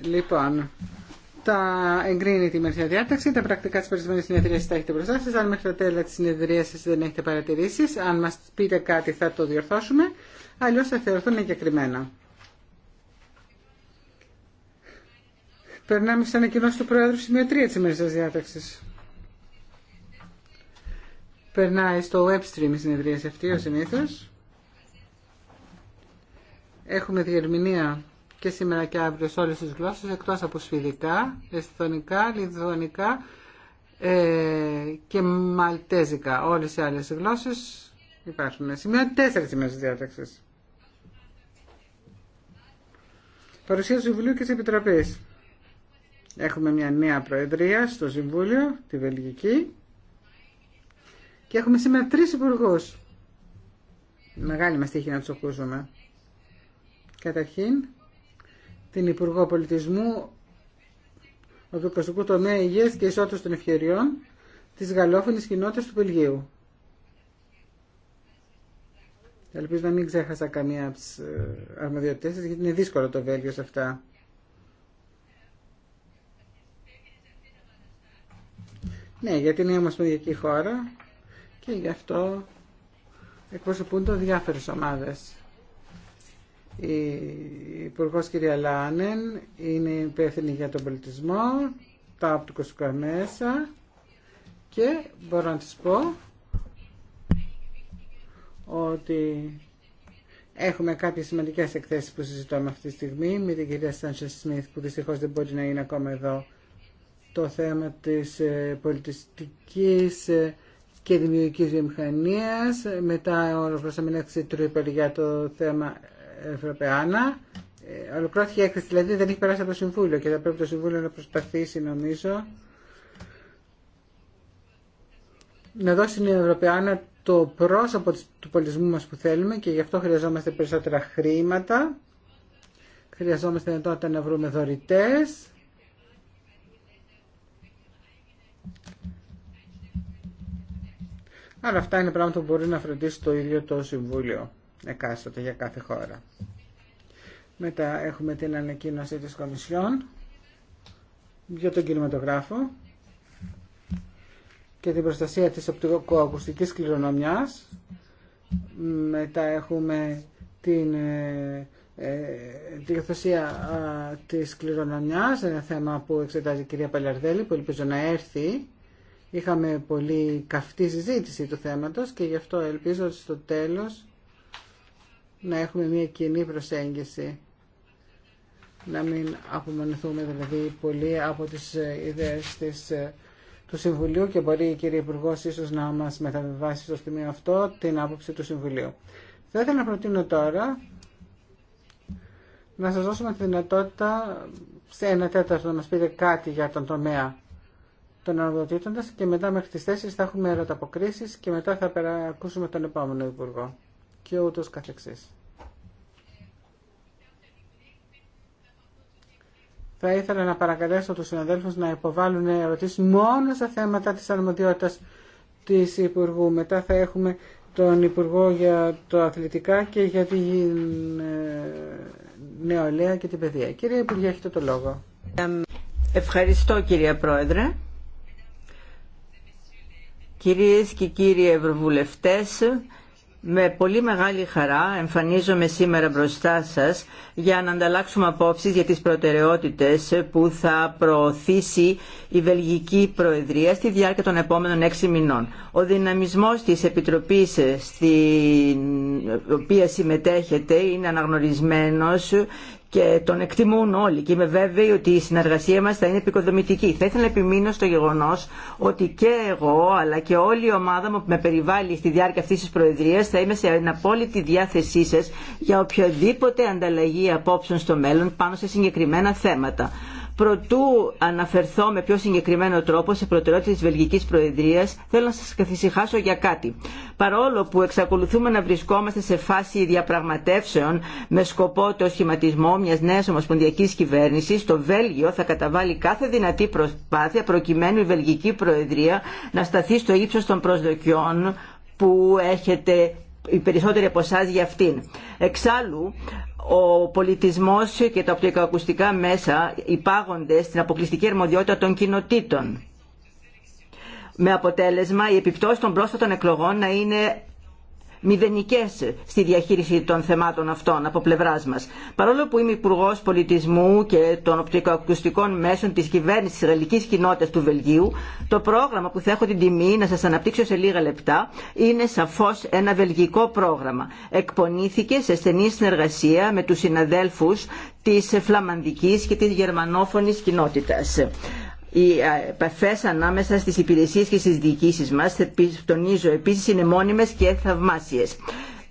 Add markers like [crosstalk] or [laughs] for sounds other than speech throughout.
Λοιπόν, τα εγκρίνει τη μερσιά διάταξη. Τα πρακτικά τη περισμένη συνεδρία τα έχετε μπροστά σα. Αν μέχρι το τέλο τη συνεδρία σα δεν έχετε παρατηρήσει, αν μα πείτε κάτι θα το διορθώσουμε. Αλλιώ θα θεωρηθούν εγκεκριμένα. Περνάμε στι ανακοινώσει του Προέδρου, σημείο 3 τη ημερησία διάταξη. Περνάει στο web stream η συνεδρία αυτή, ο συνήθω. Έχουμε διερμηνία και σήμερα και αύριο σε όλες τις γλώσσες εκτός από σφιδικά, εσθονικά, λιδωνικά ε, και μαλτέζικα. Όλες οι άλλες γλώσσες υπάρχουν. σήμερα τέσσερις ημερες διάταξης. Παρουσίαση του Συμβουλίου και της Επιτροπής. Έχουμε μια νέα προεδρία στο Συμβούλιο, τη Βελγική. Και έχουμε σήμερα τρεις υπουργούς. Μεγάλη μας τύχη να τους ακούσουμε. Καταρχήν, την Υπουργό Πολιτισμού Οδοκαστικού Τομέα Υγείας και Ισότητας των Ευκαιριών της γαλλόφωνης κοινότητας του Βελγίου. Ελπίζω να μην ξέχασα καμία από τις ε, αρμοδιότητες γιατί είναι δύσκολο το Βέλγιο σε αυτά. Ναι, γιατί είναι ομοσπονδιακή χώρα και γι' αυτό εκπροσωπούνται διάφορες ομάδες. Η Υπουργός κυρία Λάνεν είναι υπεύθυνη για τον πολιτισμό, τα από του και μπορώ να της πω ότι έχουμε κάποιες σημαντικές εκθέσεις που συζητάμε αυτή τη στιγμή με την κυρία Σάντσα Σμιθ που δυστυχώς δεν μπορεί να είναι ακόμα εδώ το θέμα της ε, πολιτιστικής ε, και δημιουργικής βιομηχανίας μετά ο Ρωσαμίναξης Τρούιπερ για το θέμα Ευρωπαϊκά ε, ολοκλώθηκε η έκθεση, δηλαδή δεν έχει περάσει από το Συμβούλιο και θα πρέπει το Συμβούλιο να προσπαθήσει νομίζω να δώσει στην Ευρωπαϊκή το πρόσωπο του πολιτισμού μας που θέλουμε και γι' αυτό χρειαζόμαστε περισσότερα χρήματα, χρειαζόμαστε τότε να βρούμε δωρητές. Αλλά αυτά είναι πράγματα που μπορεί να φροντίσει το ίδιο το Συμβούλιο εκάστοτε για κάθε χώρα. Μετά έχουμε την ανακοίνωση της Κομισιόν για τον κινηματογράφο και την προστασία της οπτικοακουστικής κληρονομιάς. Μετά έχουμε την ε, ε, της κληρονομιάς, ένα θέμα που εξετάζει η κυρία Παλιαρδέλη, που ελπίζω να έρθει. Είχαμε πολύ καυτή συζήτηση του θέματος και γι' αυτό ελπίζω ότι στο τέλος να έχουμε μια κοινή προσέγγιση. Να μην απομονηθούμε δηλαδή πολύ από τις ε, ιδέες της, ε, του Συμβουλίου και μπορεί η κυρία Υπουργό ίσω να μας μεταβιβάσει στο σημείο αυτό την άποψη του Συμβουλίου. Θα ήθελα να προτείνω τώρα να σας δώσουμε τη δυνατότητα σε ένα τέταρτο να μας πείτε κάτι για τον τομέα των αναδοτήτων και μετά μέχρι τις θέσεις θα έχουμε ερωταποκρίσεις και μετά θα ακούσουμε τον επόμενο Υπουργό και ούτως καθεξής. Θα ήθελα να παρακαλέσω τους συναδέλφους να υποβάλουν ερωτήσεις μόνο σε θέματα της αρμοδιότητας της Υπουργού. Μετά θα έχουμε τον Υπουργό για το Αθλητικά και για την ε, Νεολαία και την Παιδεία. Κύριε Υπουργέ, έχετε το λόγο. Ευχαριστώ κύριε Πρόεδρε. Κυρίες και κύριοι Ευρωβουλευτές, με πολύ μεγάλη χαρά εμφανίζομαι σήμερα μπροστά σας για να ανταλλάξουμε απόψεις για τις προτεραιότητες που θα προωθήσει η Βελγική Προεδρία στη διάρκεια των επόμενων έξι μηνών. Ο δυναμισμός της Επιτροπής στην οποία συμμετέχετε είναι αναγνωρισμένος και τον εκτιμούν όλοι και είμαι βέβαιη ότι η συνεργασία μας θα είναι επικοδομητική. Θα ήθελα να επιμείνω στο γεγονός ότι και εγώ αλλά και όλη η ομάδα μου που με περιβάλλει στη διάρκεια αυτής της Προεδρίας θα είμαι σε απόλυτη διάθεσή σας για οποιοδήποτε ανταλλαγή απόψεων στο μέλλον πάνω σε συγκεκριμένα θέματα. Προτού αναφερθώ με πιο συγκεκριμένο τρόπο σε προτεραιότητε τη Βελγικής Προεδρίας, θέλω να σας καθησυχάσω για κάτι. Παρόλο που εξακολουθούμε να βρισκόμαστε σε φάση διαπραγματεύσεων με σκοπό το σχηματισμό μιας νέας ομοσπονδιακή κυβέρνησης, το Βέλγιο θα καταβάλει κάθε δυνατή προσπάθεια προκειμένου η Βελγική Προεδρία να σταθεί στο ύψο των προσδοκιών που έχετε οι περισσότεροι από εσά για αυτήν. Εξάλλου, ο πολιτισμός και τα οπτικοακουστικά μέσα υπάγονται στην αποκλειστική αρμοδιότητα των κοινοτήτων. Με αποτέλεσμα η επιπτώση των πρόσφατων εκλογών να είναι μηδενικές στη διαχείριση των θεμάτων αυτών από πλευρά μα, Παρόλο που είμαι υπουργό Πολιτισμού και των οπτικοακουστικών μέσων της κυβέρνησης τη Γαλλική κοινότητα του Βελγίου, το πρόγραμμα που θα έχω την τιμή να σα αναπτύξω σε λίγα λεπτά είναι σαφώς ένα βελγικό πρόγραμμα. Εκπονήθηκε σε στενή συνεργασία με τους συναδέλφου τη φλαμανδικής και τη γερμανόφωνη κοινότητα οι ε, επαφέ ανάμεσα στις υπηρεσίες και στις διοικήσεις μας, τονίζω επίσης, είναι μόνιμες και θαυμάσιες.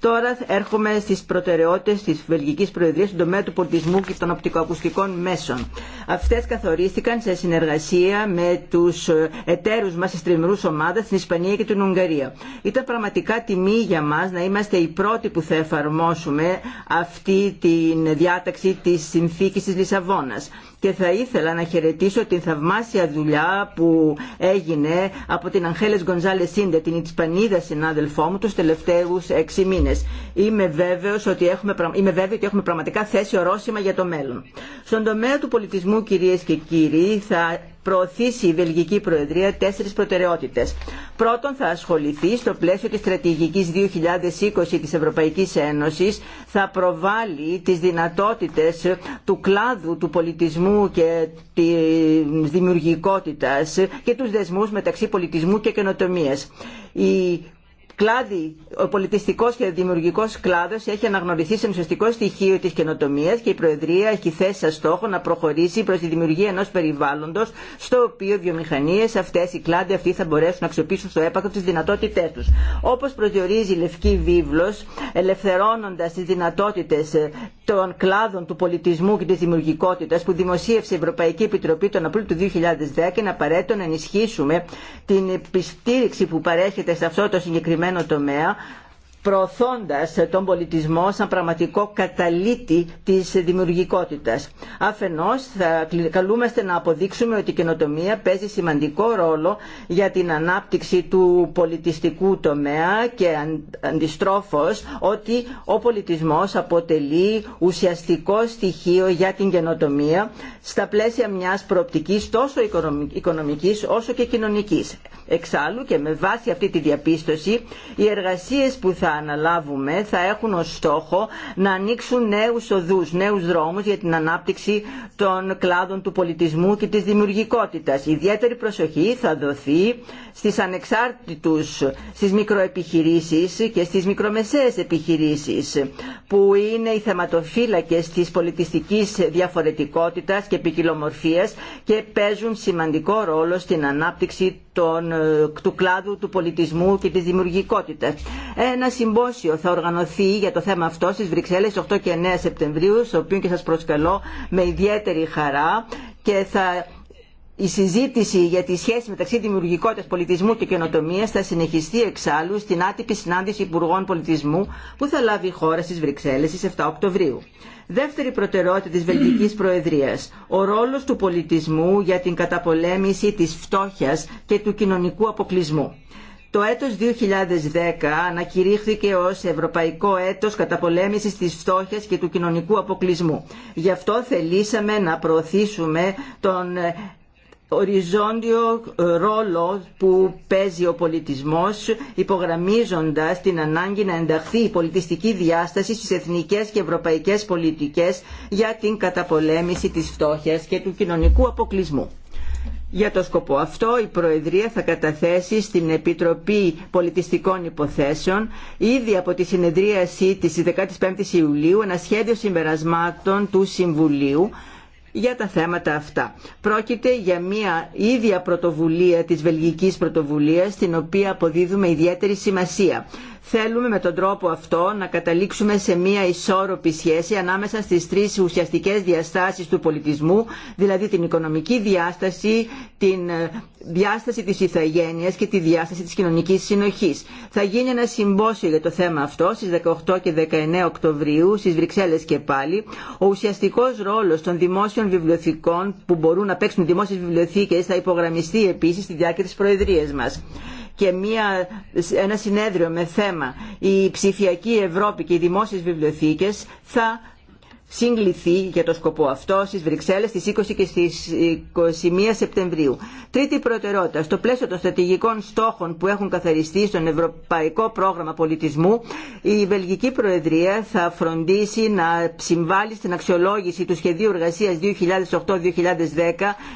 Τώρα έρχομαι στι προτεραιότητε τη Βελγική Προεδρία στον τομέα του πολιτισμού και των οπτικοακουστικών μέσων. Αυτέ καθορίστηκαν σε συνεργασία με του ε, εταίρου μα τη τριμερού ομάδα στην Ισπανία και την Ουγγαρία. Ήταν πραγματικά τιμή για μα να είμαστε οι πρώτοι που θα εφαρμόσουμε αυτή τη διάταξη τη συνθήκη τη Λισαβόνα και θα ήθελα να χαιρετήσω την θαυμάσια δουλειά που έγινε από την Αγχέλες Γκονζάλε Σίντε, την Ισπανίδα συνάδελφό μου, τους τελευταίους έξι μήνες. Είμαι βέβαιος ότι έχουμε, βέβαιο ότι έχουμε πραγματικά θέση ορόσημα για το μέλλον. Στον τομέα του πολιτισμού, κυρίες και κύριοι, θα προωθήσει η Βελγική Προεδρία τέσσερις προτεραιότητες. Πρώτον, θα ασχοληθεί στο πλαίσιο της στρατηγικής 2020 της Ευρωπαϊκής Ένωσης, θα προβάλλει τις δυνατότητες του κλάδου του πολιτισμού και τη δημιουργικότητας και τους δεσμούς μεταξύ πολιτισμού και καινοτομίας κλάδι, ο πολιτιστικό και δημιουργικό κλάδο έχει αναγνωριστεί σε ουσιαστικό στοιχείο τη καινοτομία και η Προεδρία έχει θέσει σαν στόχο να προχωρήσει προ τη δημιουργία ενό περιβάλλοντο, στο οποίο οι βιομηχανίες αυτές, οι κλάδοι αυτοί θα μπορέσουν να αξιοποιήσουν στο έπακρο τι δυνατότητέ του. Όπω προσδιορίζει η Λευκή Βίβλος, ελευθερώνοντα τι δυνατότητε ε, των κλάδων του πολιτισμού και τη δημιουργικότητα που δημοσίευσε η Ευρωπαϊκή Επιτροπή τον Απρίλιο του 2010 είναι απαραίτητο να ενισχύσουμε την επιστήριξη που παρέχεται σε αυτό το συγκεκριμένο συγκεκριμένο τομέα προωθώντας τον πολιτισμό σαν πραγματικό καταλήτη της δημιουργικότητας. Αφενός θα καλούμαστε να αποδείξουμε ότι η καινοτομία παίζει σημαντικό ρόλο για την ανάπτυξη του πολιτιστικού τομέα και αντιστρόφως ότι ο πολιτισμός αποτελεί ουσιαστικό στοιχείο για την καινοτομία στα πλαίσια μιας προοπτικής τόσο οικονομικής όσο και κοινωνικής. Εξάλλου και με βάση αυτή τη διαπίστωση οι εργασίες που θα αναλάβουμε θα έχουν ως στόχο να ανοίξουν νέους οδούς, νέους δρόμους για την ανάπτυξη των κλάδων του πολιτισμού και της δημιουργικότητας. Η ιδιαίτερη προσοχή θα δοθεί στις ανεξάρτητους, στις μικροεπιχειρήσεις και στις μικρομεσαίες επιχειρήσεις που είναι οι θεματοφύλακες της πολιτιστικής διαφορετικότητας και ποικιλομορφίας και παίζουν σημαντικό ρόλο στην ανάπτυξη ε, του κλάδου του πολιτισμού και της δημιουργικότητας συμπόσιο θα οργανωθεί για το θέμα αυτό στις Βρυξέλλες 8 και 9 Σεπτεμβρίου, στο οποίο και σας προσκαλώ με ιδιαίτερη χαρά και θα η συζήτηση για τη σχέση μεταξύ δημιουργικότητα πολιτισμού και καινοτομία θα συνεχιστεί εξάλλου στην άτυπη συνάντηση Υπουργών Πολιτισμού που θα λάβει η χώρα στις Βρυξέλλες στις 7 Οκτωβρίου. Δεύτερη προτεραιότητα της Βελγικής Προεδρίας Ο ρόλος του πολιτισμού για την καταπολέμηση τη φτώχεια και του κοινωνικού αποκλεισμού. Το έτος 2010 ανακηρύχθηκε ως Ευρωπαϊκό Έτος Καταπολέμησης της Φτώχειας και του Κοινωνικού Αποκλεισμού. Γι' αυτό θελήσαμε να προωθήσουμε τον ε, οριζόντιο ε, ρόλο που παίζει ο πολιτισμός υπογραμμίζοντας την ανάγκη να ενταχθεί η πολιτιστική διάσταση στις εθνικές και ευρωπαϊκές πολιτικές για την καταπολέμηση της φτώχειας και του κοινωνικού αποκλεισμού. Για το σκοπό αυτό η Προεδρία θα καταθέσει στην Επιτροπή Πολιτιστικών Υποθέσεων ήδη από τη συνεδρίασή της 15 Ιουλίου ένα σχέδιο συμπερασμάτων του Συμβουλίου για τα θέματα αυτά. Πρόκειται για μια ίδια πρωτοβουλία της Βελγικής Πρωτοβουλίας, την οποία αποδίδουμε ιδιαίτερη σημασία. Θέλουμε με τον τρόπο αυτό να καταλήξουμε σε μια ισόρροπη σχέση ανάμεσα στις τρεις ουσιαστικές διαστάσεις του πολιτισμού, δηλαδή την οικονομική διάσταση, την ε, διάσταση της ηθαγένειας και τη διάσταση της κοινωνικής συνοχής. Θα γίνει ένα συμπόσιο για το θέμα αυτό στις 18 και 19 Οκτωβρίου στις Βρυξέλλες και πάλι. Ο ουσιαστικός ρόλος των δημόσιων βιβλιοθηκών που μπορούν να παίξουν δημόσιες βιβλιοθήκες θα υπογραμμιστεί επίσης στη διάρκεια της Προεδρίας μας και μια, ένα συνέδριο με θέμα η ψηφιακή Ευρώπη και οι δημόσιες βιβλιοθήκες θα συγκληθεί για το σκοπό αυτό στις Βρυξέλλες στις 20 και στις 21 Σεπτεμβρίου. Τρίτη προτεραιότητα, στο πλαίσιο των στρατηγικών στόχων που έχουν καθαριστεί στον Ευρωπαϊκό Πρόγραμμα Πολιτισμού, η Βελγική Προεδρία θα φροντίσει να συμβάλλει στην αξιολόγηση του σχεδίου εργασίας 2008-2010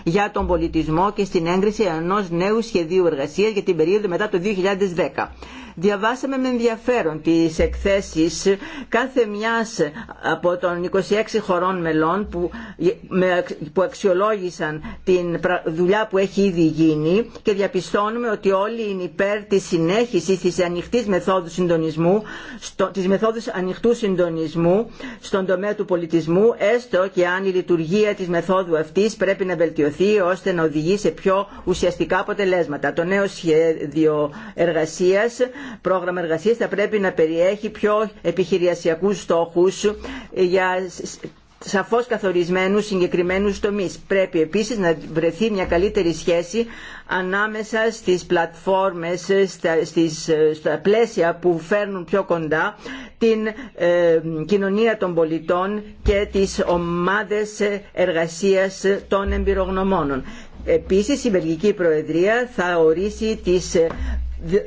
για τον πολιτισμό και στην έγκριση ενός νέου σχεδίου εργασίας για την περίοδο μετά το 2010. Διαβάσαμε με ενδιαφέρον τις εκθέσεις κάθε μιας από των 26 χωρών μελών που, που αξιολόγησαν την δουλειά που έχει ήδη γίνει και διαπιστώνουμε ότι όλοι είναι υπέρ της συνέχισης της ανοιχτής μεθόδου συντονισμού, στο, της μεθόδου ανοιχτού συντονισμού στον τομέα του πολιτισμού, έστω και αν η λειτουργία της μεθόδου αυτής πρέπει να βελτιωθεί ώστε να οδηγεί σε πιο ουσιαστικά αποτελέσματα. Το νέο σχέδιο εργασίας πρόγραμμα εργασίας θα πρέπει να περιέχει πιο επιχειριασιακούς στόχους για σαφώς καθορισμένους συγκεκριμένους τομείς. Πρέπει επίσης να βρεθεί μια καλύτερη σχέση ανάμεσα στις πλατφόρμες, στα, στις, πλαίσια που φέρνουν πιο κοντά την ε, κοινωνία των πολιτών και τις ομάδες εργασίας των εμπειρογνωμόνων. Επίσης η Βελγική Προεδρία θα ορίσει τις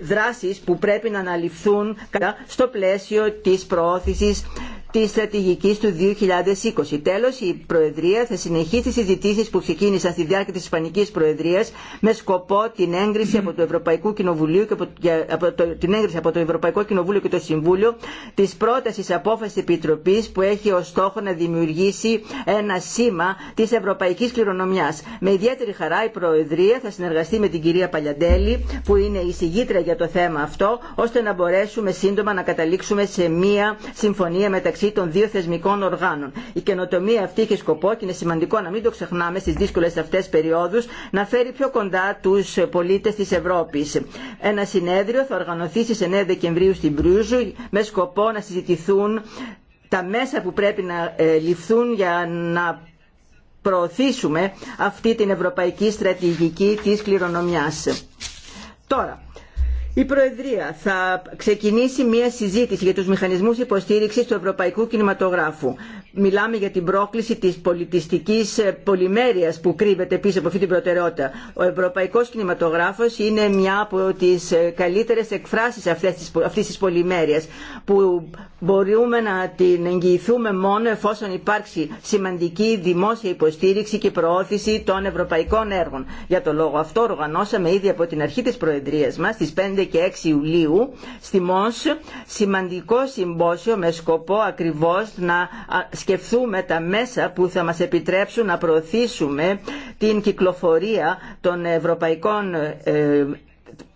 δράσεις που πρέπει να αναλυφθούν στο πλαίσιο της προώθησης Τη στρατηγική του 2020. Τέλο, η Προεδρία θα συνεχίσει τι συζητήσει που ξεκίνησαν στη διάρκεια τη Ισπανική Προεδρία με σκοπό την έγκριση από το Ευρωπαϊκό Κοινοβουλίο και από, το, την από το Ευρωπαϊκό Κοινοβούλιο και το Συμβούλιο της πρότασης απόφασης επιτροπής που έχει ως στόχο να δημιουργήσει ένα σήμα τη Ευρωπαϊκή Κληρονομιά. Με ιδιαίτερη χαρά η Προεδρία θα συνεργαστεί με την κυρία Παλιαντέλη που είναι η συγγήτρια για το θέμα αυτό ώστε να μπορέσουμε σύντομα να καταλήξουμε σε μία συμφωνία μεταξύ των δύο θεσμικών οργάνων. Η καινοτομία αυτή έχει σκοπό και είναι σημαντικό να μην το ξεχνάμε στι δύσκολε αυτέ περιόδου να φέρει πιο κοντά του πολίτε τη Ευρώπη. Ένα συνέδριο θα οργανωθεί στι 9 Δεκεμβρίου στην Προύζου με σκοπό να συζητηθούν τα μέσα που πρέπει να ε, ληφθούν για να προωθήσουμε αυτή την ευρωπαϊκή στρατηγική της κληρονομιάς. Τώρα, η Προεδρία θα ξεκινήσει μία συζήτηση για τους μηχανισμούς υποστήριξης του Ευρωπαϊκού Κινηματογράφου. Μιλάμε για την πρόκληση της πολιτιστικής πολυμέρειας που κρύβεται πίσω από αυτή την προτεραιότητα. Ο Ευρωπαϊκός Κινηματογράφος είναι μια από τις καλύτερες εκφράσεις αυτής της πολυμέρειας που μπορούμε να την εγγυηθούμε μόνο εφόσον υπάρξει σημαντική δημόσια υποστήριξη και προώθηση των ευρωπαϊκών έργων. Για το λόγο αυτό οργανώσαμε ήδη από την αρχή της Προεδρίας μας, στις 5 και 6 Ιουλίου στη ΜΟΣ σημαντικό συμπόσιο με σκοπό ακριβώς να σκεφτούμε τα μέσα που θα μας επιτρέψουν να προωθήσουμε την κυκλοφορία των ευρωπαϊκών ε,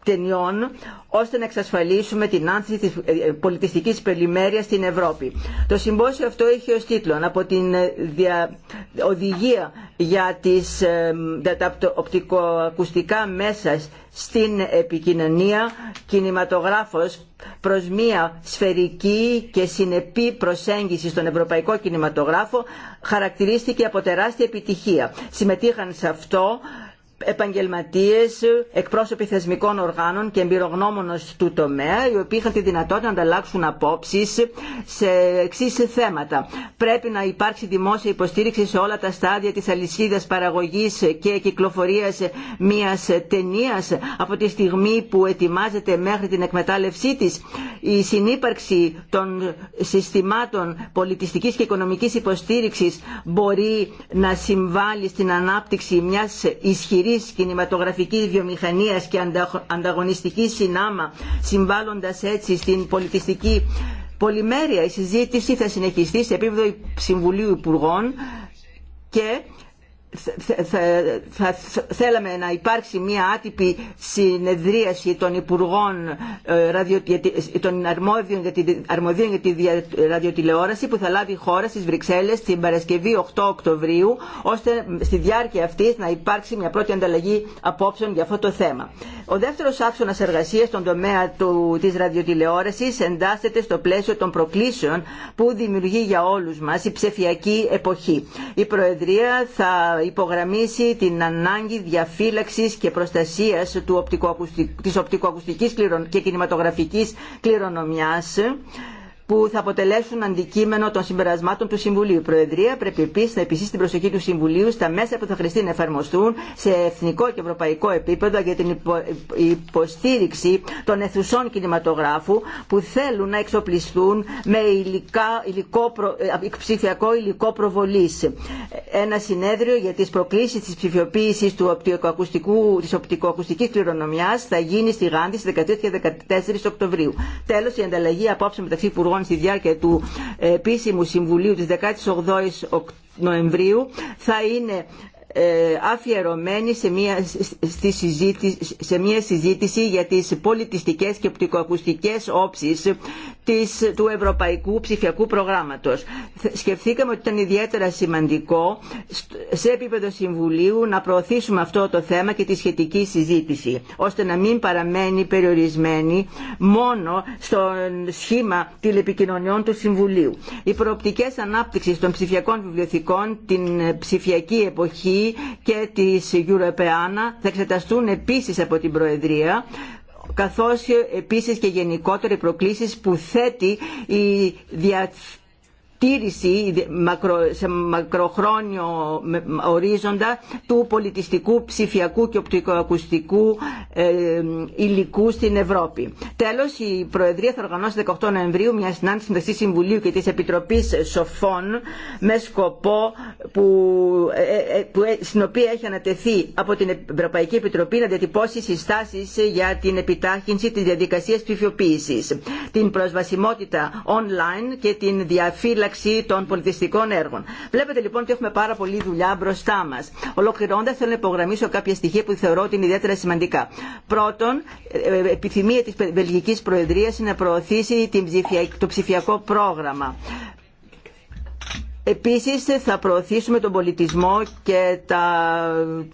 ταινιών ώστε να εξασφαλίσουμε την άνθηση της ε, ε, πολιτιστικής περιμέρειας στην Ευρώπη. Το συμπόσιο αυτό έχει ως τίτλο από την ε, οδηγία για, τις, για τα οπτικοακουστικά μέσα στην επικοινωνία κινηματογράφος προς μία σφαιρική και συνεπή προσέγγιση στον ευρωπαϊκό κινηματογράφο χαρακτηρίστηκε από τεράστια επιτυχία. Συμμετείχαν σε αυτό επαγγελματίες, εκπρόσωποι θεσμικών οργάνων και εμπειρογνώμων του τομέα, οι οποίοι είχαν τη δυνατότητα να ανταλλάξουν απόψει σε εξή θέματα. Πρέπει να υπάρξει δημόσια υποστήριξη σε όλα τα στάδια της αλυσίδα παραγωγή και κυκλοφορία μιας ταινία από τη στιγμή που ετοιμάζεται μέχρι την εκμετάλλευσή τη. Η συνύπαρξη των συστημάτων πολιτιστικής και οικονομικής υποστήριξης μπορεί να συμβάλλει στην ανάπτυξη μιας ισχυρής ευρωπαϊκής κινηματογραφικής βιομηχανίας και ανταγωνιστική συνάμα συμβάλλοντας έτσι στην πολιτιστική πολυμέρεια. Η συζήτηση θα συνεχιστεί σε επίπεδο Συμβουλίου Υπουργών και θα θέλαμε να υπάρξει μια άτυπη συνεδρίαση των Υπουργών ε, των αρμόδιων για, τη, αρμοδίων τη ραδιοτηλεόραση που θα λάβει η χώρα στις Βρυξέλλες την Παρασκευή 8 Οκτωβρίου ώστε στη διάρκεια αυτής να υπάρξει μια πρώτη ανταλλαγή απόψεων για αυτό το θέμα. Ο δεύτερος άξονας εργασίας στον τομέα του, της ραδιοτηλεόρασης εντάσσεται στο πλαίσιο των προκλήσεων που δημιουργεί για όλους μας η ψηφιακή εποχή. Η Προεδρία θα υπογραμμίσει την ανάγκη διαφύλαξης και προστασίας του οπτικοακουστική της οπτικοακουστικής και κινηματογραφικής κληρονομιάς που θα αποτελέσουν αντικείμενο των συμπερασμάτων του Συμβουλίου. Η Προεδρία πρέπει επίση να επισύσει την προσοχή του Συμβουλίου στα μέσα που θα χρειαστεί να εφαρμοστούν σε εθνικό και ευρωπαϊκό επίπεδο για την υποστήριξη των αιθουσών κινηματογράφου που θέλουν να εξοπλιστούν με υλικά, υλικό, ε, ψηφιακό υλικό προβολή. Ένα συνέδριο για τι προκλήσει τη ψηφιοποίηση τη οπτικοακουστική κληρονομιά θα γίνει στη Γάνδη στι 13 και 14 Οκτωβρίου. Τέλο, η ανταλλαγή απόψε μεταξύ Υπουργών Λοιπόν στη διάρκεια του επίσημου συμβουλίου της 18ης Νοεμβρίου θα είναι ε, αφιερωμένη σε μια, στη συζήτηση, σε μια συζήτηση για τις πολιτιστικές και οπτικοακουστικές όψεις της, του Ευρωπαϊκού Ψηφιακού Προγράμματος. Σκεφτήκαμε ότι ήταν ιδιαίτερα σημαντικό σε επίπεδο Συμβουλίου να προωθήσουμε αυτό το θέμα και τη σχετική συζήτηση, ώστε να μην παραμένει περιορισμένη μόνο στο σχήμα τηλεπικοινωνιών του Συμβουλίου. Οι προοπτικές ανάπτυξης των ψηφιακών βιβλιοθηκών την ψηφιακή εποχή και της Europeana θα εξεταστούν επίσης από την Προεδρία καθώς επίσης και γενικότερες προκλήσεις που θέτει η, διαθέτηση τήρηση σε μακροχρόνιο ορίζοντα του πολιτιστικού, ψηφιακού και οπτικοακουστικού ε, υλικού στην Ευρώπη. Τέλος, η Προεδρία θα οργανώσει 18 Νοεμβρίου μια συνάντηση μεταξύ Συμβουλίου και της Επιτροπής Σοφών με σκοπό που, ε, ε, που, στην οποία έχει ανατεθεί από την Ευρωπαϊκή Επιτροπή να διατυπώσει συστάσεις για την επιτάχυνση της διαδικασίας ψηφιοποίησης, την προσβασιμότητα online και την διαφύλαξη των πολιτιστικών έργων. Βλέπετε λοιπόν ότι έχουμε πάρα πολλή δουλειά μπροστά μα. Ολοκληρώντα, θέλω να υπογραμμίσω κάποια στοιχεία που θεωρώ ότι είναι ιδιαίτερα σημαντικά. Πρώτον, ε, επιθυμία τη Βελγική Προεδρία είναι να προωθήσει το ψηφιακό πρόγραμμα Επίσης θα προωθήσουμε τον πολιτισμό και τα,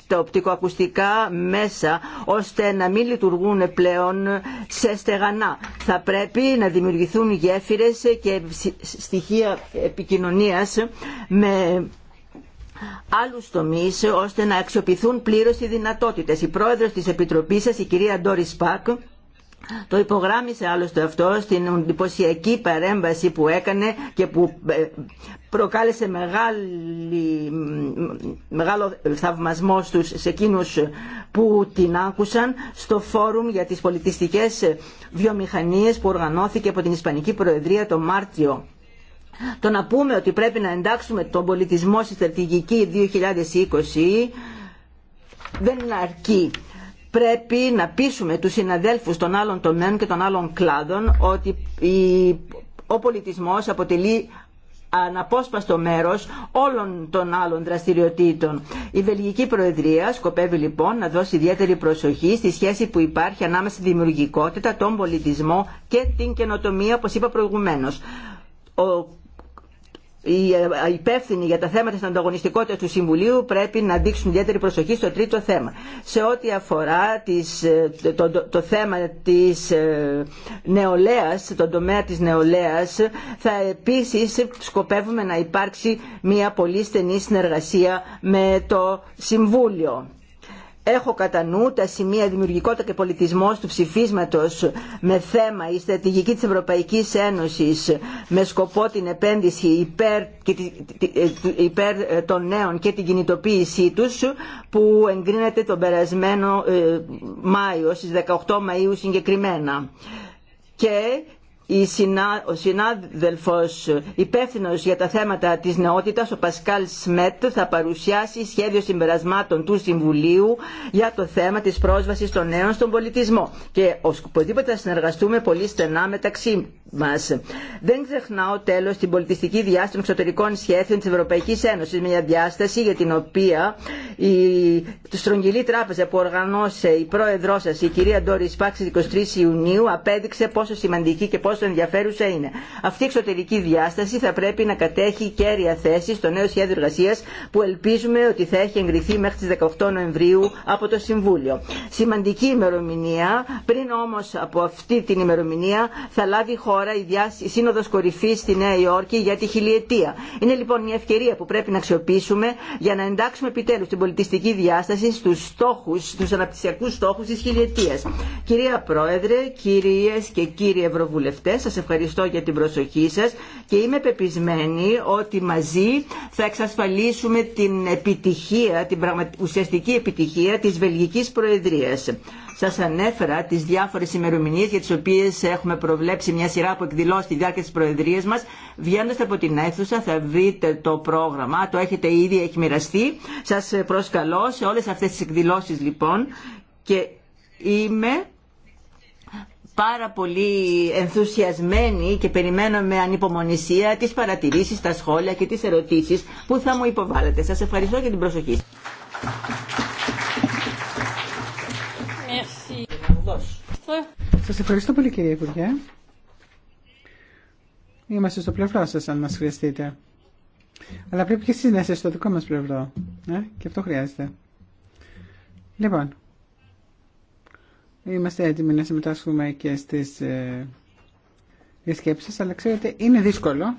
τα οπτικοακουστικά μέσα ώστε να μην λειτουργούν πλέον σε στεγανά. Θα πρέπει να δημιουργηθούν γέφυρες και στοιχεία επικοινωνίας με άλλου τομεί ώστε να αξιοποιηθούν πλήρω οι δυνατότητε. Η πρόεδρο τη Επιτροπή σα, η κυρία Ντόρι Πακ, το υπογράμμισε άλλωστε αυτό στην εντυπωσιακή παρέμβαση που έκανε και που ε, προκάλεσε μεγάλο θαυμασμό στους, σε εκείνους που την άκουσαν στο φόρουμ για τις πολιτιστικές βιομηχανίες που οργανώθηκε από την Ισπανική Προεδρία το Μάρτιο. Το να πούμε ότι πρέπει να εντάξουμε τον πολιτισμό στη στρατηγική 2020 δεν αρκεί πρέπει να πείσουμε τους συναδέλφους των άλλων τομέων και των άλλων κλάδων ότι ο πολιτισμός αποτελεί αναπόσπαστο μέρος όλων των άλλων δραστηριοτήτων. Η Βελγική Προεδρία σκοπεύει λοιπόν να δώσει ιδιαίτερη προσοχή στη σχέση που υπάρχει ανάμεσα στη δημιουργικότητα, τον πολιτισμό και την καινοτομία όπως είπα προηγουμένως οι ε, ε, υπεύθυνοι για τα θέματα της ανταγωνιστικότητα του Συμβουλίου πρέπει να δείξουν ιδιαίτερη προσοχή στο τρίτο θέμα. Σε ό,τι αφορά ε, το, το, το, θέμα της νεολαίας, τον τομέα της νεολαίας, θα επίσης σκοπεύουμε να υπάρξει μια πολύ στενή συνεργασία με το Συμβούλιο έχω κατά νου τα σημεία δημιουργικότητα και πολιτισμός του ψηφίσματος με θέμα η στρατηγική τη Ευρωπαϊκή Ένωσης με σκοπό την επένδυση υπέρ, και ε, ε, των νέων και την κινητοποίησή τους που εγκρίνεται τον περασμένο ε, Μάιο στι 18 Μαου συγκεκριμένα και ο συνάδελφος υπεύθυνο για τα θέματα της νεότητας, ο Πασκάλ Σμέτ, θα παρουσιάσει σχέδιο συμπερασμάτων του Συμβουλίου για το θέμα της πρόσβασης των νέων στον πολιτισμό. Και οπωσδήποτε θα συνεργαστούμε πολύ στενά μεταξύ μας. Δεν ξεχνάω τέλος την πολιτιστική διάσταση των εξωτερικών σχέσεων της Ευρωπαϊκής Ένωσης, μια διάσταση για την οποία η στρογγυλή τράπεζα που οργανώσε η πρόεδρό σα, η κυρία Ντόρις Πάξης 23 Ιουνίου, απέδειξε πόσο σημαντική και πόσο πόσο ενδιαφέρουσα είναι. Αυτή η εξωτερική διάσταση θα πρέπει να κατέχει κέρια θέση στο νέο σχέδιο εργασία που ελπίζουμε ότι θα έχει εγκριθεί μέχρι τι 18 Νοεμβρίου από το Συμβούλιο. Σημαντική ημερομηνία, πριν όμω από αυτή την ημερομηνία θα λάβει χώρα η Σύνοδο Κορυφή στη Νέα Υόρκη για τη χιλιετία. Είναι λοιπόν μια ευκαιρία που πρέπει να αξιοποιήσουμε για να εντάξουμε επιτέλου την πολιτιστική διάσταση στου στόχου, στου αναπτυξιακού στόχου τη χιλιετία. Κυρία Πρόεδρε, κυρίε και κύριοι Ευρωβουλευτέ, αυτές. Σας ευχαριστώ για την προσοχή σας και είμαι πεπισμένη ότι μαζί θα εξασφαλίσουμε την επιτυχία, την ουσιαστική επιτυχία της Βελγικής Προεδρίας. Σας ανέφερα τις διάφορες ημερομηνίες για τις οποίες έχουμε προβλέψει μια σειρά από εκδηλώσεις στη διάρκεια της Προεδρίας μας. Βγαίνοντας από την αίθουσα θα βρείτε το πρόγραμμα, το έχετε ήδη έχει μοιραστεί. Σας προσκαλώ σε όλες αυτές τις εκδηλώσεις λοιπόν και είμαι πάρα πολύ ενθουσιασμένη και περιμένω με ανυπομονησία τις παρατηρήσεις, τα σχόλια και τις ερωτήσεις που θα μου υποβάλλετε. Σας ευχαριστώ για την προσοχή. Σας ευχαριστώ πολύ κύριε Υπουργέ. Είμαστε στο πλευρό σας αν μας χρειαστείτε. Αλλά πρέπει και εσείς να είστε στο δικό μας πλευρό. Ε? Και αυτό χρειάζεται. Λοιπόν, Είμαστε έτοιμοι να συμμετάσχουμε και στις ε, διασκέψεις, αλλά ξέρετε είναι δύσκολο.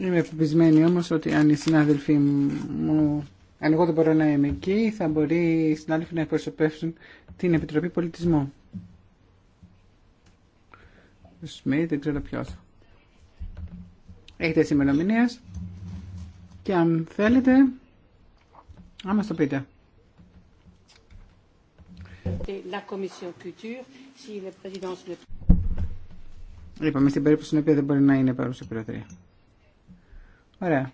Είμαι επιπισμένη όμως ότι αν οι συνάδελφοί μου, αν εγώ δεν μπορώ να είμαι εκεί, θα μπορεί οι συνάδελφοι να εκπροσωπεύσουν την Επιτροπή Πολιτισμού. Σμιτ, δεν ξέρω ποιος. Έχετε σημερομηνίας και αν θέλετε άμα στο το πείτε. Είπαμε στην περίπτωση στην οποία δεν μπορεί να είναι παρούσα η Προεδρία. Ωραία.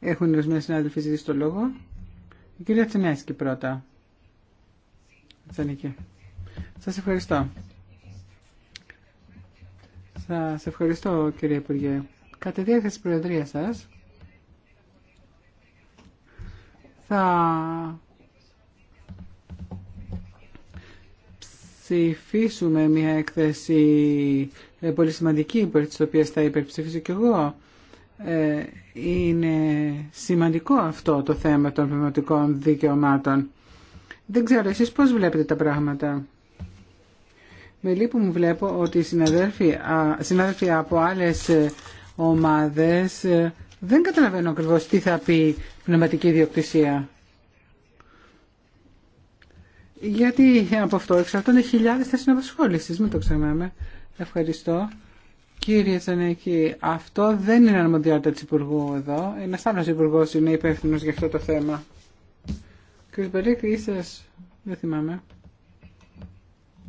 Έχουν ορισμένοι συνάδελφοι ζητήσει το λόγο. Η κυρία Τσενέσκη πρώτα. Τσενική. Σας ευχαριστώ σε ευχαριστώ κύριε Υπουργέ. Κατά τη διάρκεια της Προεδρίας σας θα ψηφίσουμε μια έκθεση ε, πολύ σημαντική υπέρ της οποίας θα υπερψηφίσω κι εγώ. Ε, είναι σημαντικό αυτό το θέμα των πνευματικών δικαιωμάτων. Δεν ξέρω εσείς πώς βλέπετε τα πράγματα. Με λύπη μου βλέπω ότι οι συναδέλφοι, από άλλες ε, ομάδες ε, δεν καταλαβαίνουν ακριβώ τι θα πει πνευματική ιδιοκτησία. Γιατί από αυτό εξαρτώνται χιλιάδες θέσεις απασχόλησης, μην το ξεχνάμε. Ευχαριστώ. Κύριε Τσανέκη, αυτό δεν είναι αρμοδιότητα τη Υπουργού εδώ. Ένα άλλο Υπουργό είναι υπεύθυνο για αυτό το θέμα. Κύριε Μπερίκ, είσαι. Δεν θυμάμαι.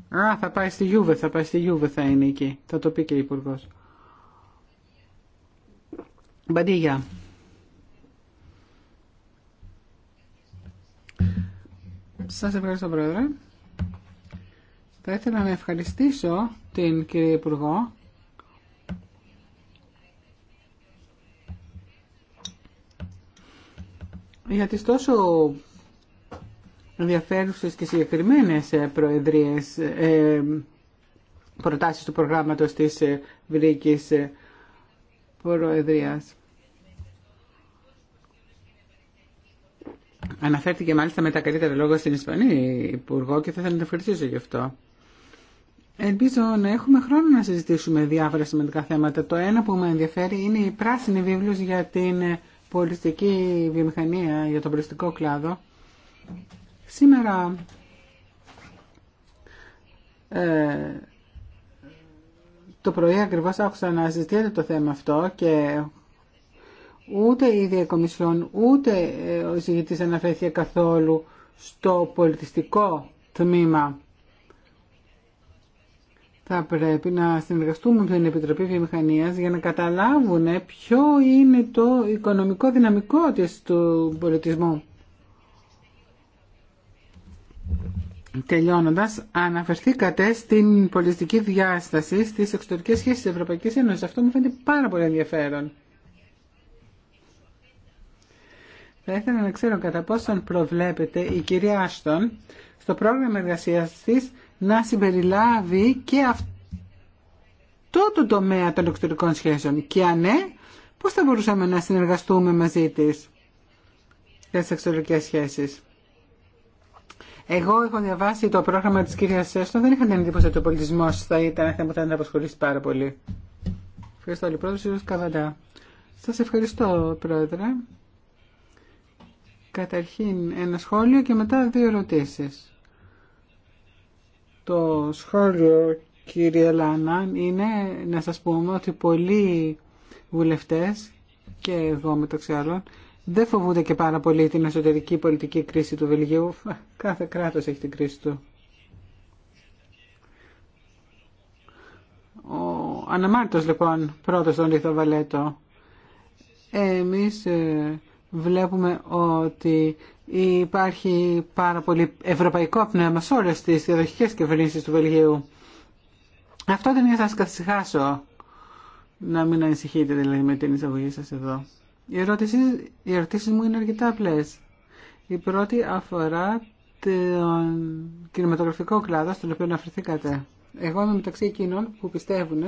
Α, θα πάει στη Γιούβε, θα πάει στη Γιούβε θα είναι εκεί. Θα το πει και ο Υπουργό. Μπαντίγια. Σα ευχαριστώ πρόεδρε. Θα ήθελα να ευχαριστήσω την κυρία Υπουργό γιατί τις τόσο ενδιαφέρουσες και συγκεκριμένες ε, προεδρίες, ε, προτάσεις του προγράμματο τη ε, Βρήκης Προεδρίας. Αναφέρθηκε μάλιστα με τα καλύτερα λόγια στην Ισπανή Υπουργό και θα ήθελα να ευχαριστήσω γι' αυτό. Ελπίζω να έχουμε χρόνο να συζητήσουμε διάφορα σημαντικά θέματα. Το ένα που με ενδιαφέρει είναι η πράσινη βίβλος για την πολιτική βιομηχανία, για τον πολιτικό κλάδο. Σήμερα ε, το πρωί ακριβώς άκουσα να το θέμα αυτό και ούτε η ίδια ούτε ε, ο εισηγητής αναφέρθηκε καθόλου στο πολιτιστικό τμήμα. Θα πρέπει να συνεργαστούμε με την Επιτροπή Βιομηχανίας για να καταλάβουν ποιο είναι το οικονομικό δυναμικό της του πολιτισμού. Τελειώνοντας, αναφερθήκατε στην πολιτική διάσταση στις εξωτερικές σχέσεις της Ευρωπαϊκής Ένωσης. Αυτό μου φαίνεται πάρα πολύ ενδιαφέρον. Θα ήθελα να ξέρω κατά πόσον προβλέπεται η κυρία Άστον στο πρόγραμμα εργασίας τη να συμπεριλάβει και αυτό το τομέα των εξωτερικών σχέσεων. Και αν ναι, πώς θα μπορούσαμε να συνεργαστούμε μαζί της για τις εξωτερικές σχέσεις. Εγώ έχω διαβάσει το πρόγραμμα της κυρία Σέστον, δεν είχα την εντύπωση ότι ο πολιτισμό θα ήταν ένα θέμα που θα την απασχολήσει πάρα πολύ. Ευχαριστώ όλοι. Πρόεδρος, Καβαντά. Σα ευχαριστώ, Πρόεδρε. Καταρχήν ένα σχόλιο και μετά δύο ερωτήσει. Το σχόλιο, κύριε Λάναν, είναι να σας πούμε ότι πολλοί βουλευτές και εγώ μεταξύ άλλων δεν φοβούνται και πάρα πολύ την εσωτερική πολιτική κρίση του Βελγίου. Κάθε κράτος έχει την κρίση του. Ο Αναμάρτος λοιπόν πρώτος τον Λίθο Βαλέτο. Εμείς ε, βλέπουμε ότι υπάρχει πάρα πολύ ευρωπαϊκό πνεύμα σε όλες τις διαδοχικές κυβερνήσεις του Βελγίου. Αυτό δεν είναι θα σας καθυσυχάσω. Να μην ανησυχείτε δηλαδή με την εισαγωγή σας εδώ. Οι ερωτήσεις, ερωτήσεις μου είναι αρκετά απλές. Η πρώτη αφορά τον κινηματογραφικό κλάδο στον οποίο αναφερθήκατε. Εγώ είμαι μεταξύ εκείνων που πιστεύουν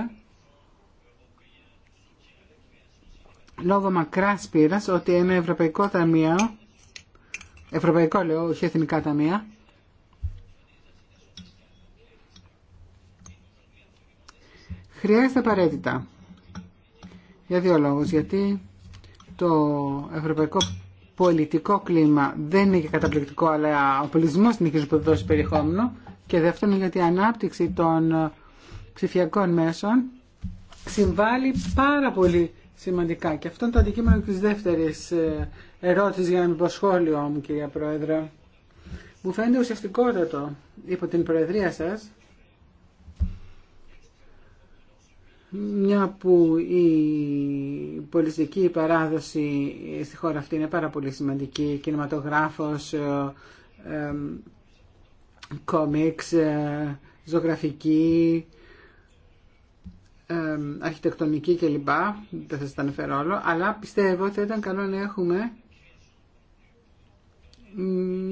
λόγω μακράς πείρας ότι ένα ευρωπαϊκό ταμείο ευρωπαϊκό λέω, όχι εθνικά ταμεία χρειάζεται απαραίτητα για δύο λόγους γιατί το ευρωπαϊκό πολιτικό κλίμα δεν είναι και καταπληκτικό, αλλά ο πολιτισμό συνεχίζει να δώσει περιεχόμενο. Και δεύτερον, γιατί η ανάπτυξη των ε, ψηφιακών μέσων συμβάλλει πάρα πολύ σημαντικά. Και αυτό είναι το αντικείμενο της δεύτερης ε, ερώτηση για ένα υποσχόλιο μου, κυρία Πρόεδρε. Μου φαίνεται ουσιαστικότατο υπό την Προεδρία σας μια που η πολιτιστική παράδοση στη χώρα αυτή είναι πάρα πολύ σημαντική, κινηματογράφος, ε, ε, κόμιξ, ε, ζωγραφική, αρχιτεκτονική κλπ. Δεν θα σας τα αναφέρω όλο, αλλά πιστεύω ότι θα ήταν καλό να έχουμε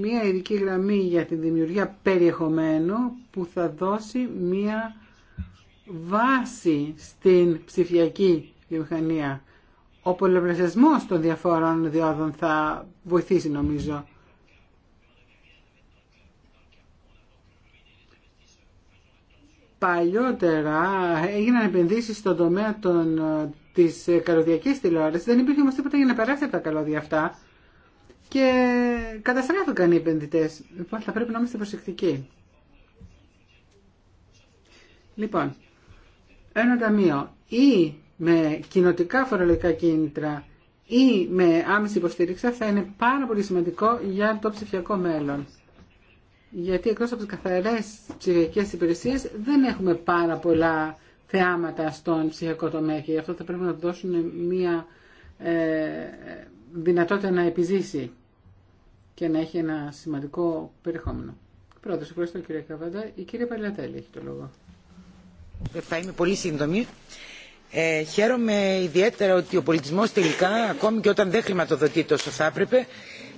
μια ειδική γραμμή για τη δημιουργία περιεχομένου που θα δώσει μια βάση στην ψηφιακή βιομηχανία. Ο πολλαπλασιασμός των διαφόρων διόδων θα βοηθήσει νομίζω. Παλιότερα έγιναν επενδύσεις στον τομέα των, της καλωδιακής τηλεόρασης. Δεν υπήρχε όμως τίποτα για να περάσει από τα καλώδια αυτά και καταστράφηκαν οι επενδυτές. Λοιπόν, θα πρέπει να είμαστε προσεκτικοί. Λοιπόν, ένα ταμείο ή με κοινοτικά φορολογικά κίνητρα ή με άμεση υποστήριξη θα είναι πάρα πολύ σημαντικό για το ψηφιακό μέλλον. Γιατί εκτό από τι καθαρές ψηφιακέ υπηρεσίε δεν έχουμε πάρα πολλά θεάματα στον ψηφιακό τομέα και γι' αυτό θα πρέπει να δώσουν μια ε, δυνατότητα να επιζήσει και να έχει ένα σημαντικό περιεχόμενο. Πρώτος, ευχαριστώ κύριε Καβάντα. Η κυρία Παλιατέλη έχει το λόγο. Ε, θα είμαι πολύ σύντομη. Ε, χαίρομαι ιδιαίτερα ότι ο πολιτισμός τελικά, ακόμη και όταν δεν χρηματοδοτείται τόσο θα έπρεπε,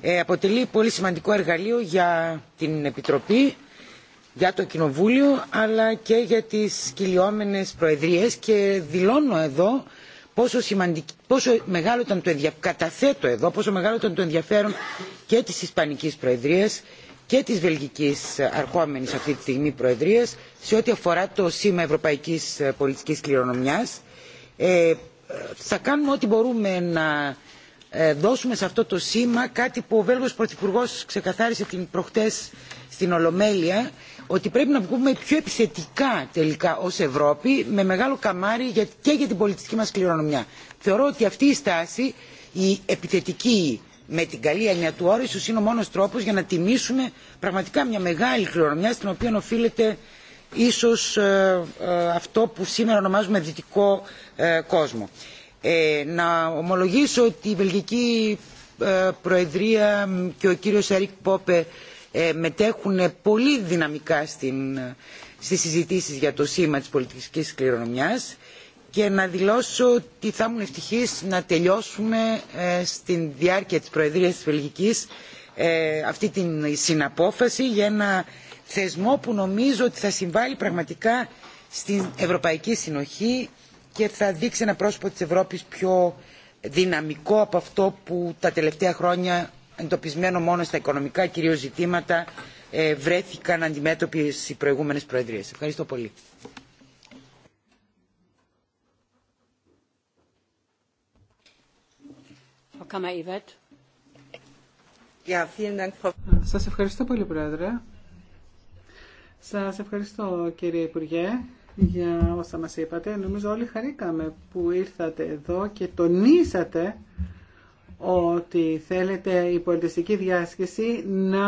ε, αποτελεί πολύ σημαντικό εργαλείο για την Επιτροπή, για το Κοινοβούλιο, αλλά και για τις κυλιόμενες προεδρίες και δηλώνω εδώ πόσο, πόσο μεγάλο ήταν το ενδιαφέρον, καταθέτω εδώ, πόσο μεγάλο ήταν το ενδιαφέρον και της Ισπανικής Προεδρίας και της βελγικής αρχόμενης αυτή τη στιγμή προεδρίας σε ό,τι αφορά το σήμα ευρωπαϊκής ε, πολιτικής κληρονομιάς. Ε, θα κάνουμε ό,τι μπορούμε να ε, δώσουμε σε αυτό το σήμα κάτι που ο Βέλγος Πρωθυπουργό ξεκαθάρισε την προχτές στην Ολομέλεια ότι πρέπει να βγούμε πιο επιθετικά τελικά ως Ευρώπη με μεγάλο καμάρι και για την πολιτική μας κληρονομιά. Θεωρώ ότι αυτή η στάση, η επιθετική με την καλή έννοια του όρου είναι ο μόνος τρόπος για να τιμήσουμε πραγματικά μια μεγάλη κληρονομιά στην οποία οφείλεται ίσως ε, ε, αυτό που σήμερα ονομάζουμε δυτικό ε, κόσμο. Να ομολογήσω ότι η Βελγική Προεδρία και ο κύριος Ερικ Πόπε μετέχουν πολύ δυναμικά στην, στις συζητήσεις για το σήμα της πολιτικής κληρονομιάς και να δηλώσω ότι θα ήμουν ευτυχής να τελειώσουμε ε, στην διάρκεια της Προεδρίας της Βελγικής ε, αυτή την συναπόφαση για ένα θεσμό που νομίζω ότι θα συμβάλλει πραγματικά στην ευρωπαϊκή συνοχή και θα δείξει ένα πρόσωπο της Ευρώπης πιο δυναμικό από αυτό που τα τελευταία χρόνια εντοπισμένο μόνο στα οικονομικά κυρίως ζητήματα ε, βρέθηκαν αντιμέτωποι οι προηγούμενες προεδρίες. Ευχαριστώ πολύ. Ε, σας ευχαριστώ πολύ, Πρόεδρε. Σας ευχαριστώ, κύριε Υπουργέ, για όσα μας είπατε. Νομίζω όλοι χαρήκαμε που ήρθατε εδώ και τονίσατε ότι θέλετε η πολιτιστική διάσκεση να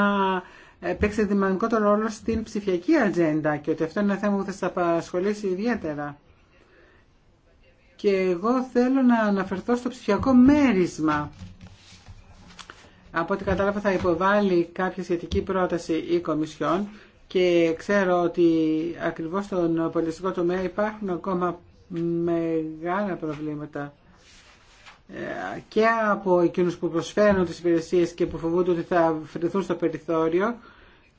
ε, παίξει δημιουργικό ρόλο στην ψηφιακή ατζέντα και ότι αυτό είναι ένα θέμα που θα σας απασχολήσει ιδιαίτερα. Και εγώ θέλω να αναφερθώ στο ψηφιακό μέρισμα. Από ό,τι κατάλαβα θα υποβάλει κάποια σχετική πρόταση η Κομισιόν και ξέρω ότι ακριβώς στον πολιτιστικό τομέα υπάρχουν ακόμα μεγάλα προβλήματα ε, και από εκείνους που προσφέρουν τις υπηρεσίες και που φοβούνται ότι θα φρεθούν στο περιθώριο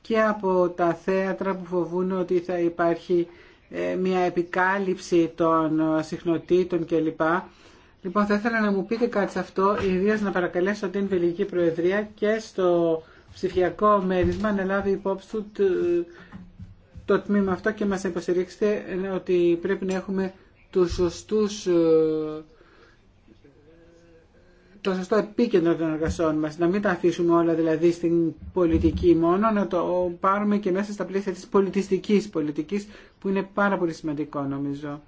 και από τα θέατρα που φοβούν ότι θα υπάρχει ε, μια επικάλυψη των ε, συχνοτήτων κλπ. Λοιπόν, θα ήθελα να μου πείτε κάτι σε αυτό, ιδίω να παρακαλέσω την Βελγική Προεδρία και στο ψηφιακό μέρισμα να λάβει υπόψη του ε, το τμήμα αυτό και μας υποστηρίξετε ότι πρέπει να έχουμε τους σωστούς το σωστό επίκεντρο των εργασιών μας, να μην τα αφήσουμε όλα δηλαδή στην πολιτική μόνο, να το πάρουμε και μέσα στα πλαίσια της πολιτιστικής πολιτικής, που είναι πάρα πολύ σημαντικό νομίζω.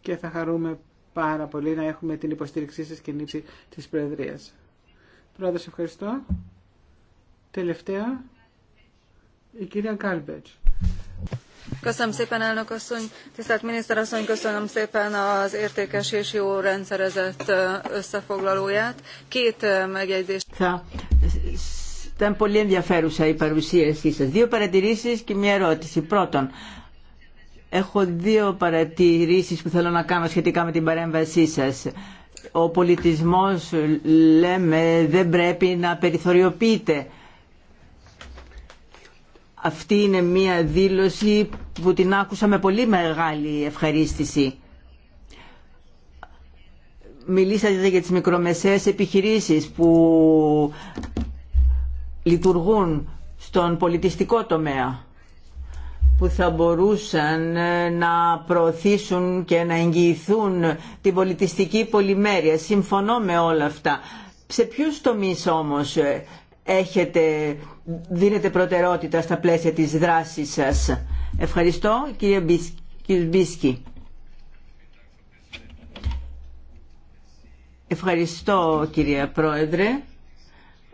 Και θα χαρούμε πάρα πολύ να έχουμε την υποστήριξή σας και νύψη της Προεδρίας. Πρόεδρος, ευχαριστώ. Τελευταία, η κυρία Γκάλμπετς. Köszönöm szépen, elnök asszony, tisztelt miniszter asszony, köszönöm szépen az Ήταν πολύ ενδιαφέρουσα η παρουσίασή σας. Δύο παρατηρήσεις και μια ερώτηση. Πρώτον, έχω δύο παρατηρήσεις που θέλω να κάνω σχετικά με την παρέμβασή Ο πολιτισμός, λέμε, δεν πρέπει να περιθωριοποιείται αυτή είναι μια δήλωση που την άκουσα με πολύ μεγάλη ευχαρίστηση. Μιλήσατε για τις μικρομεσαίες επιχειρήσεις που λειτουργούν στον πολιτιστικό τομέα που θα μπορούσαν να προωθήσουν και να εγγυηθούν την πολιτιστική πολυμέρεια. Συμφωνώ με όλα αυτά. Σε ποιους τομείς όμως ε, έχετε, δίνετε προτεραιότητα στα πλαίσια της δράσης σας. Ευχαριστώ κύριε Μπίσκι. Ευχαριστώ κύριε Πρόεδρε.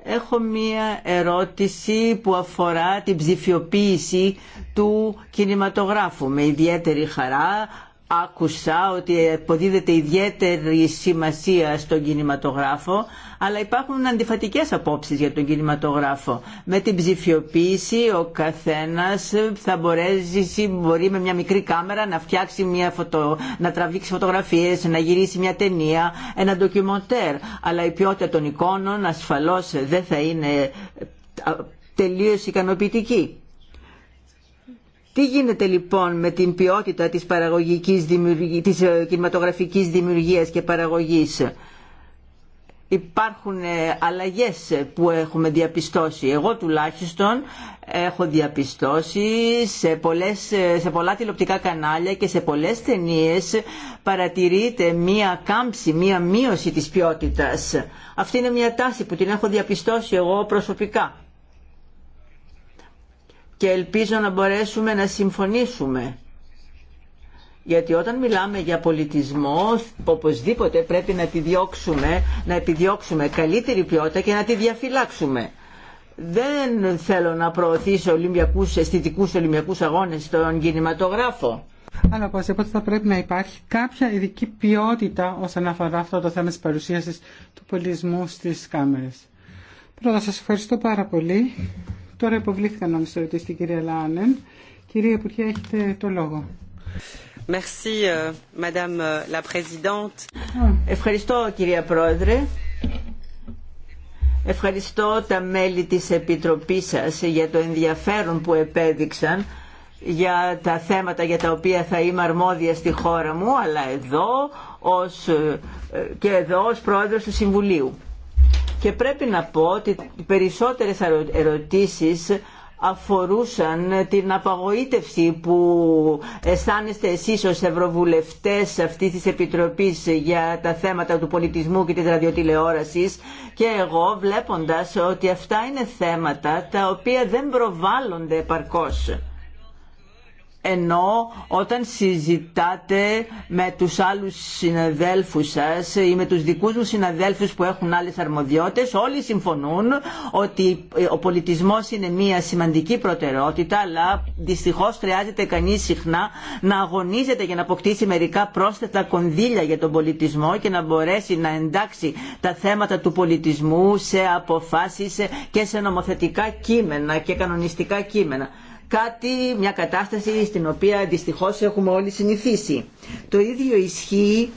Έχω μία ερώτηση που αφορά την ψηφιοποίηση του κινηματογράφου. Με ιδιαίτερη χαρά άκουσα ότι αποδίδεται ιδιαίτερη σημασία στον κινηματογράφο, αλλά υπάρχουν αντιφατικές απόψεις για τον κινηματογράφο. Με την ψηφιοποίηση ο καθένας θα μπορέσει, μπορεί με μια μικρή κάμερα να φτιάξει μια φωτο, να τραβήξει φωτογραφίες, να γυρίσει μια ταινία, ένα ντοκιμοντέρ. Αλλά η ποιότητα των εικόνων ασφαλώς δεν θα είναι τελείως ικανοποιητική. Τι γίνεται λοιπόν με την ποιότητα της, παραγωγικής, της ε, κινηματογραφικής δημιουργίας και παραγωγής. Υπάρχουν ε, αλλαγές που έχουμε διαπιστώσει. Εγώ τουλάχιστον έχω διαπιστώσει σε, πολλές, ε, σε πολλά τηλεοπτικά κανάλια και σε πολλές ταινίε παρατηρείται μία κάμψη, μία μείωση της ποιότητας. Αυτή είναι μια τάση που την έχω διαπιστώσει εγώ προσωπικά και ελπίζω να μπορέσουμε να συμφωνήσουμε. Γιατί όταν μιλάμε για πολιτισμό, οπωσδήποτε πρέπει να επιδιώξουμε, να επιδιώξουμε καλύτερη ποιότητα και να τη διαφυλάξουμε. Δεν θέλω να προωθήσω ολυμπιακούς, αισθητικούς ολυμπιακούς αγώνες στον κινηματογράφο. Αλλά οπωσδήποτε θα πρέπει να υπάρχει κάποια ειδική ποιότητα όσον αφορά αυτό το θέμα της παρουσίασης του πολιτισμού στις κάμερες. Πρώτα σας ευχαριστώ πάρα πολύ. Τώρα υποβλήθηκαν να μας ρωτήσει στην κυρία Λάνεν. Κυρία Υπουργέ, έχετε το λόγο. Euh, euh, Ευχαριστώ κυρία Πρόεδρε. Ευχαριστώ τα μέλη της Επιτροπής σας για το ενδιαφέρον που επέδειξαν για τα θέματα για τα οποία θα είμαι αρμόδια στη χώρα μου αλλά εδώ ως, ε, και εδώ ως πρόεδρος του Συμβουλίου. Και πρέπει να πω ότι οι περισσότερες ερωτήσεις αφορούσαν την απαγοήτευση που αισθάνεστε εσείς ως ευρωβουλευτές αυτής της Επιτροπής για τα θέματα του πολιτισμού και της ραδιοτηλεόρασης και εγώ βλέποντας ότι αυτά είναι θέματα τα οποία δεν προβάλλονται επαρκώς ενώ όταν συζητάτε με τους άλλους συναδέλφους σας ή με τους δικούς μου συναδέλφους που έχουν άλλες αρμοδιότητες όλοι συμφωνούν ότι ο πολιτισμός είναι μια σημαντική προτεραιότητα αλλά δυστυχώς χρειάζεται κανείς συχνά να αγωνίζεται για να αποκτήσει μερικά πρόσθετα κονδύλια για τον πολιτισμό και να μπορέσει να εντάξει τα θέματα του πολιτισμού σε αποφάσεις και σε νομοθετικά κείμενα και κανονιστικά κείμενα κάτι, μια κατάσταση στην οποία δυστυχώς έχουμε όλοι συνηθίσει. Το ίδιο ισχύει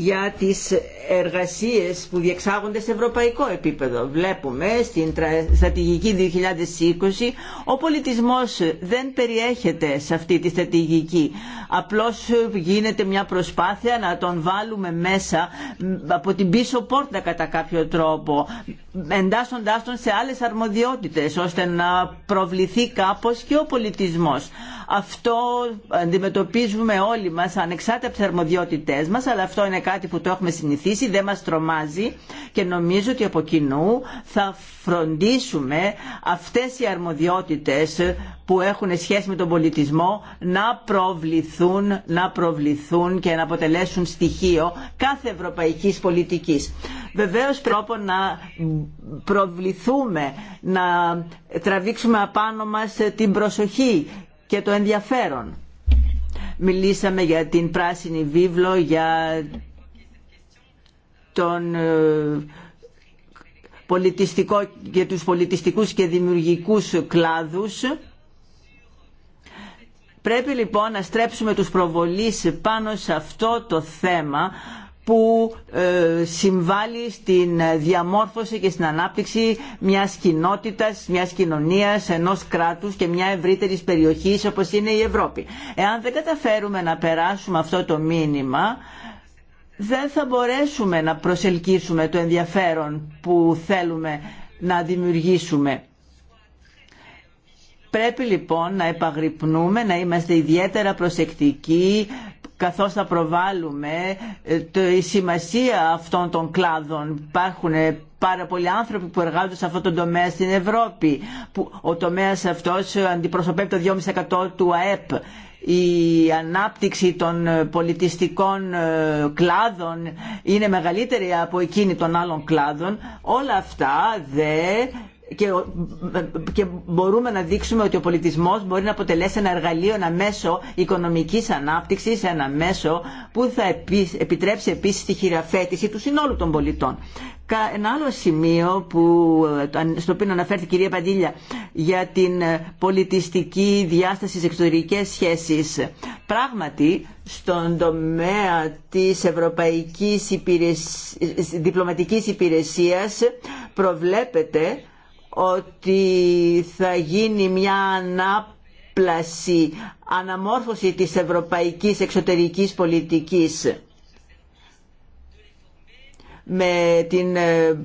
για τις εργασίες που διεξάγονται σε ευρωπαϊκό επίπεδο. Βλέπουμε στην στρατηγική 2020 ο πολιτισμός δεν περιέχεται σε αυτή τη στρατηγική. Απλώς γίνεται μια προσπάθεια να τον βάλουμε μέσα από την πίσω πόρτα κατά κάποιο τρόπο εντάσσοντάς τον σε άλλες αρμοδιότητες ώστε να προβληθεί κάπως και ο πολιτισμός. Αυτό αντιμετωπίζουμε όλοι μας ανεξάρτητα από τις αρμοδιότητές μας, αλλά αυτό είναι κάτι που το έχουμε συνηθίσει, δεν μας τρομάζει και νομίζω ότι από κοινού θα φροντίσουμε αυτές οι αρμοδιότητες που έχουν σχέση με τον πολιτισμό να προβληθούν, να προβληθούν και να αποτελέσουν στοιχείο κάθε ευρωπαϊκής πολιτικής. Βεβαίως τρόπο να προβληθούμε, να τραβήξουμε απάνω μας την προσοχή και το ενδιαφέρον. Μιλήσαμε για την πράσινη βίβλο, για τον ε, πολιτιστικό και τους πολιτιστικούς και δημιουργικούς κλάδους. Πρέπει λοιπόν να στρέψουμε τους προβολείς πάνω σε αυτό το θέμα που ε, συμβάλλει στην διαμόρφωση και στην ανάπτυξη μιας κοινότητας, μιας κοινωνίας, ενός κράτους και μια ευρύτερης περιοχής όπως είναι η Ευρώπη. Εάν δεν καταφέρουμε να περάσουμε αυτό το μήνυμα, δεν θα μπορέσουμε να προσελκύσουμε το ενδιαφέρον που θέλουμε να δημιουργήσουμε. Πρέπει λοιπόν να επαγρυπνούμε, να είμαστε ιδιαίτερα προσεκτικοί καθώς θα προβάλλουμε ε, τη σημασία αυτών των κλάδων. Υπάρχουν ε, πάρα πολλοί άνθρωποι που εργάζονται σε αυτό το τομέα στην Ευρώπη. Που ο τομέας αυτός ε, αντιπροσωπεύει το 2,5% του ΑΕΠ. Η ανάπτυξη των πολιτιστικών κλάδων είναι μεγαλύτερη από εκείνη των άλλων κλάδων. Όλα αυτά δε και, μπορούμε να δείξουμε ότι ο πολιτισμός μπορεί να αποτελέσει ένα εργαλείο, ένα μέσο οικονομικής ανάπτυξης, ένα μέσο που θα επιτρέψει επίσης τη χειραφέτηση του συνόλου των πολιτών. Ένα άλλο σημείο που, ε, στο οποίο αναφέρθηκε η κυρία Παντήλια για την ε, πολιτιστική διάσταση στις εξωτερικές σχέσεις. Πράγματι, στον τομέα της Ευρωπαϊκής υπηρεσ... Ε, διπλωματικής Υπηρεσίας προβλέπεται ότι θα γίνει μια ανάπλαση, αναμόρφωση της ευρωπαϊκής εξωτερικής πολιτικής με την ε,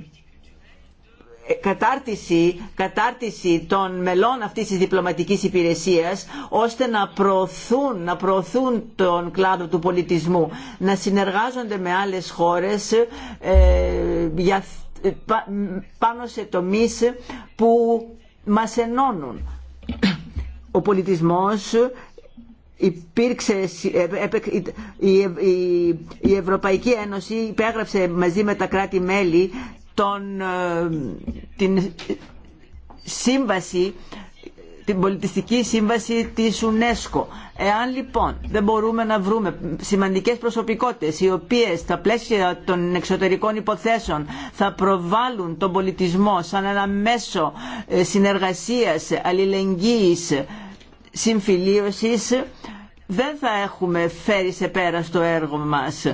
κατάρτιση, κατάρτιση των μελών αυτής της διπλωματικής υπηρεσίας ώστε να προωθούν, να προωθούν τον κλάδο του πολιτισμού, να συνεργάζονται με άλλες χώρες ε, για πάνω σε τομείς που μας ενώνουν. Ο πολιτισμός υπήρξε, ε- η, Ευρωπαϊκή Ένωση υπέγραψε μαζί με τα κράτη-μέλη τον, ε, την σύμβαση την πολιτιστική σύμβαση της UNESCO. Εάν λοιπόν δεν μπορούμε να βρούμε σημαντικές προσωπικότητες οι οποίες στα πλαίσια των εξωτερικών υποθέσεων θα προβάλλουν τον πολιτισμό σαν ένα μέσο ε, συνεργασίας, αλληλεγγύης, συμφιλίωσης, δεν θα έχουμε φέρει σε πέρα στο έργο μας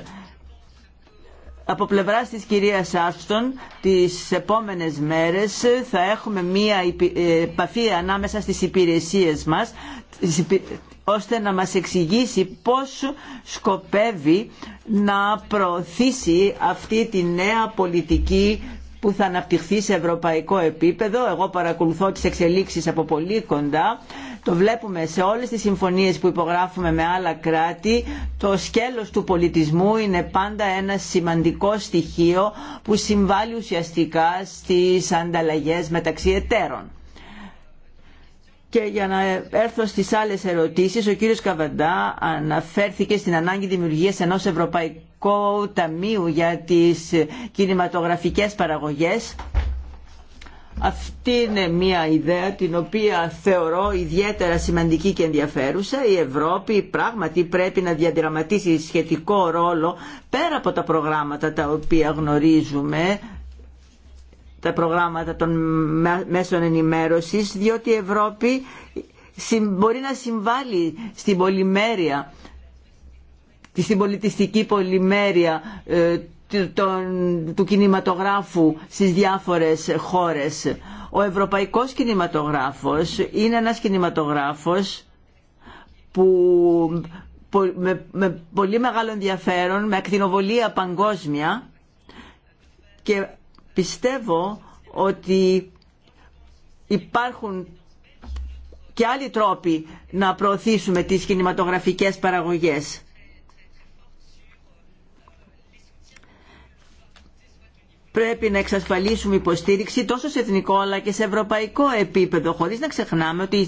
από πλευράς της κυρίας Άστον, τις επόμενες μέρες θα έχουμε μία ε, επαφή ανάμεσα στις υπηρεσίες μας, ώστε να μας εξηγήσει πώς σκοπεύει να προωθήσει αυτή τη νέα πολιτική που θα αναπτυχθεί σε ευρωπαϊκό επίπεδο. Εγώ παρακολουθώ τις εξελίξεις από πολύ κοντά. Το βλέπουμε σε όλες τις συμφωνίες που υπογράφουμε με άλλα κράτη. Το σκέλος του πολιτισμού είναι πάντα ένα σημαντικό στοιχείο που συμβάλλει ουσιαστικά στις ανταλλαγές μεταξύ εταίρων. Και για να έρθω στις άλλες ερωτήσεις, ο κύριος Καβαντά αναφέρθηκε στην ανάγκη δημιουργίας ενός Ευρωπαϊκού Ταμείου για τις κινηματογραφικές παραγωγές. Αυτή είναι μια ιδέα την οποία θεωρώ ιδιαίτερα σημαντική και ενδιαφέρουσα. Η Ευρώπη πράγματι πρέπει να διαδραματίσει σχετικό ρόλο πέρα από τα προγράμματα τα οποία γνωρίζουμε τα προγράμματα των μέσων ενημέρωσης διότι η Ευρώπη μπορεί να συμβάλλει στην πολυμέρεια στην πολιτιστική πολυμέρεια ε, του κινηματογράφου στις διάφορες χώρες. Ο ευρωπαϊκός κινηματογράφος είναι ένας κινηματογράφος που με πολύ μεγάλο ενδιαφέρον, με ακτινοβολία παγκόσμια και Πιστεύω ότι υπάρχουν και άλλοι τρόποι να προωθήσουμε τις κινηματογραφικές παραγωγές. πρέπει να εξασφαλίσουμε υποστήριξη τόσο σε εθνικό αλλά και σε ευρωπαϊκό επίπεδο χωρίς να ξεχνάμε ότι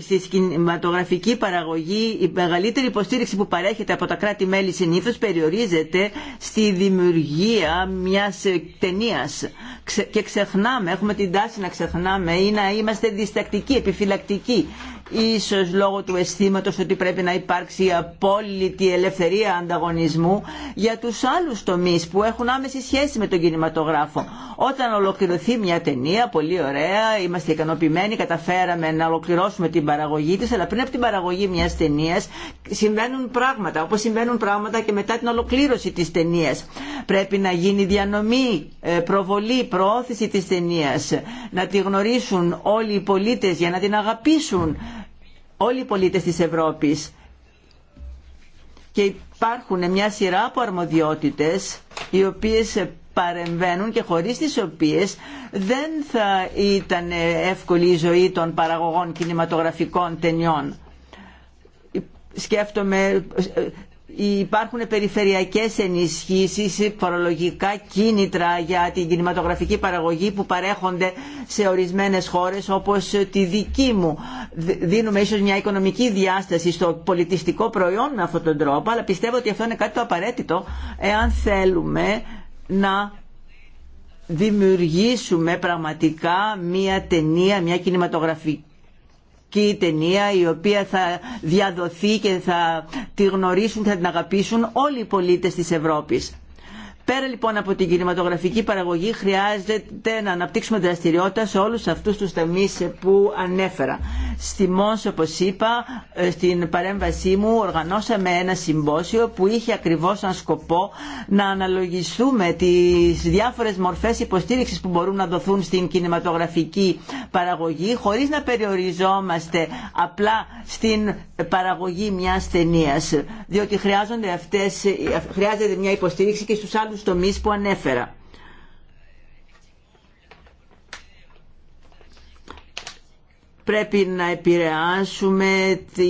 στη σκηνηματογραφική παραγωγή η μεγαλύτερη υποστήριξη που παρέχεται από τα κράτη-μέλη συνήθως περιορίζεται στη δημιουργία μιας ταινία. Και ξεχνάμε, έχουμε την τάση να ξεχνάμε ή να είμαστε διστακτικοί, επιφυλακτικοί ίσως λόγω του αισθήματο ότι πρέπει να υπάρξει απόλυτη ελευθερία ανταγωνισμού για τους άλλους τομείς που έχουν άμεση σχέση με τον κινηματογράφο. Όταν ολοκληρωθεί μια ταινία, πολύ ωραία, είμαστε ικανοποιημένοι, καταφέραμε να ολοκληρώσουμε την παραγωγή της, αλλά πριν από την παραγωγή μιας ταινία συμβαίνουν πράγματα, όπως συμβαίνουν πράγματα και μετά την ολοκλήρωση της ταινία. Πρέπει να γίνει διανομή, ε, προβολή, προώθηση της ταινία, να τη γνωρίσουν όλοι οι πολίτες για να την αγαπήσουν όλοι οι πολίτες της Ευρώπης και υπάρχουν μια σειρά από αρμοδιότητες οι οποίες παρεμβαίνουν και χωρίς τις οποίες δεν θα ήταν εύκολη η ζωή των παραγωγών κινηματογραφικών ταινιών. Σκέφτομαι υπάρχουν περιφερειακές ενισχύσεις, φορολογικά κίνητρα για την κινηματογραφική παραγωγή που παρέχονται σε ορισμένες χώρες όπως τη δική μου. Δίνουμε ίσως μια οικονομική διάσταση στο πολιτιστικό προϊόν με αυτόν τον τρόπο, αλλά πιστεύω ότι αυτό είναι κάτι το απαραίτητο εάν θέλουμε να δημιουργήσουμε πραγματικά μια ταινία, μια κινηματογραφική και ταινία η οποία θα διαδοθεί και θα τη γνωρίσουν, θα την αγαπήσουν όλοι οι πολίτες της Ευρώπης. Πέρα λοιπόν από την κινηματογραφική παραγωγή χρειάζεται να αναπτύξουμε δραστηριότητα σε όλους αυτούς τους τομείς που ανέφερα. Στη Μόνς, όπως είπα, ε, στην παρέμβασή μου οργανώσαμε ένα συμπόσιο που είχε ακριβώς σαν σκοπό να αναλογιστούμε τις διάφορες μορφές υποστήριξης που μπορούν να δοθούν στην κινηματογραφική παραγωγή χωρίς να περιοριζόμαστε απλά στην παραγωγή μιας ταινίας διότι χρειάζονται αυτές, ε, χρειάζεται μια υποστήριξη και στους άλλους τους τομείς που ανέφερα. πρέπει να επηρεάσουμε τη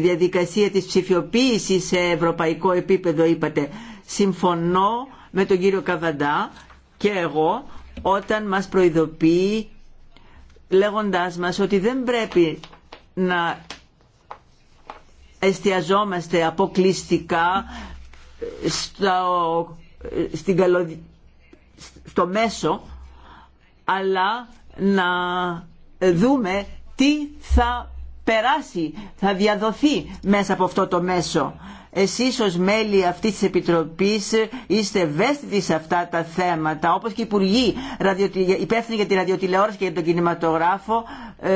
διαδικασία της ψηφιοποίησης σε ευρωπαϊκό επίπεδο είπατε. Συμφωνώ με τον κύριο Καβαντά και εγώ όταν μας προειδοποιεί λέγοντάς μας ότι δεν πρέπει να εστιαζόμαστε αποκλειστικά στο στην στο μέσο αλλά να δούμε τι θα περάσει, θα διαδοθεί μέσα από αυτό το μέσο. Εσείς ως μέλη αυτής της Επιτροπής είστε ευαίσθητοι σε αυτά τα θέματα, όπως και οι υπουργοί υπεύθυνοι για τη ραδιοτηλεόραση και για τον κινηματογράφο ε,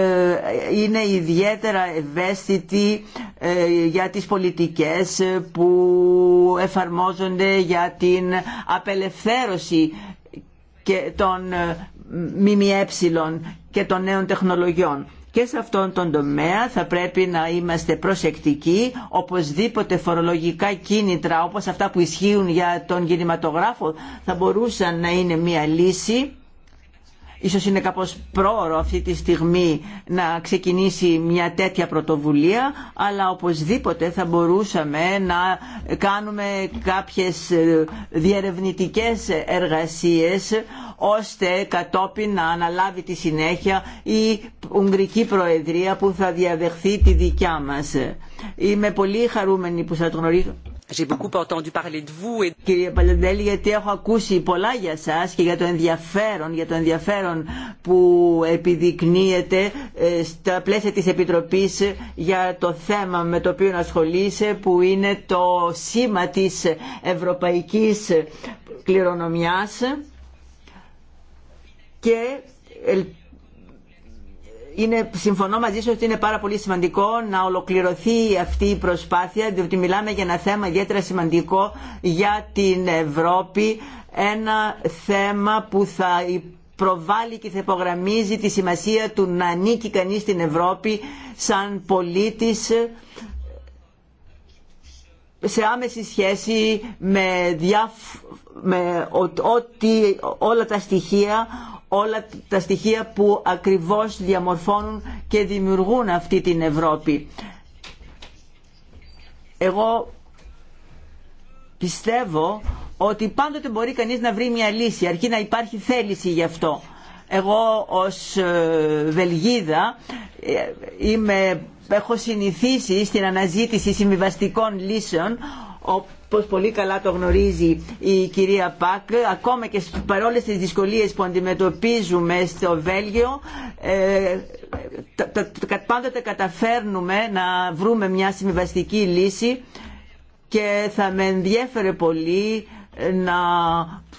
είναι ιδιαίτερα ευαίσθητοι ε, για τις πολιτικές που εφαρμόζονται για την απελευθέρωση και των ε, ΜΜΕ και των νέων τεχνολογιών. Και σε αυτόν τον τομέα θα πρέπει να είμαστε προσεκτικοί, οπωσδήποτε φορολογικά κίνητρα όπως αυτά που ισχύουν για τον κινηματογράφο θα μπορούσαν να είναι μια λύση Ίσως είναι κάπως πρόωρο αυτή τη στιγμή να ξεκινήσει μια τέτοια πρωτοβουλία, αλλά οπωσδήποτε θα μπορούσαμε να κάνουμε κάποιες ε, διερευνητικές εργασίες ώστε κατόπιν να αναλάβει τη συνέχεια η Ουγγρική Προεδρία που θα διαδεχθεί τη δικιά μας. Είμαι πολύ χαρούμενη που θα γνωρίζω. Κύριε Παλεντέλη, γιατί έχω ακούσει πολλά για σας και για το ενδιαφέρον, που επιδεικνύεται ε, στα πλαίσια της Επιτροπής για το θέμα με το οποίο ασχολείσαι που είναι το σήμα της ευρωπαϊκής κληρονομιάς και ελπίζω είναι, συμφωνώ μαζί σου ότι είναι πάρα πολύ σημαντικό να ολοκληρωθεί αυτή η προσπάθεια διότι μιλάμε για ένα θέμα ιδιαίτερα σημαντικό για την Ευρώπη ένα θέμα που θα προβάλλει και θα υπογραμμίζει τη σημασία του να ανήκει κανείς στην Ευρώπη σαν πολίτης σε άμεση σχέση με, με ό,τι όλα τα στοιχεία όλα τα στοιχεία που ακριβώς διαμορφώνουν και δημιουργούν αυτή την Ευρώπη. Εγώ πιστεύω ότι πάντοτε μπορεί κανείς να βρει μια λύση, αρκεί να υπάρχει θέληση γι' αυτό. Εγώ ως ε, Βελγίδα ε, είμαι, έχω συνηθίσει στην αναζήτηση συμβιβαστικών λύσεων όπως πολύ καλά το γνωρίζει η κυρία Πακ, ακόμα και παρόλες τις δυσκολίες που αντιμετωπίζουμε στο Βέλγιο, ε, πάντοτε καταφέρνουμε να βρούμε μια συμβιβαστική λύση και θα με ενδιέφερε πολύ να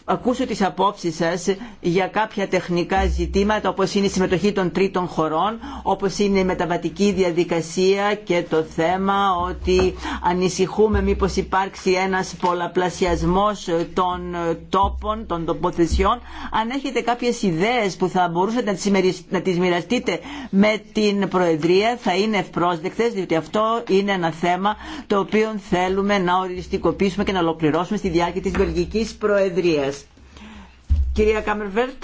ακούσω τις απόψεις σας για κάποια τεχνικά ζητήματα όπως είναι η συμμετοχή των τρίτων χωρών, όπως είναι η μεταβατική διαδικασία και το θέμα ότι ανησυχούμε μήπως υπάρξει ένας πολλαπλασιασμός των τόπων, των τοποθεσιών. Αν έχετε κάποιες ιδέες που θα μπορούσατε να τις μοιραστείτε με την Προεδρία θα είναι ευπρόσδεκτες διότι αυτό είναι ένα θέμα το οποίο θέλουμε να οριστικοποιήσουμε και να ολοκληρώσουμε στη διάρκεια της Βελγικής Προεδρίας. Κυρία Κάμερβερτ,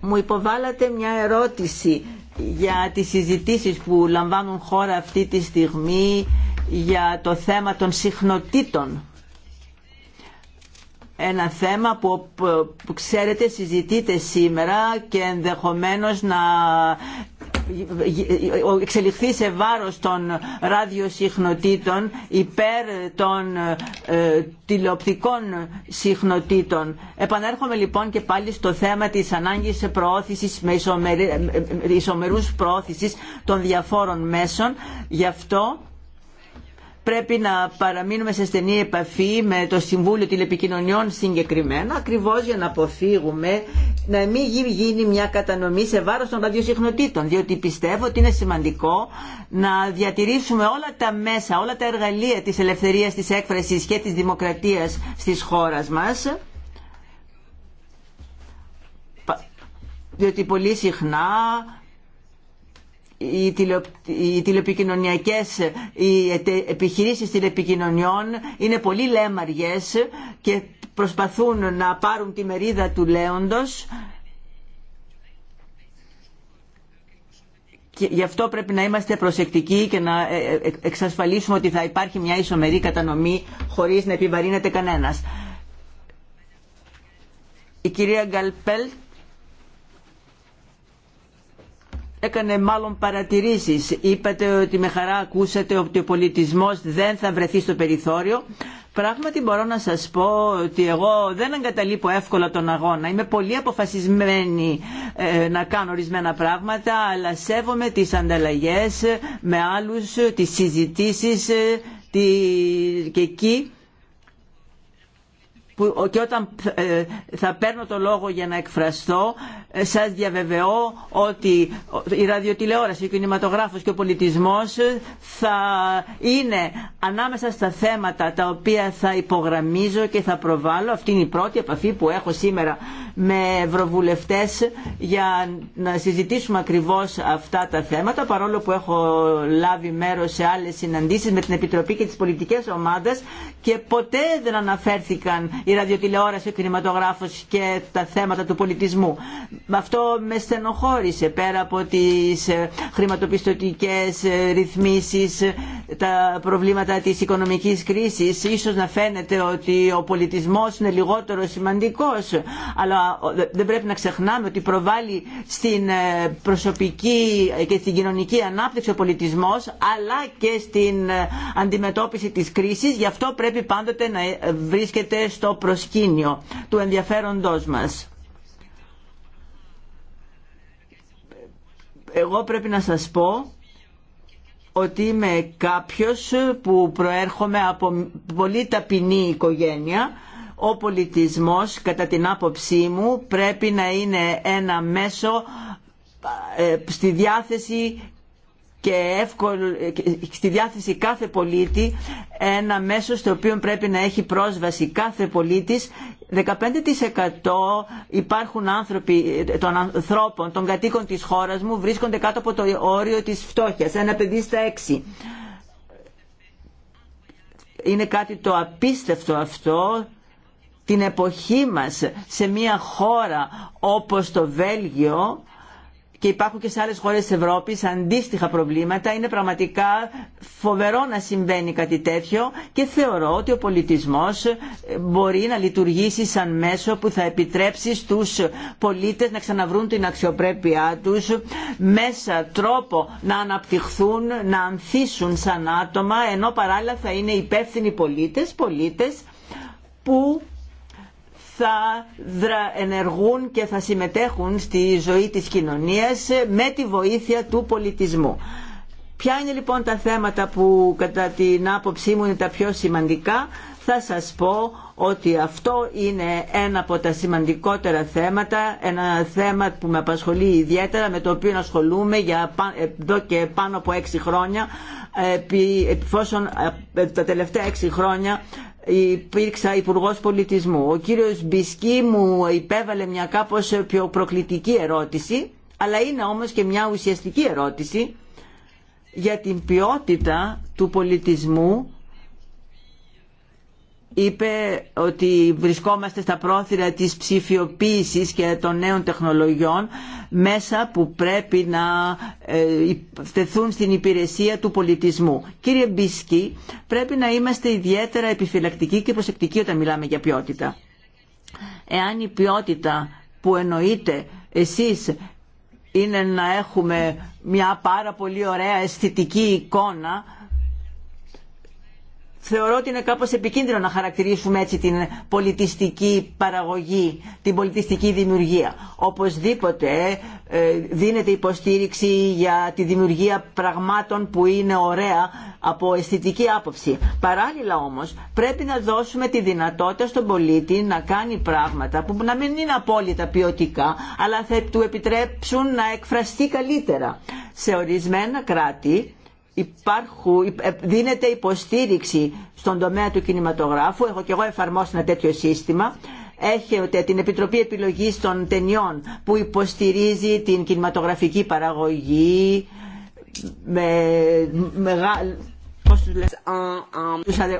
μου υποβάλατε μια ερώτηση για τις συζητήσεις που λαμβάνουν χώρα αυτή τη στιγμή για το θέμα των συχνοτήτων. Ένα θέμα που, που ξέρετε συζητείτε σήμερα και ενδεχομένως να εξελιχθεί σε βάρος των ραδιοσυχνοτήτων υπέρ των ε, τηλεοπτικών συχνοτήτων. Επανέρχομαι λοιπόν και πάλι στο θέμα της ανάγκης προώθησης, με ε, ε, ισομερούς προώθησης των διαφόρων μέσων. Γι' αυτό πρέπει να παραμείνουμε σε στενή επαφή με το Συμβούλιο Τηλεπικοινωνιών συγκεκριμένα, ακριβώ για να αποφύγουμε να μην γίνει μια κατανομή σε βάρο των ραδιοσυχνοτήτων, διότι πιστεύω ότι είναι σημαντικό να διατηρήσουμε όλα τα μέσα, όλα τα εργαλεία τη ελευθερία, τη έκφρασης και τη δημοκρατία στις χώρε μα. διότι πολύ συχνά οι, οι τηλεπικοινωνιακές οι επιχειρήσεις τηλεπικοινωνιών είναι πολύ λέμαριες και προσπαθούν να πάρουν τη μερίδα του λέοντος και γι' αυτό πρέπει να είμαστε προσεκτικοί και να ε, ε, ε, εξασφαλίσουμε ότι θα υπάρχει μια ισομερή κατανομή χωρίς να επιβαρύνεται κανένας. Η κυρία Γκαλπέλτ έκανε μάλλον παρατηρήσεις. Είπατε ότι με χαρά ακούσατε ότι ο πολιτισμός δεν θα βρεθεί στο περιθώριο. Πράγματι μπορώ να σας πω ότι εγώ δεν εγκαταλείπω εύκολα τον αγώνα. Είμαι πολύ αποφασισμένη ε, να κάνω ορισμένα πράγματα, αλλά σέβομαι τις ανταλλαγές με άλλους, τις συζητήσεις ε, τη... και εκεί που, και όταν ε, θα παίρνω το λόγο για να εκφραστώ σας διαβεβαιώ ότι η ραδιοτηλεόραση, ο κινηματογράφος και ο πολιτισμός θα είναι ανάμεσα στα θέματα τα οποία θα υπογραμμίζω και θα προβάλλω. Αυτή είναι η πρώτη επαφή που έχω σήμερα με ευρωβουλευτές για να συζητήσουμε ακριβώς αυτά τα θέματα παρόλο που έχω λάβει μέρος σε άλλες συναντήσεις με την Επιτροπή και τις πολιτικές ομάδες και ποτέ δεν αναφέρθηκαν η ραδιοτηλεόραση, ο κινηματογράφος και τα θέματα του πολιτισμού αυτό με στενοχώρησε πέρα από τις ε, χρηματοπιστωτικές ε, ρυθμίσεις, ε, τα προβλήματα της οικονομικής κρίσης. Ίσως να φαίνεται ότι ο πολιτισμός είναι λιγότερο σημαντικός, αλλά δεν πρέπει να ξεχνάμε ότι προβάλλει στην προσωπική και στην κοινωνική ανάπτυξη ο πολιτισμός, αλλά και στην αντιμετώπιση της κρίσης. Γι' αυτό πρέπει πάντοτε να βρίσκεται στο προσκήνιο του ενδιαφέροντός μας. εγώ πρέπει να σας πω ότι είμαι κάποιος που προέρχομαι από πολύ ταπεινή οικογένεια. Ο πολιτισμός, κατά την άποψή μου, πρέπει να είναι ένα μέσο ε, στη διάθεση και εύκολο, στη διάθεση κάθε πολίτη ένα μέσο στο οποίο πρέπει να έχει πρόσβαση κάθε πολίτης 15% υπάρχουν άνθρωποι των ανθρώπων, των κατοίκων της χώρας μου βρίσκονται κάτω από το όριο της φτώχειας, ένα παιδί στα έξι. είναι κάτι το απίστευτο αυτό την εποχή μας σε μια χώρα όπως το Βέλγιο και υπάρχουν και σε άλλες χώρες της Ευρώπης αντίστοιχα προβλήματα. Είναι πραγματικά φοβερό να συμβαίνει κάτι τέτοιο και θεωρώ ότι ο πολιτισμός μπορεί να λειτουργήσει σαν μέσο που θα επιτρέψει στους πολίτες να ξαναβρούν την αξιοπρέπειά τους μέσα τρόπο να αναπτυχθούν, να ανθίσουν σαν άτομα ενώ παράλληλα θα είναι υπεύθυνοι πολίτες, πολίτες που θα ενεργούν και θα συμμετέχουν στη ζωή της κοινωνίας με τη βοήθεια του πολιτισμού. Ποια είναι λοιπόν τα θέματα που κατά την άποψή μου είναι τα πιο σημαντικά. Θα σας πω ότι αυτό είναι ένα από τα σημαντικότερα θέματα, ένα θέμα που με απασχολεί ιδιαίτερα, με το οποίο ασχολούμαι για εδώ και πάνω από έξι χρόνια, εφόσον ε, τα τελευταία έξι χρόνια υπήρξα υπουργό πολιτισμού. Ο κύριος Μπισκή μου υπέβαλε μια κάπως πιο προκλητική ερώτηση, αλλά είναι όμως και μια ουσιαστική ερώτηση για την ποιότητα του πολιτισμού είπε ότι βρισκόμαστε στα πρόθυρα της ψηφιοποίησης και των νέων τεχνολογιών μέσα που πρέπει να φτεθούν ε, στην υπηρεσία του πολιτισμού. Κύριε Μπίσκι, πρέπει να είμαστε ιδιαίτερα επιφυλακτικοί και προσεκτικοί όταν μιλάμε για ποιότητα. Εάν η ποιότητα που εννοείτε εσείς είναι να έχουμε μια πάρα πολύ ωραία αισθητική εικόνα, θεωρώ ότι είναι κάπως επικίνδυνο να χαρακτηρίσουμε έτσι την πολιτιστική παραγωγή, την πολιτιστική δημιουργία. Οπωσδήποτε ε, δίνεται υποστήριξη για τη δημιουργία πραγμάτων που είναι ωραία από αισθητική άποψη. Παράλληλα όμως πρέπει να δώσουμε τη δυνατότητα στον πολίτη να κάνει πράγματα που να μην είναι απόλυτα ποιοτικά αλλά θα του επιτρέψουν να εκφραστεί καλύτερα. Σε ορισμένα κράτη ε, δίνεται υποστήριξη στον τομέα του κινηματογράφου. Έχω και εγώ εφαρμόσει ένα τέτοιο σύστημα. Έχετε την Επιτροπή Επιλογής των Ταινιών που υποστηρίζει την κινηματογραφική παραγωγή με μεγάλη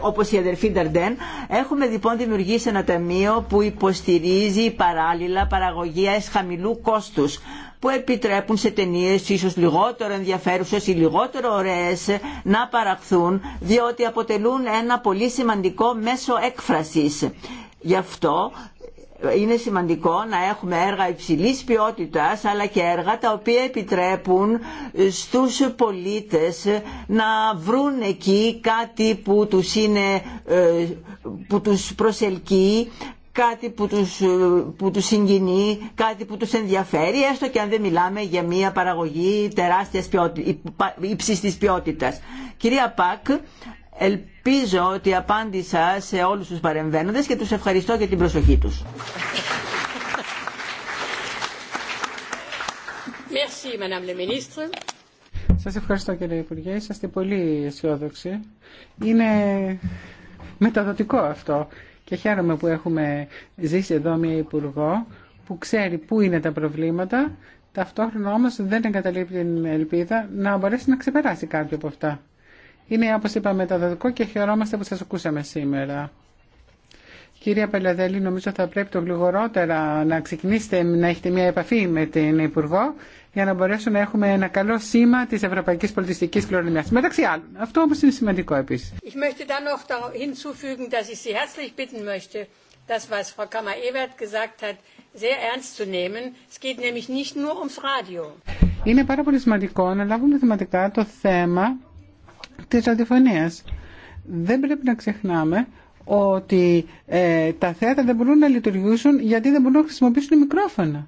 όπως η αδερφή Νταρντέν. Έχουμε λοιπόν δημιουργήσει ένα ταμείο που υποστηρίζει παράλληλα παραγωγές χαμηλού κόστους που επιτρέπουν σε ταινίε ίσως λιγότερο ενδιαφέρουσες ή λιγότερο ωραίες να παραχθούν διότι αποτελούν ένα πολύ σημαντικό μέσο έκφρασης. Γι' αυτό ε, είναι σημαντικό να έχουμε έργα υψηλής ποιότητας αλλά και έργα τα οποία επιτρέπουν ε, στους πολίτες να βρουν εκεί κάτι που τους, είναι, ε, που τους προσελκύει, κάτι που τους, ε, που τους συγκινεί, κάτι που τους ενδιαφέρει, έστω και αν δεν μιλάμε για μια παραγωγή τεράστιας ποιότητας, της ποιότητας. Κυρία Πακ, ελπίζω ότι απάντησα σε όλους τους παρεμβαίνοντες και τους ευχαριστώ για την προσοχή τους. Σας ευχαριστώ κύριε Υπουργέ, είσαστε πολύ αισιόδοξοι. Είναι μεταδοτικό αυτό και χαίρομαι που έχουμε ζήσει εδώ μια Υπουργό που ξέρει πού είναι τα προβλήματα, ταυτόχρονα όμως δεν εγκαταλείπει την ελπίδα να μπορέσει να ξεπεράσει κάποιο από αυτά. Είναι όπως είπαμε, μεταδοτικό και χαιρόμαστε που σας ακούσαμε σήμερα. Κυρία Πελαδέλη, νομίζω θα πρέπει το γλυγορότερα να ξεκινήσετε να έχετε μια επαφή με την Υπουργό για να μπορέσουμε να έχουμε ένα καλό σήμα τη ευρωπαϊκή πολιτιστική κληρονομιά. Μεταξύ άλλων. Αυτό όμω είναι σημαντικό επίση. Das, was Frau Kammer-Ebert gesagt hat, sehr ernst zu nehmen. Es geht nämlich nicht nur ums Radio. Είναι πάρα πολύ σημαντικό να λάβουμε θεματικά το θέμα τη ραδιοφωνία. Δεν πρέπει να ξεχνάμε ότι ε, τα θέατρα δεν μπορούν να λειτουργήσουν γιατί δεν μπορούν να χρησιμοποιήσουν μικρόφωνα.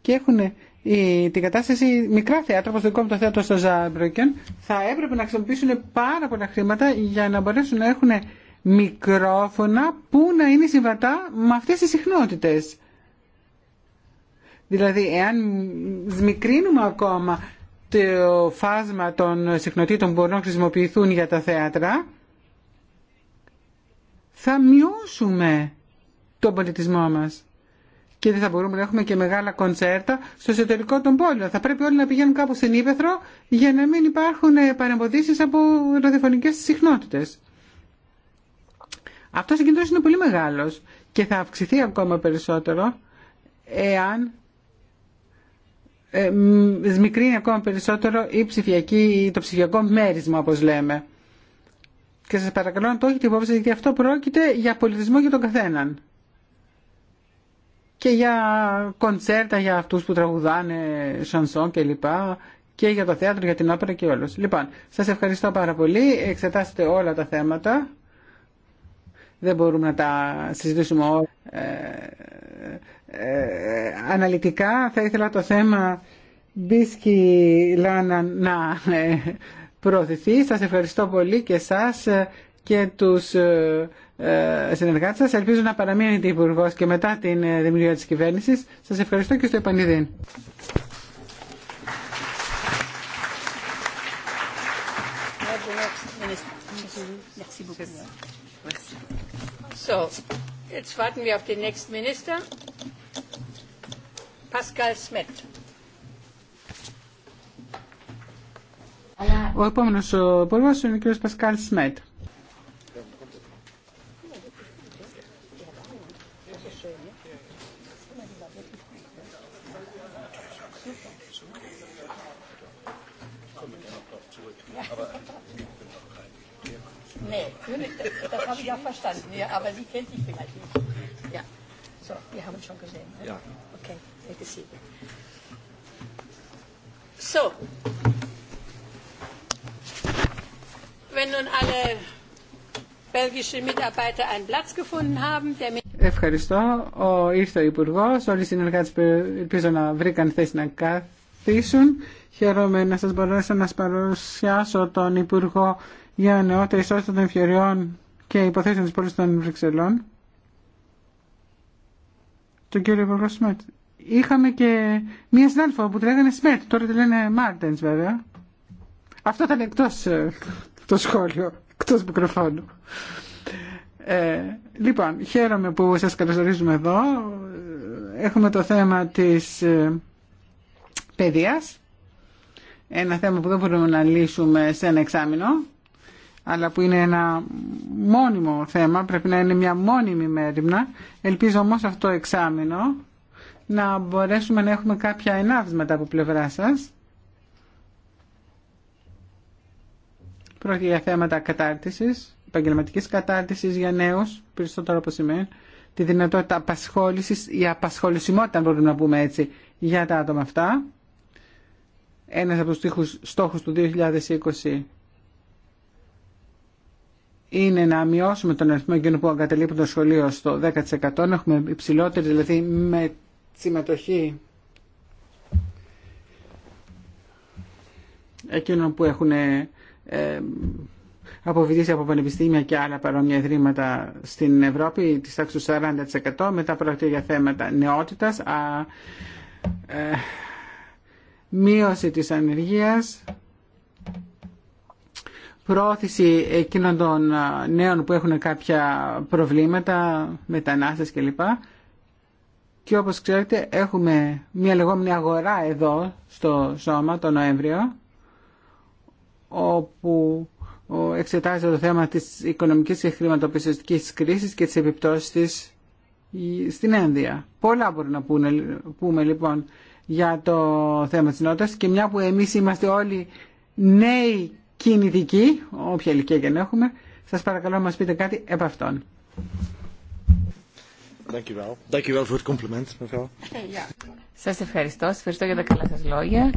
Και έχουν ε, την κατάσταση μικρά θέατρα, όπως το δικό μου το θέατρο στο Ζάμπροκεν, θα έπρεπε να χρησιμοποιήσουν πάρα πολλά χρήματα για να μπορέσουν να έχουν μικρόφωνα που να είναι συμβατά με αυτές τις συχνότητες. Δηλαδή, εάν μικρύνουμε ακόμα το φάσμα των συχνοτήτων που μπορούν να χρησιμοποιηθούν για τα θέατρα, θα μειώσουμε τον πολιτισμό μας. Και δεν θα μπορούμε να έχουμε και μεγάλα κονσέρτα στο εσωτερικό των πόλεων. Θα πρέπει όλοι να πηγαίνουν κάπου στην Ήπεθρο για να μην υπάρχουν παρεμποδίσεις από ραδιοφωνικές συχνότητες. Αυτός ο κινδύνος είναι πολύ μεγάλος και θα αυξηθεί ακόμα περισσότερο εάν ε, σμικρύνει ακόμα περισσότερο η ψηφιακή, το ψηφιακό μέρισμα όπως λέμε. Και σας παρακαλώ να το έχετε υπόψη, γιατί αυτό πρόκειται για πολιτισμό για τον καθέναν. Και για κοντσέρτα για αυτούς που τραγουδάνε σανσόν και λοιπά, και για το θέατρο, για την όπερα και όλους. Λοιπόν, σας ευχαριστώ πάρα πολύ. Εξετάσετε όλα τα θέματα. Δεν μπορούμε να τα συζητήσουμε όλα. Ε, ε, ε, αναλυτικά θα ήθελα το θέμα Μπίσκι Λάνα να προωθηθεί. Σας ευχαριστώ πολύ και εσάς ε, και τους ε, ε, συνεργάτες σας. Ελπίζω να παραμείνετε υπουργό και μετά την δημιουργία της κυβέρνησης. Σας ευχαριστώ και στο επανειδήν. So, jetzt warten wir auf den nächsten Minister, Pascal Smet. Ο επόμενος υπουργός είναι ο κ. Πασκάλ Σμέτ. habe ich ja verstanden. Ja, aber sie kennt dich vielleicht nicht. Ja. So, wir haben schon gesehen. Ne? Ja. Okay, take a seat. So, Ευχαριστώ. Ο, ήρθε ο Υπουργό. Όλοι οι συνεργάτε ελπίζω να βρήκαν θέση να καθίσουν. Χαίρομαι να σα μπορέσω να σα παρουσιάσω τον Υπουργό για νεότητα ισότητα των ευκαιριών και υποθέσεων τη πόλη των Βρυξελών. Τον κύριο Υπουργό Σμέτ. Είχαμε και μία συνάδελφο που τη λέγανε Σμέτ. Τώρα τη λένε Μάρτεν βέβαια. Αυτό ήταν εκτό ε, το σχόλιο εκτό μικροφόνου. Ε, λοιπόν, χαίρομαι που σα καλωσορίζουμε εδώ. Έχουμε το θέμα της ε, παιδεία. Ένα θέμα που δεν μπορούμε να λύσουμε σε ένα εξάμεινο, αλλά που είναι ένα μόνιμο θέμα, πρέπει να είναι μια μόνιμη μέρημνα. Ελπίζω όμω αυτό το εξάμεινο να μπορέσουμε να έχουμε κάποια ενάβησματα από πλευρά σας Πρόκειται για θέματα κατάρτιση, επαγγελματική κατάρτισης για νέους, περισσότερο από σημαίνει, τη δυνατότητα απασχόληση, ή απασχολησιμότητα, αν μπορούμε να πούμε έτσι, για τα άτομα αυτά. Ένας από τους στόχους του 2020 είναι να μειώσουμε τον αριθμό εκείνων που εγκαταλείπουν το σχολείο στο 10%, έχουμε υψηλότερη δηλαδή με συμμετοχή εκείνων που έχουν αποβιδίσει από πανεπιστήμια και άλλα παρόμοια ιδρύματα στην Ευρώπη της τάξης του 40% μετά πρόκειται για θέματα νεότητας ε, μείωση της ανεργίας πρόθεση εκείνων των νέων που έχουν κάποια προβλήματα μετανάστες κλπ και όπως ξέρετε έχουμε μια λεγόμενη αγορά εδώ στο σώμα το Νοέμβριο όπου εξετάζεται το θέμα της οικονομικής και χρηματοπιστωτικής κρίσης και της επιπτώσεις της στην Ένδια. Πολλά μπορούμε να πούμε, λοιπόν για το θέμα της νότας και μια που εμείς είμαστε όλοι νέοι κινητικοί, όποια ηλικία και αν έχουμε, σας παρακαλώ να μας πείτε κάτι επ' αυτόν. Σας ευχαριστώ, σας ευχαριστώ για τα καλά σας λόγια.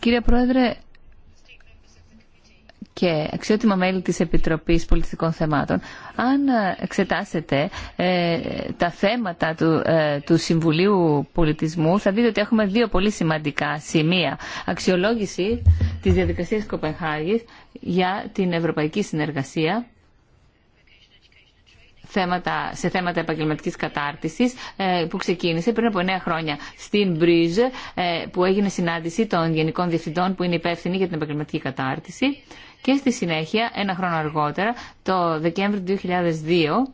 Κύριε Πρόεδρε, και αξιότιμα μέλη της Επιτροπής Πολιτικών Θεμάτων, αν εξετάσετε ε, τα θέματα του, ε, του Συμβουλίου Πολιτισμού, θα δείτε ότι έχουμε δύο πολύ σημαντικά σημεία. Αξιολόγηση της διαδικασίας Κοπενχάγης για την ευρωπαϊκή συνεργασία θέματα, σε θέματα επαγγελματικής κατάρτισης ε, που ξεκίνησε πριν από 9 χρόνια στην Μπρίζ ε, που έγινε συνάντηση των Γενικών Διευθυντών που είναι υπεύθυνοι για την επαγγελματική κατάρτιση και στη συνέχεια ένα χρόνο αργότερα το Δεκέμβριο του 2002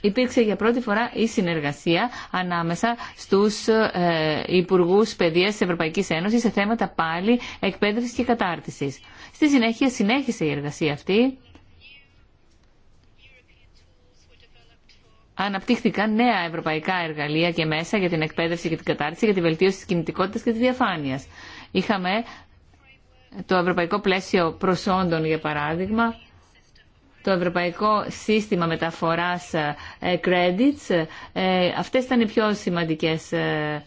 υπήρξε για πρώτη φορά η συνεργασία ανάμεσα στους ε, Υπουργούς Παιδείας της Ευρωπαϊκής Ένωσης σε θέματα πάλι εκπαίδευσης και κατάρτισης. Στη συνέχεια συνέχισε η εργασία αυτή αναπτύχθηκαν νέα ευρωπαϊκά εργαλεία και μέσα για την εκπαίδευση και την κατάρτιση, για τη βελτίωση τη κινητικότητα και τη διαφάνεια. Είχαμε το Ευρωπαϊκό Πλαίσιο Προσόντων, για παράδειγμα, το Ευρωπαϊκό Σύστημα Μεταφοράς ε, Credits. Ε, αυτές ήταν οι πιο σημαντικές ε,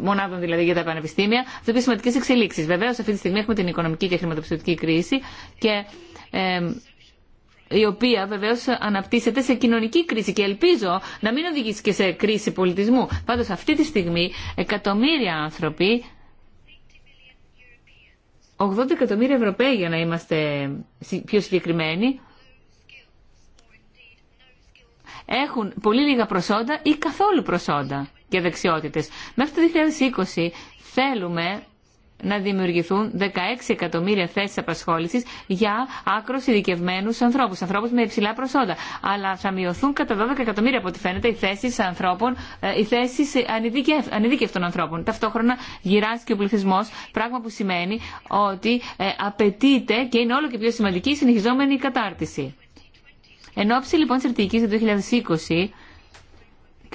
μονάδων δηλαδή για τα πανεπιστήμια. Αυτές ήταν οι σημαντικές εξελίξεις. Βεβαίως αυτή τη στιγμή έχουμε την οικονομική και χρηματοπιστωτική κρίση και η οποία βεβαίω αναπτύσσεται σε κοινωνική κρίση και ελπίζω να μην οδηγήσει και σε κρίση πολιτισμού. Πάντω αυτή τη στιγμή εκατομμύρια άνθρωποι, 80 εκατομμύρια Ευρωπαίοι για να είμαστε πιο συγκεκριμένοι, έχουν πολύ λίγα προσόντα ή καθόλου προσόντα και δεξιότητες. Μέχρι το 2020 θέλουμε να δημιουργηθούν 16 εκατομμύρια θέσει απασχόληση για άκρο ειδικευμένου ανθρώπου, ανθρώπου με υψηλά προσόντα. Αλλά θα μειωθούν κατά 12 εκατομμύρια από ό,τι φαίνεται οι θέσει ανθρώπων, ε, οι ανειδίκευτων ανθρώπων. Ταυτόχρονα γυράζει και ο πληθυσμό, πράγμα που σημαίνει ότι ε, απαιτείται και είναι όλο και πιο σημαντική η συνεχιζόμενη κατάρτιση. Εν ώψη λοιπόν στρατηγική του 2020,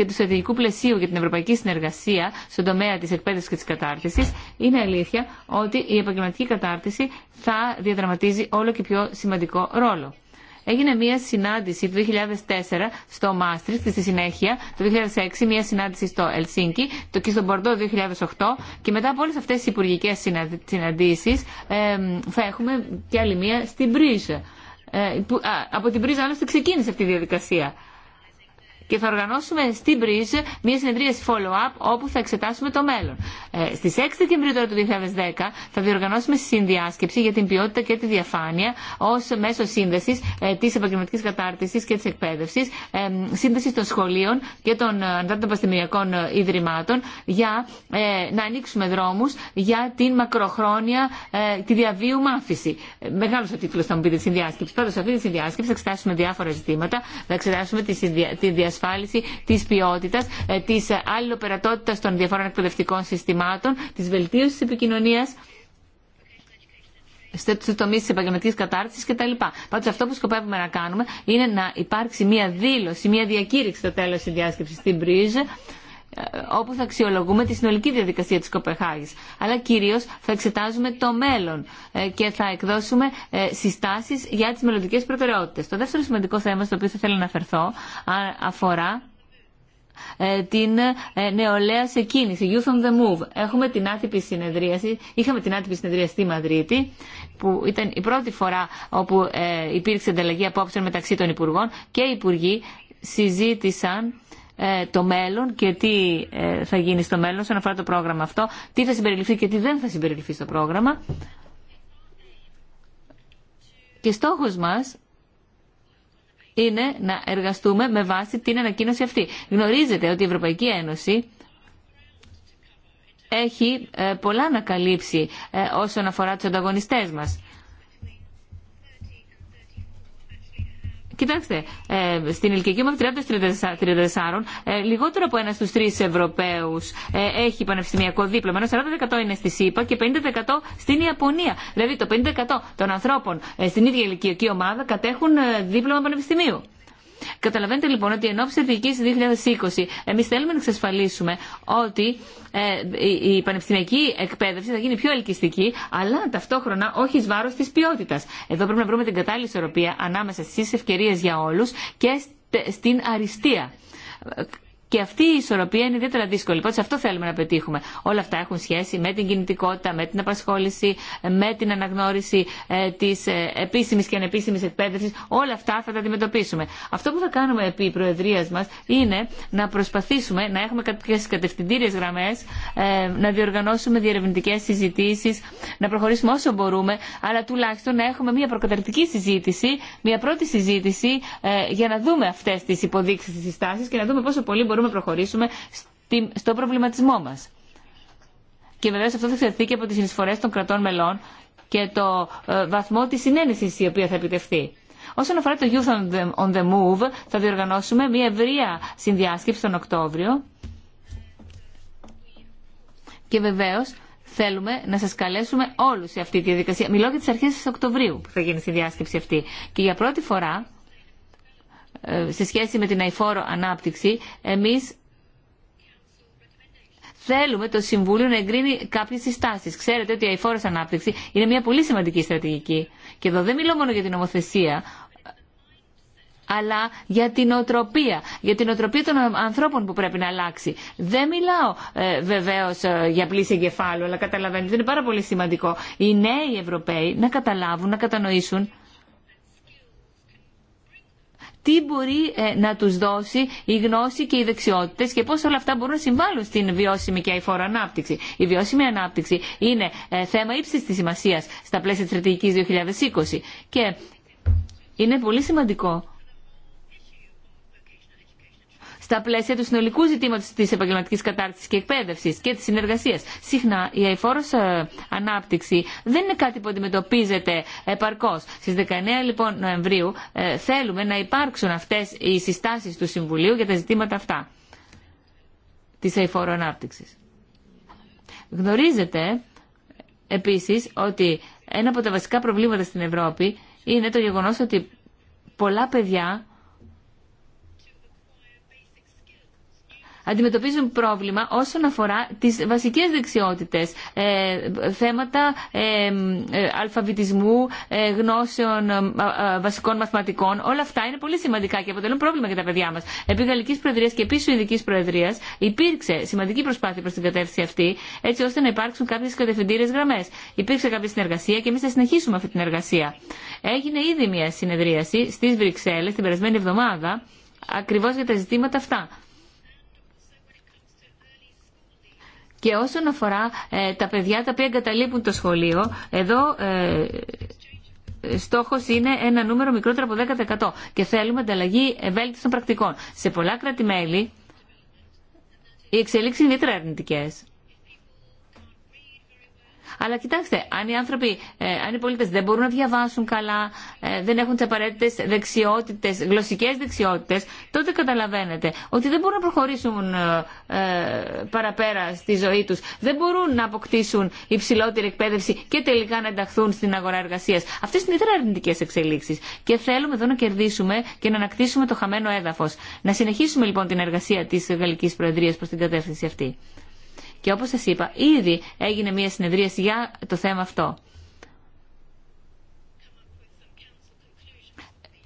και του στρατηγικού πλαισίου για την ευρωπαϊκή συνεργασία στον τομέα τη εκπαίδευση και τη κατάρτιση, είναι αλήθεια ότι η επαγγελματική κατάρτιση θα διαδραματίζει όλο και πιο σημαντικό ρόλο. Έγινε μια συνάντηση το 2004 στο Μάστριχτ και στη συνέχεια το 2006 μια συνάντηση στο Ελσίνκι το και στον Πορντό 2008 και μετά από όλες αυτές τις υπουργικές συναντήσεις θα έχουμε και άλλη μια στην Πρίζα. Ε, από την Πρίζα άλλωστε ξεκίνησε αυτή η διαδικασία και θα οργανώσουμε στην Πρίζ μια συνεδρία follow-up όπου θα εξετάσουμε το μέλλον. Ε, Στι 6 Δεκεμβρίου του 2010 θα διοργανώσουμε συνδιάσκεψη για την ποιότητα και τη διαφάνεια ω μέσο σύνδεση ε, τη επαγγελματική κατάρτιση και τη εκπαίδευση, ε, σύνδεση των σχολείων και των ε, αντάρτων παστημιακών ε, ιδρυμάτων για ε, να ανοίξουμε δρόμου για την μακροχρόνια ε, τη διαβίου μάθηση. Ε, Μεγάλο ο τίτλο θα μου πείτε τη συνδιάσκεψη. Πάντω σε αυτή τη συνδιάσκεψη θα εξετάσουμε διάφορα ζητήματα, θα εξετάσουμε τη, συνδια της τη ποιότητα, ε, τη αλληλοπερατότητα των διαφόρων εκπαιδευτικών συστημάτων, τη βελτίωση τη επικοινωνία στου τομεί τη επαγγελματική κατάρτιση κτλ. Πάντω αυτό που σκοπεύουμε να κάνουμε είναι να υπάρξει μία δήλωση, μία διακήρυξη στο τέλο τη διάσκεψη στην Πρίζ ε, όπου θα αξιολογούμε τη συνολική διαδικασία της Κοπεχάγης. Αλλά κυρίως θα εξετάζουμε το μέλλον ε, και θα εκδώσουμε ε, συστάσεις για τις μελλοντικέ προτεραιότητες. Το δεύτερο σημαντικό θέμα στο οποίο θα θέλω να αναφερθώ αφορά την νεολαία σε κίνηση, Youth on the Move. Έχουμε την άτυπη συνεδρίαση, είχαμε την άτυπη συνεδρίαση στη Μαδρίτη, που ήταν η πρώτη φορά όπου υπήρξε ανταλλαγή απόψεων μεταξύ των Υπουργών και οι Υπουργοί συζήτησαν ε, το μέλλον και τι ε, θα γίνει στο μέλλον όσον αφορά το πρόγραμμα αυτό, τι θα συμπεριληφθεί και τι δεν θα συμπεριληφθεί στο πρόγραμμα. Και στόχος μας είναι να εργαστούμε με βάση την ανακοίνωση αυτή. Γνωρίζετε ότι η Ευρωπαϊκή Ένωση έχει ε, πολλά να καλύψει όσον αφορά τους ανταγωνιστές μας. Κοιτάξτε, ε, στην ηλικία μου 30-34, λιγότερο από ένα στου τρει Ευρωπαίου ε, έχει πανεπιστημιακό δίπλωμα, ενώ 40% είναι στη ΣΥΠΑ και 50% στην Ιαπωνία. Δηλαδή το 50% των ανθρώπων ε, στην ίδια ηλικιακή ομάδα κατέχουν δίπλωμα πανεπιστημίου. Καταλαβαίνετε λοιπόν ότι ενώ της 2020 εμεί θέλουμε να εξασφαλίσουμε ότι ε, η πανεπιστημιακή εκπαίδευση θα γίνει πιο ελκυστική, αλλά ταυτόχρονα όχι ει βάρο τη ποιότητα. Εδώ πρέπει να βρούμε την κατάλληλη ισορροπία ανάμεσα στι ευκαιρίε για όλου και στην αριστεία και αυτή η ισορροπία είναι ιδιαίτερα δύσκολη. Λοιπόν, σε αυτό θέλουμε να πετύχουμε. Όλα αυτά έχουν σχέση με την κινητικότητα, με την απασχόληση, με την αναγνώριση ε, τη ε, επίσημη και ανεπίσημη εκπαίδευση. Όλα αυτά θα τα αντιμετωπίσουμε. Αυτό που θα κάνουμε επί Προεδρία μα είναι να προσπαθήσουμε να έχουμε κάποιε κατευθυντήριε γραμμέ, ε, να διοργανώσουμε διερευνητικέ συζητήσει, να προχωρήσουμε όσο μπορούμε, αλλά τουλάχιστον να έχουμε μια προκαταρκτική συζήτηση, μια πρώτη συζήτηση ε, για να δούμε αυτέ τι υποδείξει, τι συστάσει και να δούμε πόσο πολύ μπορούμε μπορούμε να προχωρήσουμε στο προβληματισμό μα. Και βεβαίω αυτό θα εξαρθεί και από τι συνεισφορέ των κρατών μελών και το ε, βαθμό τη συνένεση η οποία θα επιτευχθεί. Όσον αφορά το Youth on the Move, θα διοργανώσουμε μια ευρεία συνδιάσκεψη τον Οκτώβριο. Και βεβαίω θέλουμε να σα καλέσουμε όλου σε αυτή τη διαδικασία. Μιλώ για τι αρχέ τη Οκτωβρίου που θα γίνει η συνδιάσκεψη αυτή. Και για πρώτη φορά σε σχέση με την αηφόρο ανάπτυξη, εμείς θέλουμε το Συμβούλιο να εγκρίνει κάποιε συστάσει. Ξέρετε ότι η αηφόρο ανάπτυξη είναι μια πολύ σημαντική στρατηγική. Και εδώ δεν μιλώ μόνο για την ομοθεσία αλλά για την οτροπία, για την οτροπία των ανθρώπων που πρέπει να αλλάξει. Δεν μιλάω ε, βεβαίω ε, για πλήση εγκεφάλου, αλλά καταλαβαίνετε ότι είναι πάρα πολύ σημαντικό οι νέοι Ευρωπαίοι να καταλάβουν, να κατανοήσουν τι μπορεί ε, να τους δώσει η γνώση και οι δεξιότητες και πώς όλα αυτά μπορούν να συμβάλλουν στην βιώσιμη και αηφόρο ανάπτυξη. Η βιώσιμη ανάπτυξη είναι ε, θέμα ύψης της σημασίας στα πλαίσια της στρατηγικής 2020 και είναι πολύ σημαντικό στα πλαίσια του συνολικού ζητήματο τη επαγγελματική κατάρτιση και εκπαίδευση και τη συνεργασία. Συχνά η αηφόρο ε, ανάπτυξη δεν είναι κάτι που αντιμετωπίζεται επαρκώ. Στι 19 λοιπόν Νοεμβρίου ε, θέλουμε να υπάρξουν αυτέ οι συστάσει του Συμβουλίου για τα ζητήματα αυτά τη αηφόρο ανάπτυξη. Γνωρίζετε επίση ότι ένα από τα βασικά προβλήματα στην Ευρώπη είναι το γεγονό ότι πολλά παιδιά αντιμετωπίζουν πρόβλημα όσον αφορά τις βασικές δεξιότητες, ε, θέματα ε, ε, αλφαβητισμού, γνώσεων βασικών μαθηματικών. Όλα αυτά είναι πολύ σημαντικά και αποτελούν πρόβλημα για τα παιδιά μας. Επί Γαλλικής Προεδρίας και επί Σουηδικής Προεδρίας υπήρξε σημαντική προσπάθεια προς την κατεύθυνση αυτή, έτσι ώστε να υπάρξουν κάποιες κατευθυντήρες γραμμές. Υπήρξε κάποια συνεργασία και εμείς θα συνεχίσουμε αυτή την εργασία. Έγινε ήδη μια συνεδρίαση στις Βρυξέλλες την περασμένη εβδομάδα ακριβώς για τα ζητήματα αυτά. Και όσον αφορά ε, τα παιδιά τα οποία εγκαταλείπουν το σχολείο, εδώ ε, στόχος είναι ένα νούμερο μικρότερο από 10% και θέλουμε ανταλλαγή ευέλικτων πρακτικών. Σε πολλά κράτη-μέλη οι εξελίξει είναι ιδιαίτερα αρνητικέ. Αλλά κοιτάξτε, αν οι άνθρωποι, ε, αν οι πολίτε δεν μπορούν να διαβάσουν καλά, ε, δεν έχουν τι απαραίτητε δεξιότητε, γλωσσικέ δεξιότητε, τότε καταλαβαίνετε ότι δεν μπορούν να προχωρήσουν ε, παραπέρα στη ζωή του. Δεν μπορούν να αποκτήσουν υψηλότερη εκπαίδευση και τελικά να ενταχθούν στην αγορά εργασία. Αυτέ είναι ιδιαίτερα αρνητικέ εξελίξει. Και θέλουμε εδώ να κερδίσουμε και να ανακτήσουμε το χαμένο έδαφο. Να συνεχίσουμε λοιπόν την εργασία τη Γαλλική Προεδρία προ την κατεύθυνση αυτή. Και όπως σας είπα, ήδη έγινε μια συνεδρίαση για το θέμα αυτό.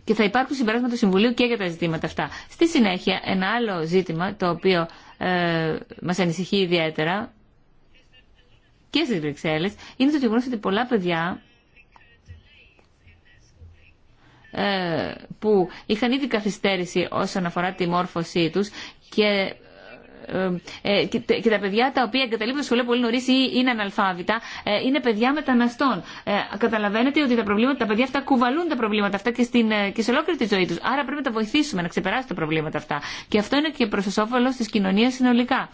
Και θα υπάρχουν συμπεράσματα του Συμβουλίου και για τα ζητήματα αυτά. Στη συνέχεια, ένα άλλο ζήτημα το οποίο ε, μας ανησυχεί ιδιαίτερα και στις Βρυξέλλες είναι το γεγονό ότι πολλά παιδιά ε, που είχαν ήδη καθυστέρηση όσον αφορά τη μόρφωσή τους και ε, ε, και τα παιδιά τα οποία εγκαταλείπουν το σχολείο πολύ νωρί ή είναι αναλφάβητα, ε, είναι παιδιά μεταναστών. Καταλαβαίνετε ότι τα, προβλήματα, τα παιδιά αυτά κουβαλούν τα προβλήματα αυτά και, στην, και σε ολόκληρη τη ζωή του. Άρα πρέπει να τα βοηθήσουμε να ξεπεράσουν τα προβλήματα αυτά. Και αυτό είναι και προ όφελο τη κοινωνία συνολικά.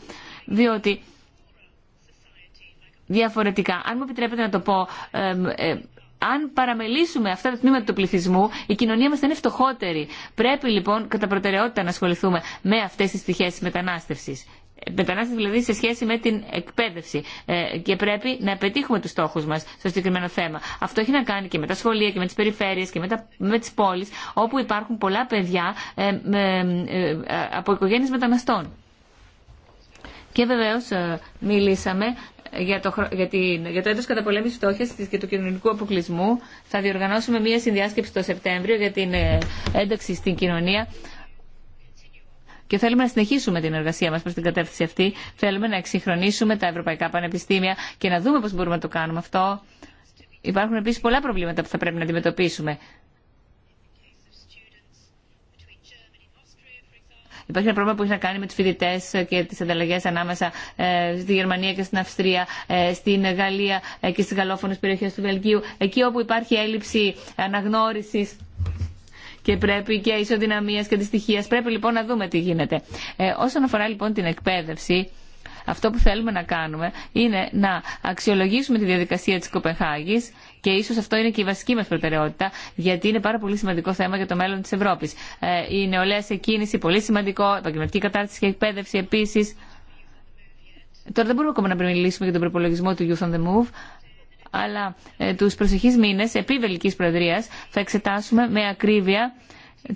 Διότι διαφορετικά, αν μου επιτρέπετε να το πω, αν παραμελήσουμε αυτά τα τμήματα του πληθυσμού, η κοινωνία μα θα είναι φτωχότερη. Πρέπει λοιπόν κατά προτεραιότητα να ασχοληθούμε με αυτέ τι πτυχέ τη μετανάστευση. Ε, μετανάστευση δηλαδή σε σχέση με την εκπαίδευση. Ε, και πρέπει να πετύχουμε του στόχου μα στο συγκεκριμένο θέμα. Αυτό έχει να κάνει και με τα σχολεία και με τι περιφέρειες και με, με τι πόλει, όπου υπάρχουν πολλά παιδιά ε, από οικογένειε μεταναστών. Και βεβαίω μιλήσαμε για, το, για, την, για το έτος καταπολέμησης φτώχειας και του κοινωνικού αποκλεισμού θα διοργανώσουμε μία συνδιάσκεψη το Σεπτέμβριο για την ε, ένταξη στην κοινωνία και θέλουμε να συνεχίσουμε την εργασία μα προ την κατεύθυνση αυτή. Θέλουμε να εξυγχρονίσουμε τα ευρωπαϊκά πανεπιστήμια και να δούμε πώ μπορούμε να το κάνουμε αυτό. Υπάρχουν επίση πολλά προβλήματα που θα πρέπει να αντιμετωπίσουμε. Υπάρχει ένα πρόβλημα που έχει να κάνει με του φοιτητέ και τι ανταλλαγέ ανάμεσα ε, στη Γερμανία και στην Αυστρία, ε, στην Γαλλία ε, και στι γαλλόφωνε περιοχέ του Βελγίου. Εκεί όπου υπάρχει έλλειψη αναγνώριση και πρέπει και ισοδυναμία και δυστυχία. Πρέπει λοιπόν να δούμε τι γίνεται. όσον αφορά λοιπόν την εκπαίδευση, αυτό που θέλουμε να κάνουμε είναι να αξιολογήσουμε τη διαδικασία της Κοπεχάγης και ίσω αυτό είναι και η βασική μα προτεραιότητα, γιατί είναι πάρα πολύ σημαντικό θέμα για το μέλλον τη Ευρώπη. Ε, η νεολαία σε κίνηση, πολύ σημαντικό, Η επαγγελματική κατάρτιση και εκπαίδευση επίση. Τώρα δεν μπορούμε ακόμα να μιλήσουμε για τον προπολογισμό του Youth on the Move, αλλά ε, τους προσεχείς μήνες, επί Βελική Προεδρία θα εξετάσουμε με ακρίβεια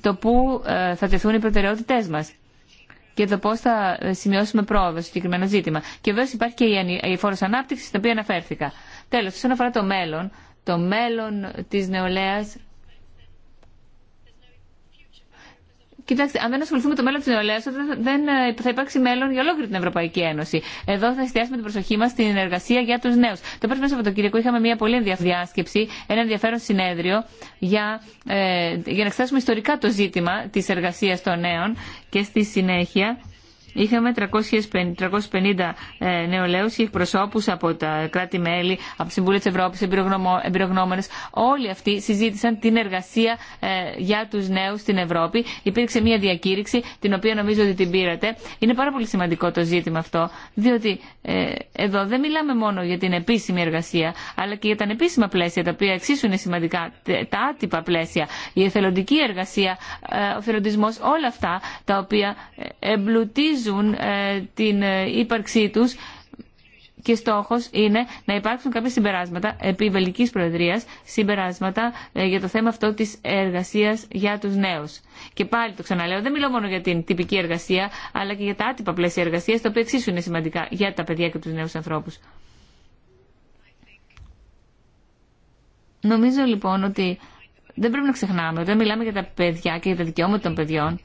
το πού ε, θα τεθούν οι προτεραιότητές μα και το πώ θα ε, σημειώσουμε πρόοδο στο συγκεκριμένο ζήτημα. Και βέβαια υπάρχει και η φόρο ανάπτυξη, στην οποία αναφέρθηκα. Τέλο, όσον αφορά το μέλλον, το μέλλον της νεολαίας. Κοιτάξτε, αν δεν ασχοληθούμε με το μέλλον τη νεολαία, δεν θα υπάρξει μέλλον για ολόκληρη την Ευρωπαϊκή Ένωση. Εδώ θα εστιάσουμε την προσοχή μα στην εργασία για του νέου. Το τον Σαββατοκύριακο είχαμε μια πολύ ενδιαφέρουσα ένα ενδιαφέρον συνέδριο για, ε, για να εξετάσουμε ιστορικά το ζήτημα τη εργασία των νέων και στη συνέχεια είχαμε 350, νεολαίου και εκπροσώπου από τα κράτη-μέλη, από τη Συμβούλια τη Ευρώπη, εμπειρογνώμονε. Όλοι αυτοί συζήτησαν την εργασία ε, για του νέου στην Ευρώπη. Υπήρξε μια διακήρυξη, την οποία νομίζω ότι την πήρατε. Είναι πάρα πολύ σημαντικό το ζήτημα αυτό, διότι ε, εδώ δεν μιλάμε μόνο για την επίσημη εργασία, αλλά και για τα ανεπίσημα πλαίσια, τα οποία εξίσου είναι σημαντικά, τα άτυπα πλαίσια, η εθελοντική εργασία, ε, ο θελοντισμό, όλα αυτά τα οποία εμπλουτίζουν ε, την ε, ύπαρξή τους και στόχος είναι να υπάρξουν κάποια συμπεράσματα επί Βελικής Προεδρίας, συμπεράσματα ε, για το θέμα αυτό της εργασίας για τους νέους Και πάλι το ξαναλέω, δεν μιλώ μόνο για την τυπική εργασία, αλλά και για τα άτυπα πλαίσια εργασία, τα οποία εξίσου είναι σημαντικά για τα παιδιά και τους νέους ανθρώπους Νομίζω λοιπόν ότι δεν πρέπει να ξεχνάμε, όταν μιλάμε για τα παιδιά και για τα δικαιώματα των παιδιών,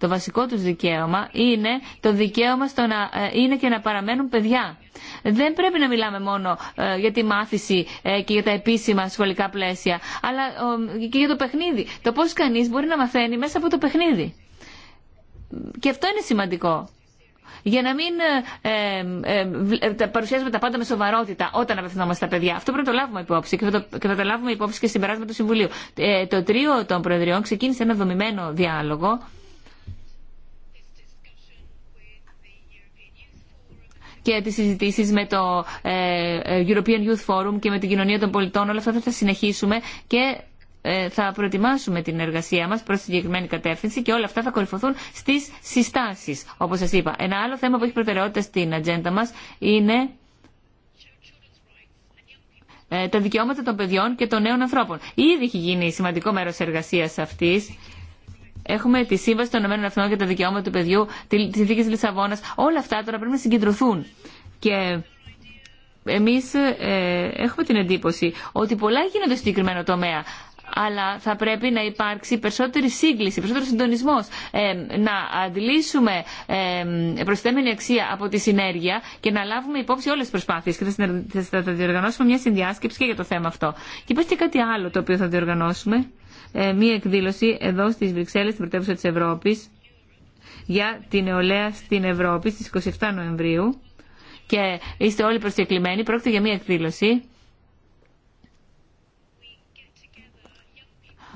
το βασικό τους δικαίωμα είναι το δικαίωμα στο να ε, είναι και να παραμένουν παιδιά. Δεν πρέπει να μιλάμε μόνο ε, για τη μάθηση ε, και για τα επίσημα σχολικά πλαίσια, αλλά και για το παιχνίδι. Το πώς κανείς μπορεί να μαθαίνει μέσα από το παιχνίδι. Και αυτό είναι σημαντικό. Για να μην παρουσιάζουμε τα πάντα με σοβαρότητα όταν απευθυνόμαστε τα παιδιά. Αυτό πρέπει να το λάβουμε υπόψη και θα το, λάβουμε υπόψη και στην περάσμα του Συμβουλίου. Ε, το τρίο των Προεδριών ξεκίνησε ένα δομημένο διάλογο και τις συζητήσεις με το ε, ε, European Youth Forum και με την κοινωνία των πολιτών. Όλα αυτά θα τα συνεχίσουμε και ε, θα προετοιμάσουμε την εργασία μας προς τη συγκεκριμένη κατεύθυνση και όλα αυτά θα κορυφωθούν στις συστάσεις, όπως σας είπα. Ένα άλλο θέμα που έχει προτεραιότητα στην ατζέντα μας είναι τα δικαιώματα των παιδιών και των νέων ανθρώπων. Ήδη έχει γίνει σημαντικό μέρος εργασίας αυτής Έχουμε τη Σύμβαση των Ηνωμένων για τα Δικαιώματα του Παιδιού, τη Συνθήκη τη Λισαβόνα. Όλα αυτά τώρα πρέπει να συγκεντρωθούν. Και εμεί ε, έχουμε την εντύπωση ότι πολλά γίνονται στο συγκεκριμένο τομέα. Αλλά θα πρέπει να υπάρξει περισσότερη σύγκληση, περισσότερο συντονισμό. Ε, να αντιλήσουμε ε, προσθέμενη αξία από τη συνέργεια και να λάβουμε υπόψη όλε τι προσπάθειε. Και θα, θα διοργανώσουμε μια συνδιάσκεψη και για το θέμα αυτό. Και υπάρχει και κάτι άλλο το οποίο θα διοργανώσουμε. Ε, μία εκδήλωση εδώ στις Βρυξέλλες, στην πρωτεύουσα της Ευρώπης, για την νεολαία στην Ευρώπη στις 27 Νοεμβρίου και είστε όλοι προσκεκλημένοι. Πρόκειται για μία εκδήλωση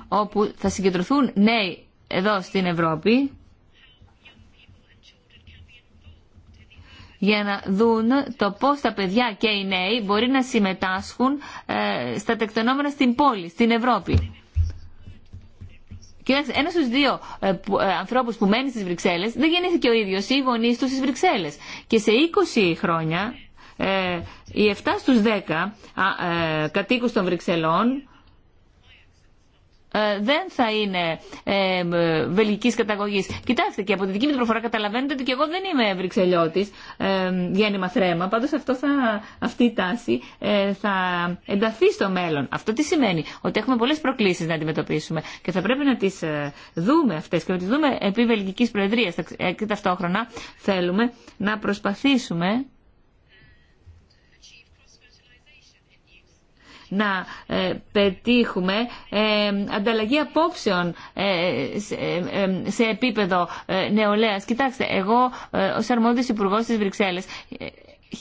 όπου θα συγκεντρωθούν νέοι εδώ στην Ευρώπη για να δουν το πώς τα παιδιά και οι νέοι μπορεί να συμμετάσχουν ε, στα τεκτενόμενα στην πόλη, στην Ευρώπη. Κοιτάξτε, ένα στου δύο ε, ε, ανθρώπου που μένει στι Βρυξέλλε δεν γεννήθηκε ο ίδιο ή οι γονεί του στι Βρυξέλλε. Και σε 20 χρόνια ε, οι 7 στου 10 ε, κατοίκου των Βρυξελών ε, δεν θα είναι ε, βελγική καταγωγή. Κοιτάξτε, και από τη δική μου προφορά καταλαβαίνετε ότι και εγώ δεν είμαι βρυξελιώτη, ε, γέννημα θρέμα. Πάντω αυτή η τάση ε, θα ενταθεί στο μέλλον. Αυτό τι σημαίνει, ότι έχουμε πολλέ προκλήσει να αντιμετωπίσουμε και θα πρέπει να τι ε, δούμε αυτέ και να τι δούμε επί βελγική προεδρία. Και ταυτόχρονα θέλουμε να προσπαθήσουμε να ε, πετύχουμε ε, ανταλλαγή απόψεων ε, σε επίπεδο νεολαία. Κοιτάξτε, εγώ ω αρμόδιο υπουργό τη Βρυξέλλε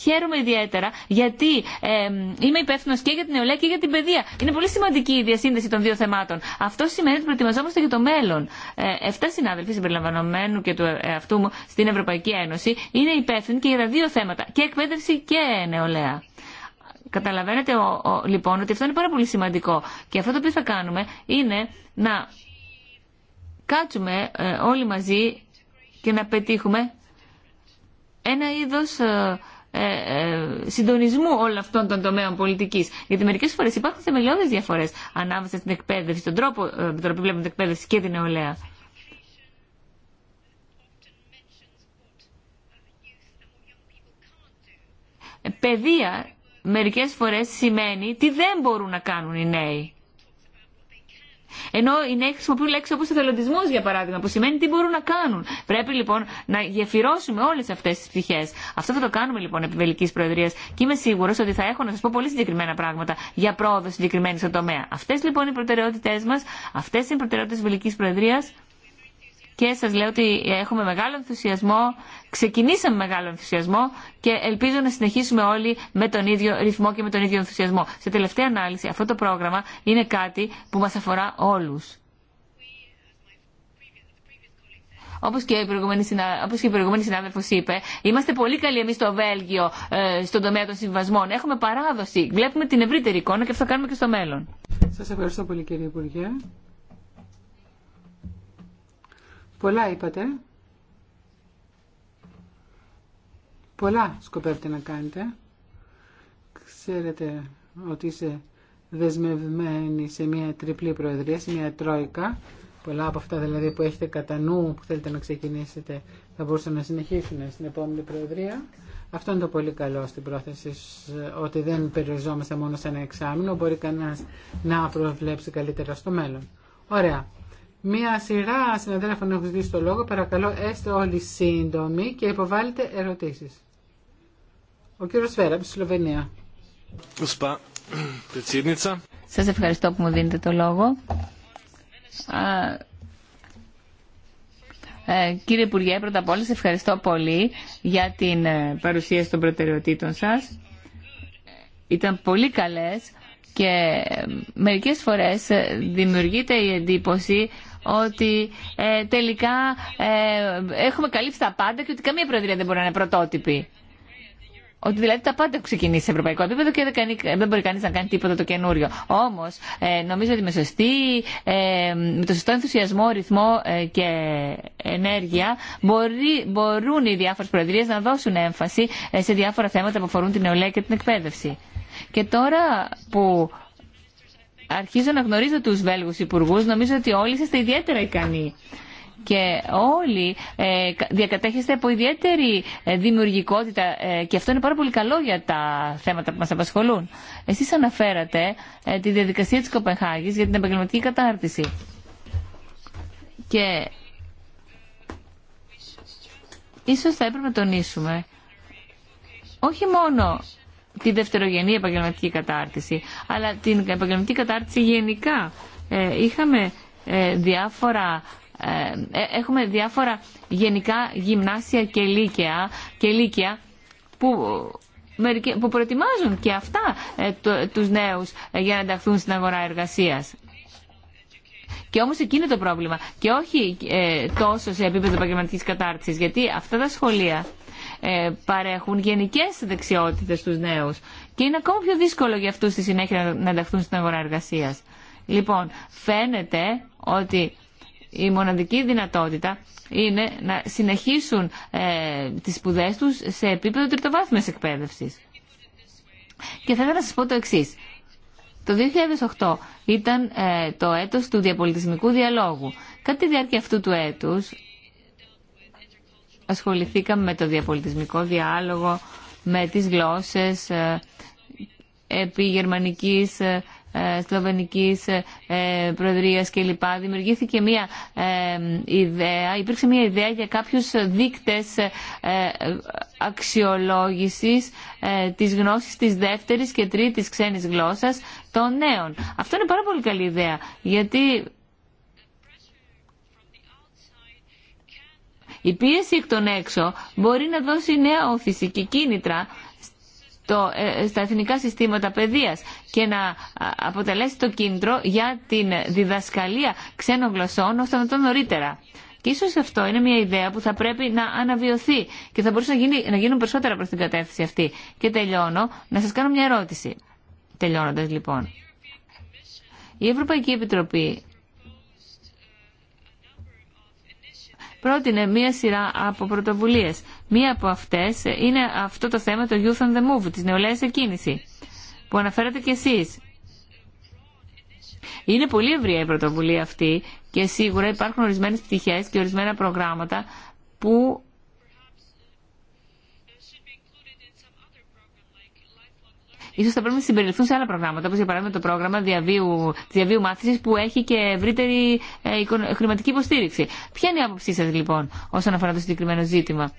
χαίρομαι ιδιαίτερα γιατί ε, είμαι υπεύθυνο και για την νεολαία και για την παιδεία. Είναι πολύ σημαντική η διασύνδεση των δύο θεμάτων. Αυτό σημαίνει ότι προετοιμαζόμαστε για το μέλλον. Ε, εφτά συνάδελφοι συμπεριλαμβανομένου και του εαυτού μου στην Ευρωπαϊκή Ένωση είναι υπεύθυνοι και για τα δύο θέματα, και εκπαίδευση και νεολαία. Καταλαβαίνετε ο, λοιπόν ότι αυτό είναι πάρα πολύ σημαντικό. Και αυτό το οποίο θα κάνουμε είναι να κάτσουμε ε, όλοι μαζί και να πετύχουμε ένα είδος ε, ε, ε, συντονισμού όλων αυτών των τομέων πολιτικής. Γιατί μερικές φορές υπάρχουν θεμελιώδεις διαφορές ανάμεσα στην εκπαίδευση, τον τρόπο με τον οποίο βλέπουμε την εκπαίδευση και την νεολαία. παιδεία μερικές φορές σημαίνει τι δεν μπορούν να κάνουν οι νέοι. Ενώ οι νέοι χρησιμοποιούν λέξεις όπως εθελοντισμό, για παράδειγμα, που σημαίνει τι μπορούν να κάνουν. Πρέπει λοιπόν να γεφυρώσουμε όλε αυτέ τι πτυχέ. Αυτό θα το κάνουμε λοιπόν επί Βελική Προεδρίας. και είμαι σίγουρο ότι θα έχω να σα πω πολύ συγκεκριμένα πράγματα για πρόοδο συγκεκριμένη στο τομέα. Αυτέ λοιπόν οι προτεραιότητέ μα, αυτέ οι προτεραιότητε τη Βελική και σας λέω ότι έχουμε μεγάλο ενθουσιασμό, ξεκινήσαμε μεγάλο ενθουσιασμό και ελπίζω να συνεχίσουμε όλοι με τον ίδιο ρυθμό και με τον ίδιο ενθουσιασμό. Σε τελευταία ανάλυση αυτό το πρόγραμμα είναι κάτι που μας αφορά όλους. Όπω και, όπως και η προηγούμενη συνάδελφος είπε, είμαστε πολύ καλοί εμεί στο Βέλγιο ε, στον τομέα των συμβασμών. Έχουμε παράδοση. Βλέπουμε την ευρύτερη εικόνα και αυτό κάνουμε και στο μέλλον. Σα ευχαριστώ πολύ, κύριε Υπουργέ. Πολλά είπατε. Πολλά σκοπεύετε να κάνετε. Ξέρετε ότι είσαι δεσμευμένη σε μια τριπλή προεδρία, σε μια τρόικα. Πολλά από αυτά δηλαδή που έχετε κατά νου, που θέλετε να ξεκινήσετε, θα μπορούσαν να συνεχίσουν στην επόμενη προεδρία. Αυτό είναι το πολύ καλό στην πρόθεση, ότι δεν περιοριζόμαστε μόνο σε ένα εξάμεινο, μπορεί κανένα να προβλέψει καλύτερα στο μέλλον. Ωραία. Μία σειρά συναδέλφων έχουν ζητήσει το λόγο. Παρακαλώ, έστε όλοι σύντομοι και υποβάλλετε ερωτήσει. Ο κύριο Φέρα, από τη Σλοβενία. Σα ευχαριστώ που μου δίνετε το λόγο. Ε, κύριε Υπουργέ, πρώτα απ' όλα, σε ευχαριστώ πολύ για την ε, παρουσίαση των προτεραιοτήτων σας. Ήταν πολύ καλές και ε, μερικές φορές ε, δημιουργείται η εντύπωση ότι ε, τελικά ε, έχουμε καλύψει τα πάντα και ότι καμία προεδρία δεν μπορεί να είναι πρωτότυπη. Ότι δηλαδή τα πάντα έχουν ξεκινήσει σε ευρωπαϊκό επίπεδο και δεν μπορεί κανεί να κάνει τίποτα το καινούριο. Όμω, ε, νομίζω ότι με, σωστή, με το σωστό ενθουσιασμό, ρυθμό και ενέργεια μπορεί, μπορούν οι διάφορε προεδρίε να δώσουν έμφαση σε διάφορα θέματα που αφορούν την νεολαία και την εκπαίδευση. Και τώρα που αρχίζω να γνωρίζω τους Βέλγους υπουργού, νομίζω ότι όλοι είστε ιδιαίτερα ικανοί και όλοι ε, διακατέχεστε από ιδιαίτερη ε, δημιουργικότητα ε, και αυτό είναι πάρα πολύ καλό για τα θέματα που μας απασχολούν. Εσείς αναφέρατε τη διαδικασία της Κοπενχάγης για την επαγγελματική κατάρτιση. Και ίσως θα έπρεπε να τονίσουμε όχι μόνο τη δευτερογενή επαγγελματική κατάρτιση, αλλά την επαγγελματική κατάρτιση γενικά. Ε, είχαμε ε, διάφορα ε, έχουμε διάφορα γενικά γυμνάσια και λύκεια, και λύκεια που, που προετοιμάζουν και αυτά το, τους νέους για να ενταχθούν στην αγορά εργασίας. Και όμως εκεί είναι το πρόβλημα και όχι τόσο σε επίπεδο επαγγελματική κατάρτισης γιατί αυτά τα σχολεία ε, παρέχουν γενικές δεξιότητες στους νέους και είναι ακόμα πιο δύσκολο για αυτούς στη συνέχεια να ενταχθούν στην αγορά εργασία. Λοιπόν, φαίνεται ότι η μοναδική δυνατότητα είναι να συνεχίσουν ε, τις σπουδέ τους σε επίπεδο τριτοβάθμιας εκπαίδευσης. Και θα ήθελα να σα πω το εξή: Το 2008 ήταν ε, το έτος του διαπολιτισμικού διαλόγου. Κατά τη διάρκεια αυτού του έτους ασχοληθήκαμε με το διαπολιτισμικό διάλογο, με τις γλώσσες, ε, επί γερμανικής, ε, ε, σλοβενικής προεδρίας κλπ. Δημιουργήθηκε μια ιδέα, υπήρξε μια ιδέα για κάποιους δείκτες αξιολόγησης της γνώσης της δεύτερης και τρίτης ξένης γλώσσας των νέων. Αυτό είναι πάρα πολύ καλή ιδέα, γιατί Η πίεση εκ των έξω μπορεί να δώσει νέα όθηση κίνητρα ε, στα εθνικά συστήματα παιδείας και να αποτελέσει το κίνητρο για την διδασκαλία ξένων γλωσσών να το νωρίτερα. Και ίσως αυτό είναι μια ιδέα που θα πρέπει να αναβιωθεί και θα μπορούσε να, γίνει, να γίνουν περισσότερα προς την κατεύθυνση αυτή. Και τελειώνω να σα κάνω μια ερώτηση. τελειώνοντα λοιπόν. Η Ευρωπαϊκή Επιτροπή πρότεινε μία σειρά από πρωτοβουλίε. Μία από αυτέ είναι αυτό το θέμα το Youth on the Move, τη νεολαία εκκίνηση, που αναφέρατε κι εσεί. Είναι πολύ ευρία η πρωτοβουλία αυτή και σίγουρα υπάρχουν ορισμένε πτυχέ και ορισμένα προγράμματα που Ίσως θα πρέπει να συμπεριληφθούν σε άλλα προγράμματα, όπω για παράδειγμα το πρόγραμμα διαβίου, διαβίου μάθησης που έχει και ευρύτερη ε, χρηματική υποστήριξη. Ποια είναι η άποψή σα, λοιπόν όσον αφορά το συγκεκριμένο ζήτημα.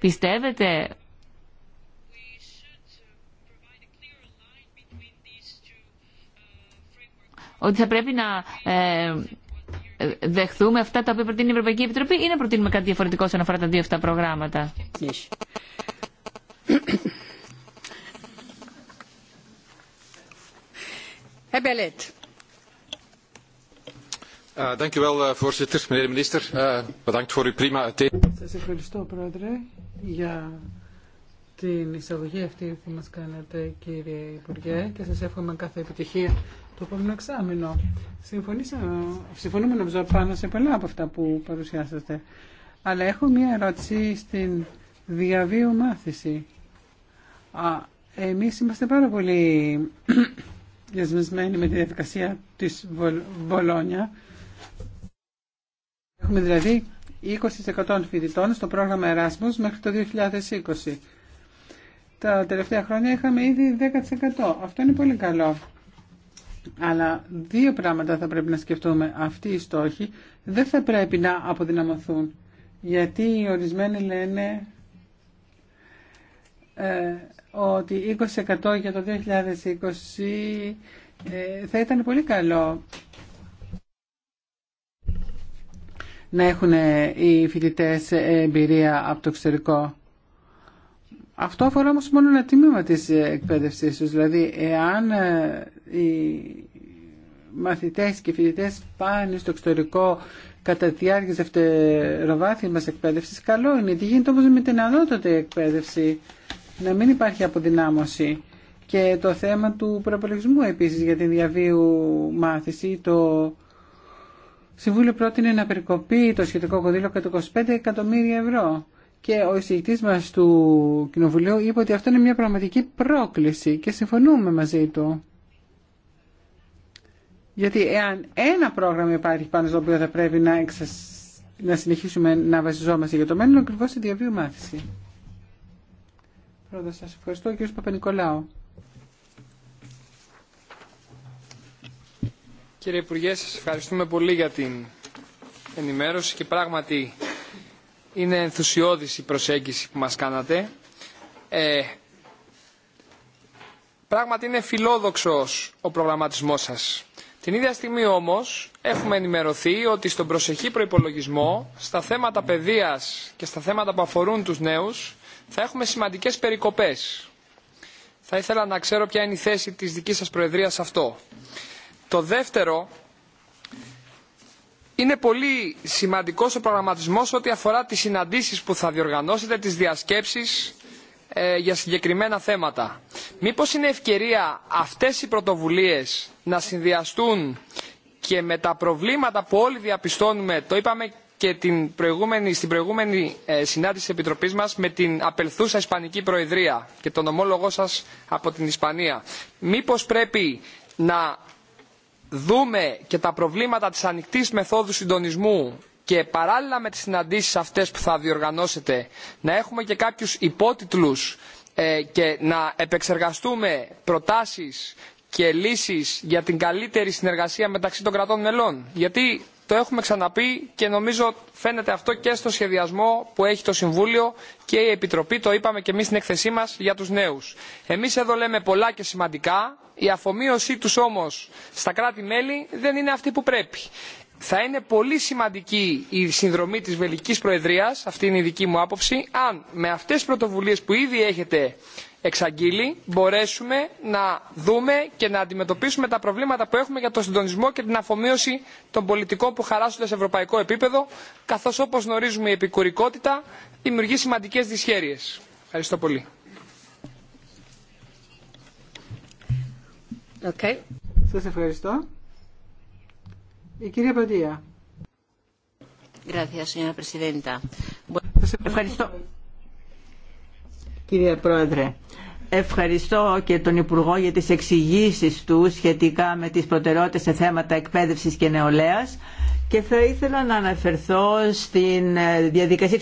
Πιστεύετε ότι θα πρέπει να ε, δεχθούμε αυτά τα οποία προτείνει η Ευρωπαϊκή Επιτροπή ή να προτείνουμε κάτι διαφορετικό όσον αφορά τα δύο αυτά προγράμματα. Uh, uh, uh, Herr ευχαριστώ, Πρόεδρε, για την εισαγωγή αυτή που μας κάνατε, κύριε Υπουργέ, και σας εύχομαι κάθε επιτυχία το επόμενο εξάμεινο. Συμφωνούμε νομίζω πάνω σε πολλά από αυτά που παρουσιάσατε. Αλλά έχω μία ερώτηση στην διαβίου μάθηση. Α, εμείς είμαστε πάρα πολύ διασμεσμένοι με τη διαδικασία της Βολόνια. Έχουμε δηλαδή 20% φοιτητών στο πρόγραμμα Εράσμους μέχρι το 2020. Τα τελευταία χρόνια είχαμε ήδη 10%. Αυτό είναι πολύ καλό. Αλλά δύο πράγματα θα πρέπει να σκεφτούμε. Αυτοί οι στόχοι δεν θα πρέπει να αποδυναμωθούν. Γιατί οι ορισμένοι λένε ε, ότι 20% για το 2020 ε, θα ήταν πολύ καλό να έχουν ε, οι φοιτητέ ε, εμπειρία από το εξωτερικό. Αυτό αφορά όμως μόνο ένα τμήμα της εκπαίδευσής τους. Δηλαδή, εάν οι μαθητές και οι φοιτητές πάνε στο εξωτερικό κατά τη διάρκεια της εκπαίδευσης, καλό είναι. Τι γίνεται όμως με την ανώτατη εκπαίδευση να μην υπάρχει αποδυνάμωση και το θέμα του προπολογισμού επίσης για την διαβίου μάθηση το Συμβούλιο πρότεινε να περικοπεί το σχετικό κονδύλο κατά 25 εκατομμύρια ευρώ και ο εισηγητής μας του Κοινοβουλίου είπε ότι αυτό είναι μια πραγματική πρόκληση και συμφωνούμε μαζί του. Γιατί εάν ένα πρόγραμμα υπάρχει πάνω στο οποίο θα πρέπει να, να συνεχίσουμε να βασιζόμαστε για το μέλλον, ακριβώ η διαβίου μάθηση. Πρώτα σας ευχαριστώ κύριος Παπενικολάου. Κύριε Υπουργέ, σας ευχαριστούμε πολύ για την ενημέρωση και πράγματι είναι ενθουσιώδης η προσέγγιση που μας κάνατε. Ε, πράγματι είναι φιλόδοξος ο προγραμματισμός σας. Την ίδια στιγμή όμως έχουμε ενημερωθεί ότι στον προσεχή προϋπολογισμό στα θέματα παιδείας και στα θέματα που αφορούν τους νέους θα έχουμε σημαντικές περικοπές. Θα ήθελα να ξέρω ποια είναι η θέση της δικής σας Προεδρίας σε αυτό. Το δεύτερο, είναι πολύ σημαντικός ο προγραμματισμός ό,τι αφορά τις συναντήσεις που θα διοργανώσετε, τις διασκέψεις ε, για συγκεκριμένα θέματα. Μήπως είναι ευκαιρία αυτές οι πρωτοβουλίες να συνδυαστούν και με τα προβλήματα που όλοι διαπιστώνουμε, το είπαμε και την προηγούμενη, στην προηγούμενη ε, συνάντηση της Επιτροπής μας με την απελθούσα Ισπανική Προεδρία και τον ομόλογό σας από την Ισπανία. Μήπως πρέπει να δούμε και τα προβλήματα της ανοιχτής μεθόδου συντονισμού και παράλληλα με τις συναντήσεις αυτές που θα διοργανώσετε να έχουμε και κάποιους υπότιτλους ε, και να επεξεργαστούμε προτάσεις και λύσεις για την καλύτερη συνεργασία μεταξύ των κρατών μελών. Γιατί το έχουμε ξαναπεί και νομίζω φαίνεται αυτό και στο σχεδιασμό που έχει το Συμβούλιο και η Επιτροπή, το είπαμε και εμείς στην έκθεσή μας για τους νέους. Εμείς εδώ λέμε πολλά και σημαντικά, η αφομοίωσή τους όμως στα κράτη-μέλη δεν είναι αυτή που πρέπει. Θα είναι πολύ σημαντική η συνδρομή της Βελικής Προεδρίας, αυτή είναι η δική μου άποψη, αν με αυτές τις πρωτοβουλίες που ήδη έχετε εξαγγείλει μπορέσουμε να δούμε και να αντιμετωπίσουμε τα προβλήματα που έχουμε για τον συντονισμό και την αφομοίωση των πολιτικών που χαράσσονται σε ευρωπαϊκό επίπεδο καθώς όπως γνωρίζουμε η επικουρικότητα δημιουργεί σημαντικές δυσχέρειες. Ευχαριστώ πολύ. Σας ευχαριστώ. Η κυρία Παντία. Ευχαριστώ. Κύριε Πρόεδρε, ευχαριστώ και τον Υπουργό για τις εξηγήσεις του σχετικά με τις προτεραιότητες σε θέματα εκπαίδευσης και νεολαίας και θα ήθελα να αναφερθώ στην ε, διαδικασία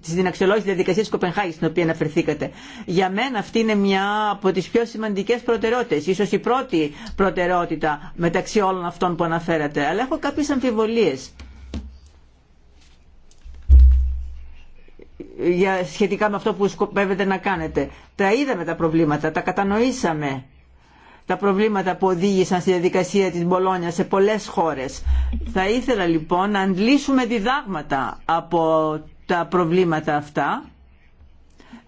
στην αξιολόγηση διαδικασία τη Κοπενχάγη, στην οποία αναφερθήκατε. Για μένα αυτή είναι μια από τι πιο σημαντικέ προτεραιότητε, ίσω η πρώτη προτεραιότητα μεταξύ όλων αυτών που αναφέρατε. Αλλά έχω κάποιε αμφιβολίες για, σχετικά με αυτό που σκοπεύετε να κάνετε. Τα είδαμε τα προβλήματα, τα κατανοήσαμε τα προβλήματα που οδήγησαν στη διαδικασία της Μπολόνια σε πολλές χώρες. Θα ήθελα λοιπόν να αντλήσουμε διδάγματα από τα προβλήματα αυτά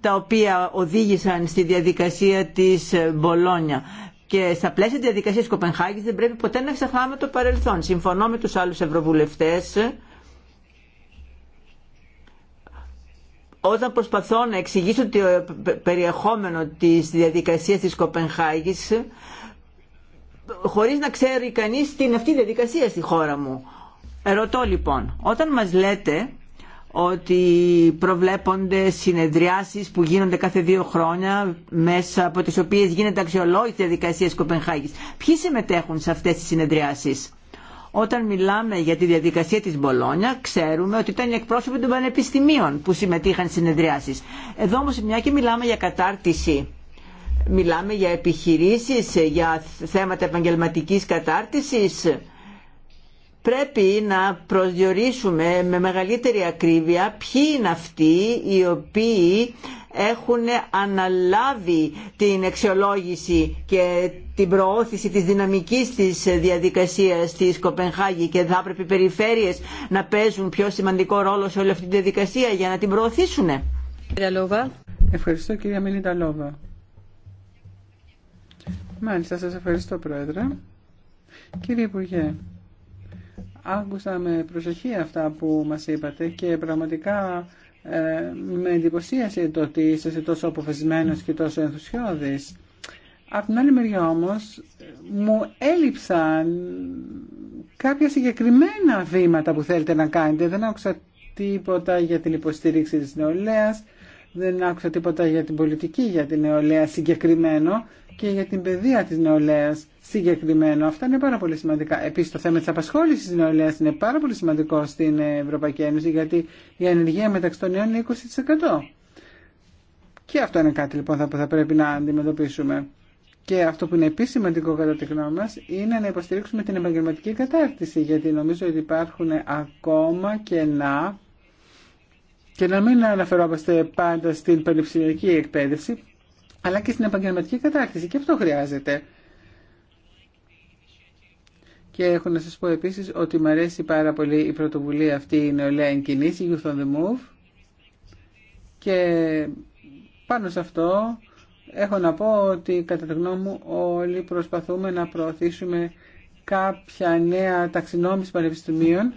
τα οποία οδήγησαν στη διαδικασία της Μπολόνια. Και στα πλαίσια της διαδικασίας Κοπενχάγης δεν πρέπει ποτέ να ξεχνάμε το παρελθόν. Συμφωνώ με τους άλλους ευρωβουλευτές όταν προσπαθώ να εξηγήσω το περιεχόμενο της διαδικασίας της Κοπενχάγης χωρίς να ξέρει κανείς την αυτή διαδικασία στη χώρα μου. Ερωτώ λοιπόν, όταν μας λέτε ότι προβλέπονται συνεδριάσεις που γίνονται κάθε δύο χρόνια μέσα από τις οποίες γίνεται αξιολόγηση διαδικασίας Κοπενχάγης. Ποιοι συμμετέχουν σε αυτές τις συνεδριάσεις. Όταν μιλάμε για τη διαδικασία της Μπολόνια, ξέρουμε ότι ήταν οι εκπρόσωποι των πανεπιστημίων που συμμετείχαν στις συνεδριάσεις. Εδώ όμως μια και μιλάμε για κατάρτιση μιλάμε για επιχειρήσεις, για θέματα επαγγελματικής κατάρτισης. Πρέπει να προσδιορίσουμε με μεγαλύτερη ακρίβεια ποιοι είναι αυτοί οι οποίοι έχουν αναλάβει την αξιολόγηση και την προώθηση της δυναμικής της διαδικασίας της Κοπενχάγη και θα έπρεπε οι περιφέρειες να παίζουν πιο σημαντικό ρόλο σε όλη αυτή τη διαδικασία για να την προωθήσουν. Ευχαριστώ κυρία Μελίτα Λόβα. Μάλιστα, σας ευχαριστώ Πρόεδρε. Κύριε Υπουργέ, άκουσα με προσοχή αυτά που μας είπατε και πραγματικά ε, με εντυπωσίασε το ότι είσαι τόσο αποφασισμένος και τόσο ενθουσιώδης. Από την άλλη μεριά όμως μου έλειψαν κάποια συγκεκριμένα βήματα που θέλετε να κάνετε. Δεν άκουσα τίποτα για την υποστήριξη της νεολαίας, δεν άκουσα τίποτα για την πολιτική για την νεολαία συγκεκριμένο και για την παιδεία της νεολαίας συγκεκριμένο. Αυτά είναι πάρα πολύ σημαντικά. Επίσης το θέμα της απασχόλησης της νεολαία είναι πάρα πολύ σημαντικό στην Ευρωπαϊκή Ένωση γιατί η ανεργία μεταξύ των νέων είναι 20%. Και αυτό είναι κάτι λοιπόν που θα πρέπει να αντιμετωπίσουμε. Και αυτό που είναι επίσης σημαντικό κατά τη γνώμη μας είναι να υποστηρίξουμε την επαγγελματική κατάρτιση γιατί νομίζω ότι υπάρχουν ακόμα κενά και να μην αναφερόμαστε πάντα στην πανεπιστημιακή εκπαίδευση αλλά και στην επαγγελματική κατάρτιση. Και αυτό χρειάζεται. Και έχω να σας πω επίσης ότι μου αρέσει πάρα πολύ η πρωτοβουλία αυτή η νεολαία η Youth on the Move. Και πάνω σε αυτό έχω να πω ότι κατά τη γνώμη μου όλοι προσπαθούμε να προωθήσουμε κάποια νέα ταξινόμηση πανεπιστημίων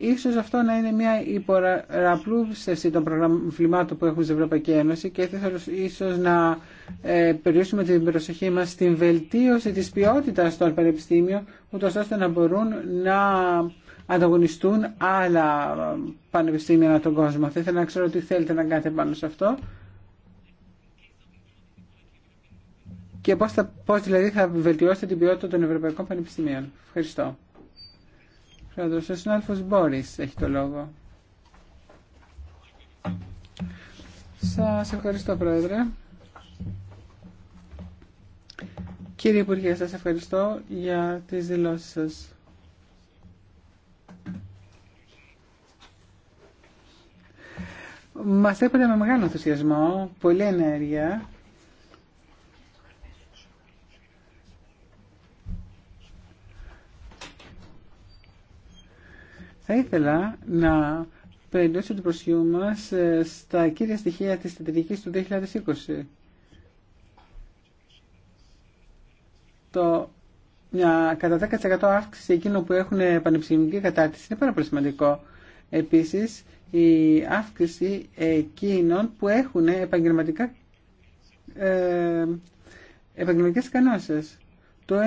Ίσως αυτό να είναι μια υποραπλούστευση των προγραμμάτων που έχουμε στην Ευρωπαϊκή Ένωση και θέλω ίσως να ε, περιορίσουμε την προσοχή μας στην βελτίωση της ποιότητας των πανεπιστήμιων ούτως ώστε να μπορούν να ανταγωνιστούν άλλα πανεπιστήμια ανά τον κόσμο. Θα ήθελα να ξέρω τι θέλετε να κάνετε πάνω σε αυτό. Και πώς, πώς δηλαδή θα βελτιώσετε την ποιότητα των Ευρωπαϊκών Πανεπιστημίων. Ευχαριστώ. Πρόεδρος, ο συνάδελφος Μπόρις έχει το λόγο. Σας ευχαριστώ, Πρόεδρε. Κύριε Υπουργέ, σας ευχαριστώ για τις δηλώσεις σας. Μας έπαιρνε με μεγάλο ενθουσιασμό, πολλή ενέργεια Θα ήθελα να σε την προσοχή μας ε, στα κύρια στοιχεία της στρατηγικής του 2020. Το μια κατά 10% αύξηση εκείνων που έχουν πανεπιστημιακή κατάρτιση είναι πάρα πολύ σημαντικό. Επίσης, η αύξηση εκείνων που έχουν επαγγελματικά ε, επαγγελματικές κανόνες. Το 1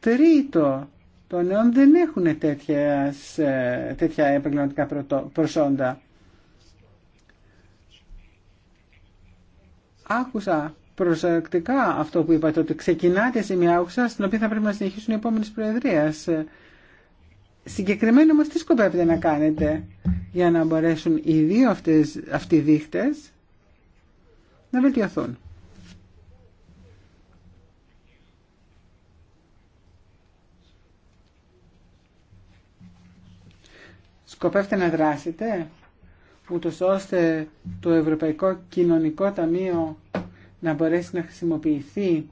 τρίτο των νέων δεν έχουν τέτοια, ε, τέτοια επαγγελματικά προσόντα. Άκουσα προσεκτικά αυτό που είπατε, ότι ξεκινάτε σε μια άκουσα στην οποία θα πρέπει να συνεχίσουν οι επόμενε προεδρία. Συγκεκριμένα όμως τι σκοπεύετε να κάνετε για να μπορέσουν οι δύο αυτοί οι δείχτες να βελτιωθούν. σκοπεύετε να δράσετε ούτως ώστε το Ευρωπαϊκό Κοινωνικό Ταμείο να μπορέσει να χρησιμοποιηθεί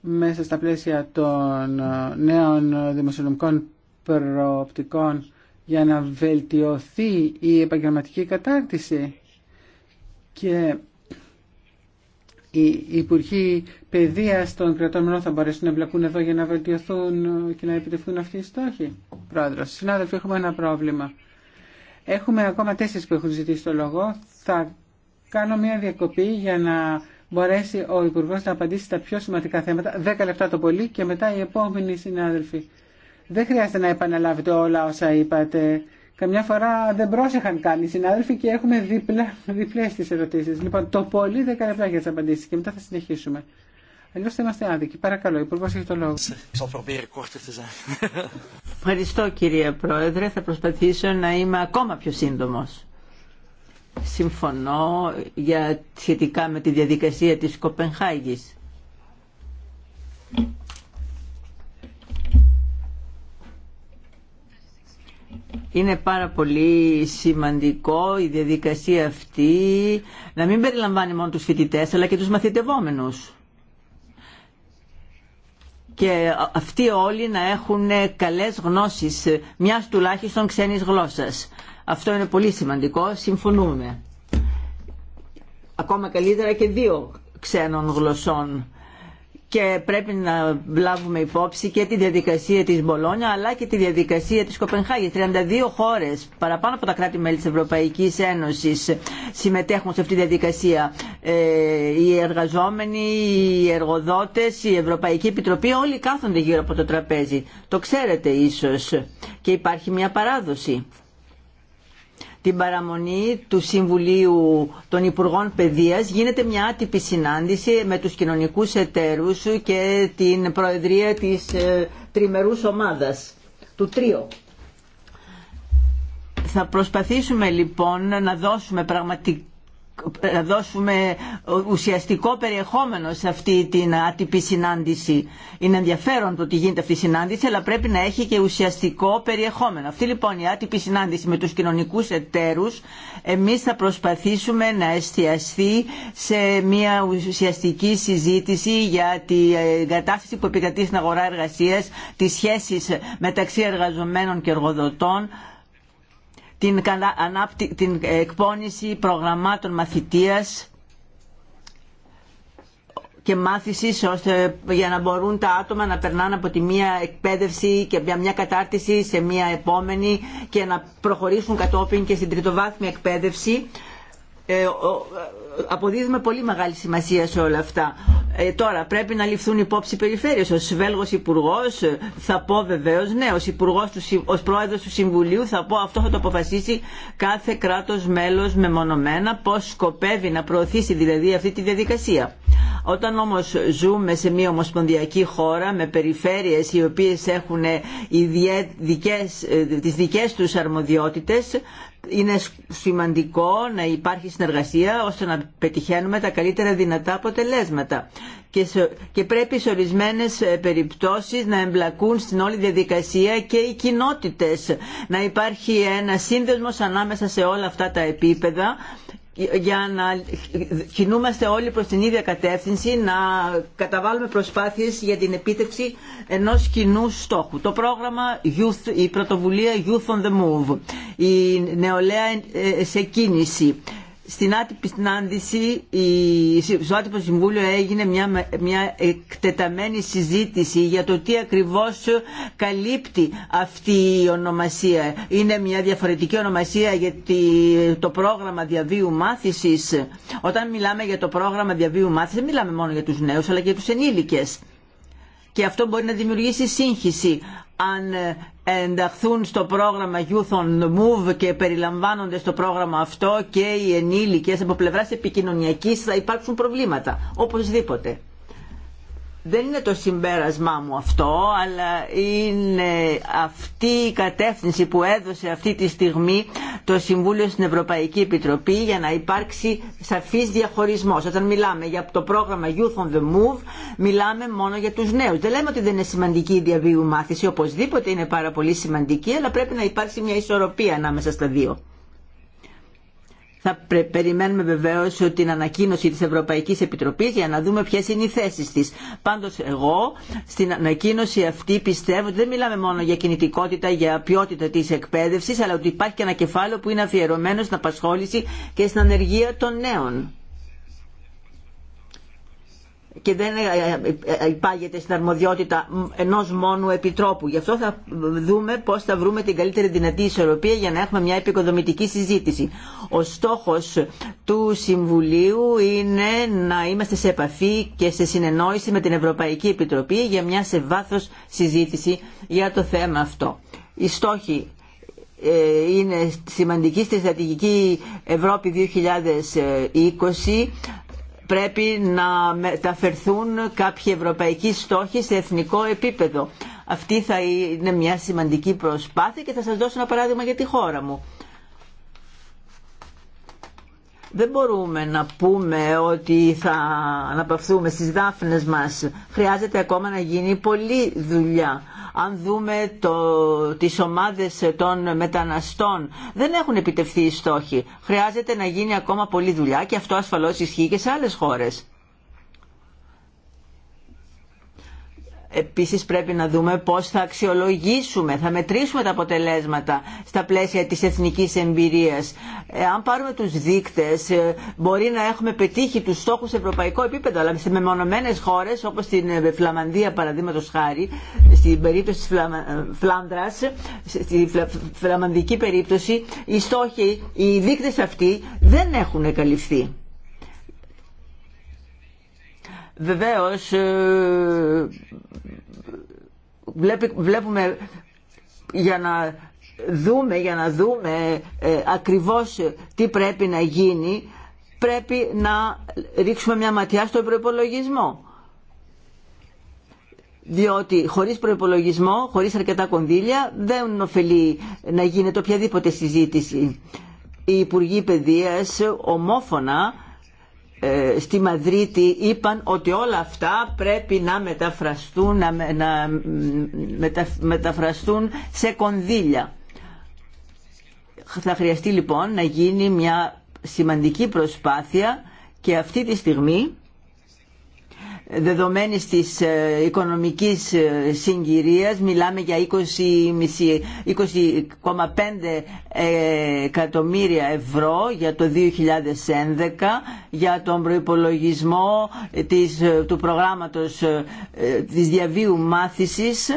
μέσα στα πλαίσια των ε, νέων δημοσιονομικών προοπτικών για να βελτιωθεί η επαγγελματική κατάρτιση και οι Υπουργοί παιδεία των κρατών μελών θα μπορέσουν να εμπλακούν εδώ για να βελτιωθούν και να επιτευχθούν αυτοί οι στόχοι. Πρόεδρο, συνάδελφοι, έχουμε ένα πρόβλημα. Έχουμε ακόμα τέσσερι που έχουν ζητήσει το λόγο. Θα κάνω μια διακοπή για να μπορέσει ο υπουργό να απαντήσει στα πιο σημαντικά θέματα. Δέκα λεπτά το πολύ και μετά οι επόμενοι συνάδελφοι. Δεν χρειάζεται να επαναλάβετε όλα όσα είπατε Καμιά φορά δεν πρόσεχαν καν οι συνάδελφοι και έχουμε διπλά, διπλές τις ερωτήσεις. Λοιπόν, το πολύ 10 λεπτά για τι απαντήσεις και μετά θα συνεχίσουμε. Αλλιώ θα είμαστε άδικοι. Παρακαλώ, Υπουργό, έχει το λόγο. Ευχαριστώ κύριε Πρόεδρε. Θα προσπαθήσω να είμαι ακόμα πιο σύντομο. Συμφωνώ για, σχετικά με τη διαδικασία της Κοπενχάγης. Είναι πάρα πολύ σημαντικό η διαδικασία αυτή να μην περιλαμβάνει μόνο τους φοιτητές αλλά και τους μαθητευόμενους. Και αυτοί όλοι να έχουν καλές γνώσεις μιας τουλάχιστον ξένης γλώσσας. Αυτό είναι πολύ σημαντικό, συμφωνούμε. Ακόμα καλύτερα και δύο ξένων γλωσσών και πρέπει να λάβουμε υπόψη και τη διαδικασία της Μπολόνια αλλά και τη διαδικασία της Κοπενχάγης. 32 χώρες παραπάνω από τα κράτη-μέλη της Ευρωπαϊκής Ένωσης συμμετέχουν σε αυτή τη διαδικασία. Ε, οι εργαζόμενοι, οι εργοδότες, η Ευρωπαϊκή Επιτροπή όλοι κάθονται γύρω από το τραπέζι. Το ξέρετε ίσως και υπάρχει μια παράδοση την παραμονή του Συμβουλίου των Υπουργών Παιδείας γίνεται μια άτυπη συνάντηση με τους κοινωνικούς εταίρους και την Προεδρία της ε, Τριμερούς Ομάδας, του Τρίο. Θα προσπαθήσουμε λοιπόν να δώσουμε πραγματικά δώσουμε ουσιαστικό περιεχόμενο σε αυτή την άτυπη συνάντηση. Είναι ενδιαφέρον το ότι γίνεται αυτή η συνάντηση, αλλά πρέπει να έχει και ουσιαστικό περιεχόμενο. Αυτή λοιπόν η άτυπη συνάντηση με τους κοινωνικούς εταίρους, εμείς θα προσπαθήσουμε να εστιαστεί σε μια ουσιαστική συζήτηση για την κατάσταση που επικρατεί στην αγορά εργασίας, τις σχέσεις μεταξύ εργαζομένων και εργοδοτών, την, την εκπόνηση προγραμμάτων μαθητείας και μάθηση ώστε για να μπορούν τα άτομα να περνάνε από τη μία εκπαίδευση και μια κατάρτιση σε μία επόμενη και να προχωρήσουν κατόπιν και στην τριτοβάθμια εκπαίδευση. Ε, αποδίδουμε πολύ μεγάλη σημασία σε όλα αυτά. Ε, τώρα πρέπει να ληφθούν υπόψη οι περιφέρειες. Ως Βέλγος υπουργό ε, θα πω βεβαίως ναι, ως, υπουργός του, πρόεδρος του Συμβουλίου θα πω αυτό θα το αποφασίσει κάθε κράτος μέλος μεμονωμένα πώς σκοπεύει να προωθήσει δηλαδή αυτή τη διαδικασία. Όταν όμως ζούμε σε μια ομοσπονδιακή χώρα με περιφέρειες οι οποίες έχουν τι ε, δικέ δικές, τις δικές τους αρμοδιότητες είναι σημαντικό να υπάρχει συνεργασία ώστε να πετυχαίνουμε τα καλύτερα δυνατά αποτελέσματα και, πρέπει σε ορισμένες ε, περιπτώσεις να εμπλακούν στην όλη διαδικασία και οι κοινότητες να υπάρχει ένα σύνδεσμος ανάμεσα σε όλα αυτά τα επίπεδα για να κινούμαστε όλοι προς την ίδια κατεύθυνση, να καταβάλουμε προσπάθειες για την επίτευξη ενός κοινού στόχου. Το πρόγραμμα Youth, η πρωτοβουλία Youth on the Move, η νεολαία ε, σε κίνηση, στην άτυπη συνάντηση, στο άτυπο συμβούλιο έγινε μια, μια εκτεταμένη συζήτηση για το τι ακριβώς καλύπτει αυτή η ονομασία. Είναι μια διαφορετική ονομασία για το πρόγραμμα διαβίου μάθησης. Όταν μιλάμε για το πρόγραμμα διαβίου μάθησης, δεν μιλάμε μόνο για τους νέους, αλλά και για τους ενήλικες. Και αυτό μπορεί να δημιουργήσει σύγχυση αν ενταχθούν στο πρόγραμμα Youth on the Move και περιλαμβάνονται στο πρόγραμμα αυτό και οι ενήλικες από πλευράς επικοινωνιακής θα υπάρξουν προβλήματα, οπωσδήποτε δεν είναι το συμπέρασμά μου αυτό, αλλά είναι αυτή η κατεύθυνση που έδωσε αυτή τη στιγμή το Συμβούλιο στην Ευρωπαϊκή Επιτροπή για να υπάρξει σαφής διαχωρισμός. Όταν μιλάμε για το πρόγραμμα Youth on the Move, μιλάμε μόνο για τους νέους. Δεν λέμε ότι δεν είναι σημαντική η διαβίου μάθηση, οπωσδήποτε είναι πάρα πολύ σημαντική, αλλά πρέπει να υπάρξει μια ισορροπία ανάμεσα στα δύο. Θα περιμένουμε βεβαίω την ανακοίνωση τη Ευρωπαϊκή Επιτροπή για να δούμε ποιε είναι οι θέσει τη. Πάντω, εγώ στην ανακοίνωση αυτή πιστεύω ότι δεν μιλάμε μόνο για κινητικότητα, για ποιότητα τη εκπαίδευση, αλλά ότι υπάρχει και ένα κεφάλαιο που είναι αφιερωμένο στην απασχόληση και στην ανεργία των νέων και δεν ε, ε, ε, υπάγεται στην αρμοδιότητα ενός μόνου επιτρόπου. Γι' αυτό θα δούμε πώς θα βρούμε την καλύτερη δυνατή ισορροπία για να έχουμε μια επικοδομητική συζήτηση. Ο στόχος του Συμβουλίου είναι να είμαστε σε επαφή και σε συνεννόηση με την Ευρωπαϊκή Επιτροπή για μια σε βάθο συζήτηση για το θέμα αυτό. Οι στόχοι είναι σημαντική στη στρατηγική Ευρώπη 2020 πρέπει να μεταφερθούν κάποιοι ευρωπαϊκοί στόχοι σε εθνικό επίπεδο. Αυτή θα είναι μια σημαντική προσπάθεια και θα σας δώσω ένα παράδειγμα για τη χώρα μου δεν μπορούμε να πούμε ότι θα αναπαυθούμε στις δάφνες μας. Χρειάζεται ακόμα να γίνει πολλή δουλειά. Αν δούμε το, τις ομάδες των μεταναστών, δεν έχουν επιτευχθεί οι στόχοι. Χρειάζεται να γίνει ακόμα πολλή δουλειά και αυτό ασφαλώς ισχύει και σε άλλες χώρες. Επίσης πρέπει να δούμε πώς θα αξιολογήσουμε, θα μετρήσουμε τα αποτελέσματα στα πλαίσια της εθνικής εμπειρίας. Ε, αν πάρουμε τους δείκτες, ε, μπορεί να έχουμε πετύχει τους στόχους σε ευρωπαϊκό επίπεδο, αλλά σε μεμονωμένες χώρες, όπως στην ε, Φλαμανδία παραδείγματο χάρη, στην περίπτωση της Φλάνδρας, στη φλαμανδική περίπτωση, οι στόχοι, οι δείκτες αυτοί δεν έχουν καλυφθεί. Βεβαίως ε, βλέπουμε για να δούμε, για να δούμε ε, ακριβώς τι πρέπει να γίνει, πρέπει να ρίξουμε μια ματιά στο προπολογισμό. Διότι χωρίς προπολογισμό, χωρίς αρκετά κονδύλια, δεν ωφελεί να γίνεται οποιαδήποτε συζήτηση. Οι Υπουργοί Παιδείας ομόφωνα ε, στη Μαδρίτη είπαν ότι όλα αυτά πρέπει να μεταφραστούν, να, μεταφραστούν σε κονδύλια. Θα χρειαστεί λοιπόν να γίνει μια σημαντική προσπάθεια και αυτή τη στιγμή δεδομένης της ε, οικονομικής ε, συγκυρίας μιλάμε για 20,5 ε, εκατομμύρια ευρώ για το 2011 για τον προϋπολογισμό της, του προγράμματος της διαβίου μάθησης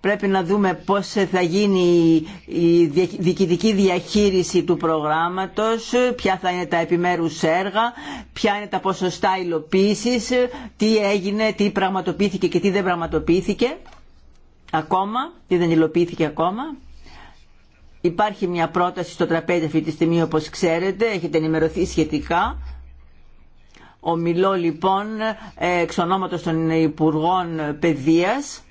πρέπει να δούμε πώς θα γίνει η διοικητική διαχείριση του προγράμματος, ποια θα είναι τα επιμέρους έργα, ποια είναι τα ποσοστά υλοποίησης, τι έγινε, τι πραγματοποιήθηκε και τι δεν πραγματοποιήθηκε ακόμα, τι δεν υλοποιήθηκε ακόμα. Υπάρχει μια πρόταση στο τραπέζι αυτή τη στιγμή όπως ξέρετε, έχετε ενημερωθεί σχετικά. Ομιλώ λοιπόν ε, εξ ονόματος των Υπουργών Παιδείας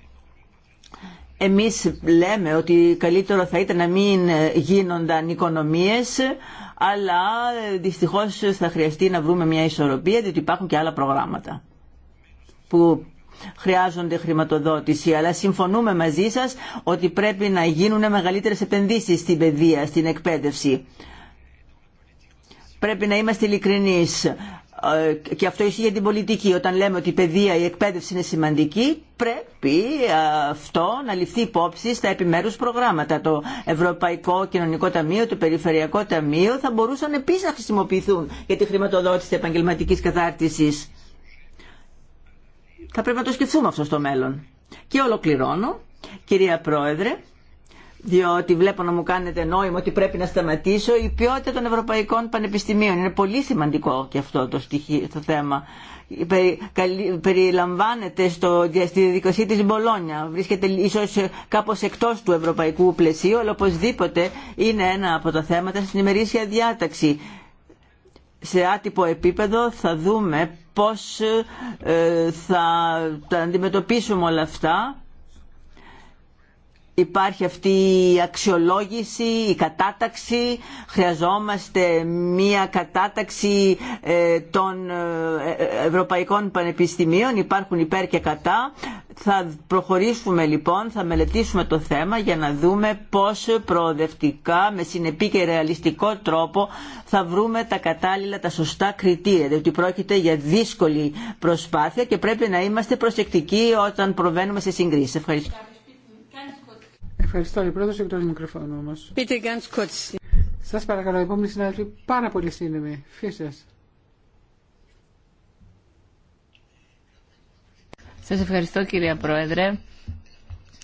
εμείς λέμε ότι καλύτερο θα ήταν να μην γίνονταν οικονομίες, αλλά ε, δυστυχώς θα χρειαστεί να βρούμε μια ισορροπία, διότι υπάρχουν και άλλα προγράμματα που χρειάζονται χρηματοδότηση. Αλλά συμφωνούμε μαζί σας ότι πρέπει να γίνουν μεγαλύτερες επενδύσεις στην παιδεία, στην εκπαίδευση. Πρέπει να είμαστε ειλικρινείς. Ε, και αυτό ισχύει για την πολιτική. Όταν λέμε ότι η παιδεία, η εκπαίδευση είναι σημαντική, πρέπει αυτό να ληφθεί υπόψη στα επιμέρους προγράμματα. Το Ευρωπαϊκό Κοινωνικό Ταμείο, το Περιφερειακό Ταμείο θα μπορούσαν επίσης να χρησιμοποιηθούν για τη χρηματοδότηση επαγγελματικής κατάρτισης. Θα πρέπει να το σκεφτούμε αυτό στο μέλλον. Και ολοκληρώνω, κυρία Πρόεδρε, διότι βλέπω να μου κάνετε νόημα ότι πρέπει να σταματήσω, η ποιότητα των Ευρωπαϊκών Πανεπιστημίων. Είναι πολύ σημαντικό και αυτό το, το θέμα. περιλαμβάνεται στο, στη δικασία της Μπολόνια. Βρίσκεται ίσως κάπως εκτός του ευρωπαϊκού πλαισίου, αλλά οπωσδήποτε είναι ένα από τα θέματα στην ημερήσια διάταξη. Σε άτυπο επίπεδο θα δούμε πώς ε, θα τα αντιμετωπίσουμε όλα αυτά υπάρχει αυτή η αξιολόγηση, η κατάταξη, χρειαζόμαστε μία κατάταξη ε, των ε, Ευρωπαϊκών Πανεπιστημίων, υπάρχουν υπέρ και κατά. Θα προχωρήσουμε λοιπόν, θα μελετήσουμε το θέμα για να δούμε πώς προοδευτικά, με συνεπή και ρεαλιστικό τρόπο θα βρούμε τα κατάλληλα, τα σωστά κριτήρια, διότι πρόκειται για δύσκολη προσπάθεια και πρέπει να είμαστε προσεκτικοί όταν προβαίνουμε σε συγκρίσεις. Ευχαριστώ. Ευχαριστώ. Η πρώτος εκτό μικροφώνου όμως. Σας παρακαλώ, επόμενη συνάδελφη, πάρα πολύ σύντομη. Φύσες. Σας ευχαριστώ κυρία Πρόεδρε.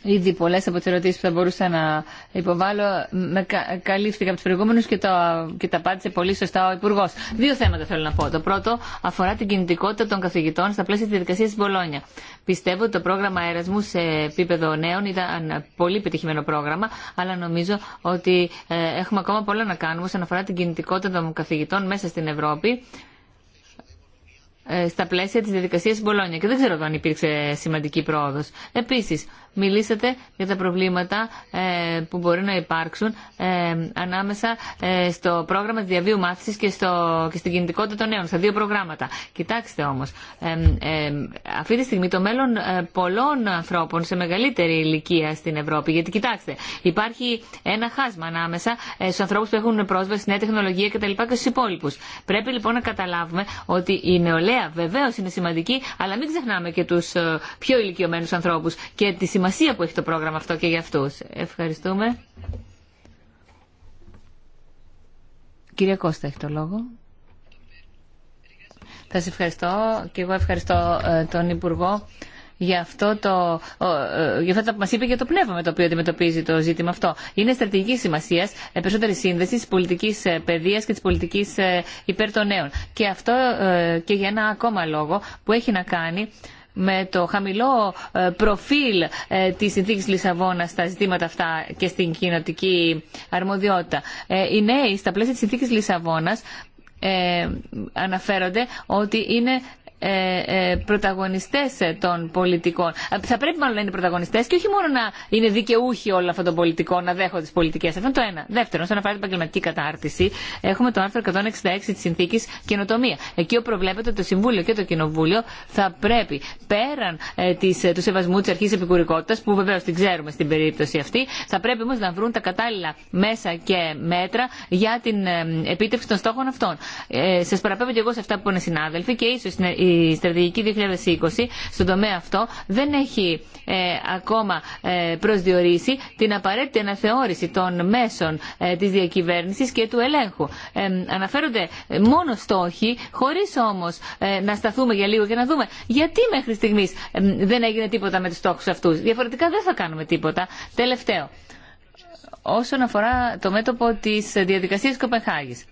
Ήδη πολλέ από τι ερωτήσει που θα μπορούσα να υποβάλω με καλύφθηκα από του προηγούμενου και, το, και τα απάντησε πολύ σωστά ο Υπουργό. Δύο θέματα θέλω να πω. Το πρώτο αφορά την κινητικότητα των καθηγητών στα πλαίσια τη διαδικασία τη Μπολόνια. Πιστεύω ότι το πρόγραμμα Ερασμού σε επίπεδο νέων ήταν πολύ πετυχημένο πρόγραμμα, αλλά νομίζω ότι ε, έχουμε ακόμα πολλά να κάνουμε όσον αφορά την κινητικότητα των καθηγητών μέσα στην Ευρώπη ε, στα πλαίσια τη διαδικασία Μπολόνια. Και δεν ξέρω αν υπήρξε σημαντική πρόοδο. Επίση, μιλήσατε για τα προβλήματα ε, που μπορεί να υπάρξουν ε, ανάμεσα ε, στο πρόγραμμα της διαβίου μάθησης και, και στην κινητικότητα των νέων, στα δύο προγράμματα. Κοιτάξτε όμως, αυτή τη στιγμή το μέλλον πολλών ανθρώπων σε μεγαλύτερη ηλικία στην Ευρώπη, γιατί κοιτάξτε, υπάρχει ένα χάσμα ανάμεσα στους ανθρώπους που έχουν πρόσβαση στη νέα τεχνολογία κτλ. και στους υπόλοιπους. Πρέπει λοιπόν να καταλάβουμε ότι η νεολαία βεβαίως είναι σημαντική, αλλά μην ξεχνάμε και τους πιο ηλικιωμένους ανθρώπους και τη σημασία που έχει το πρόγραμμα αυτό και για αυτούς. Ευχαριστούμε. Κυρία Κώστα έχει το λόγο. Θα σε ευχαριστώ και εγώ ευχαριστώ ε, τον Υπουργό για, αυτό το, ε, για αυτά που μας είπε για το πνεύμα με το οποίο αντιμετωπίζει το ζήτημα αυτό. Είναι στρατηγική σημασία ε, περισσότερη σύνδεση τη πολιτική παιδεία και τη πολιτική υπέρ των νέων. Και αυτό και για ένα ακόμα λόγο που έχει να κάνει με το χαμηλό ε, προφίλ ε, της συνθήκης Λισαβόνα στα ζητήματα αυτά και στην κοινοτική αρμοδιότητα. Ε, οι νέοι στα πλαίσια της συνθήκης Λισαβόνας αναφέρονται ότι είναι ε, ε, πρωταγωνιστές ε, των πολιτικών. Θα πρέπει μάλλον να είναι πρωταγωνιστές και όχι μόνο να είναι δικαιούχοι όλων αυτών των πολιτικών, να δέχονται τις πολιτικές. Αυτό είναι το ένα. Δεύτερον, όσον αφορά την επαγγελματική κατάρτιση, έχουμε το άρθρο 166 της συνθήκης καινοτομία. Εκεί προβλέπεται ότι το Συμβούλιο και το Κοινοβούλιο θα πρέπει πέραν της, του σεβασμού της αρχής επικουρικότητας, που βεβαίως την ξέρουμε στην περίπτωση αυτή, θα πρέπει όμως να βρουν τα κατάλληλα μέσα και μέτρα για την επίτευξη των στόχων αυτών. Ε, Σα παραπέμπω και εγώ σε αυτά που είναι συνάδελφοι και ίσω η στρατηγική 2020 στον τομέα αυτό δεν έχει ε, ακόμα ε, προσδιορίσει την απαραίτητη αναθεώρηση των μέσων ε, της διακυβέρνησης και του ελέγχου. Ε, αναφέρονται μόνο στόχοι, χωρίς όμως να σταθούμε για λίγο και να δούμε γιατί μέχρι στιγμής δεν έγινε τίποτα με τους στόχους αυτούς. Διαφορετικά δεν θα κάνουμε τίποτα. Τελευταίο, όσον αφορά το μέτωπο της διαδικασίας Κοπεχάγης.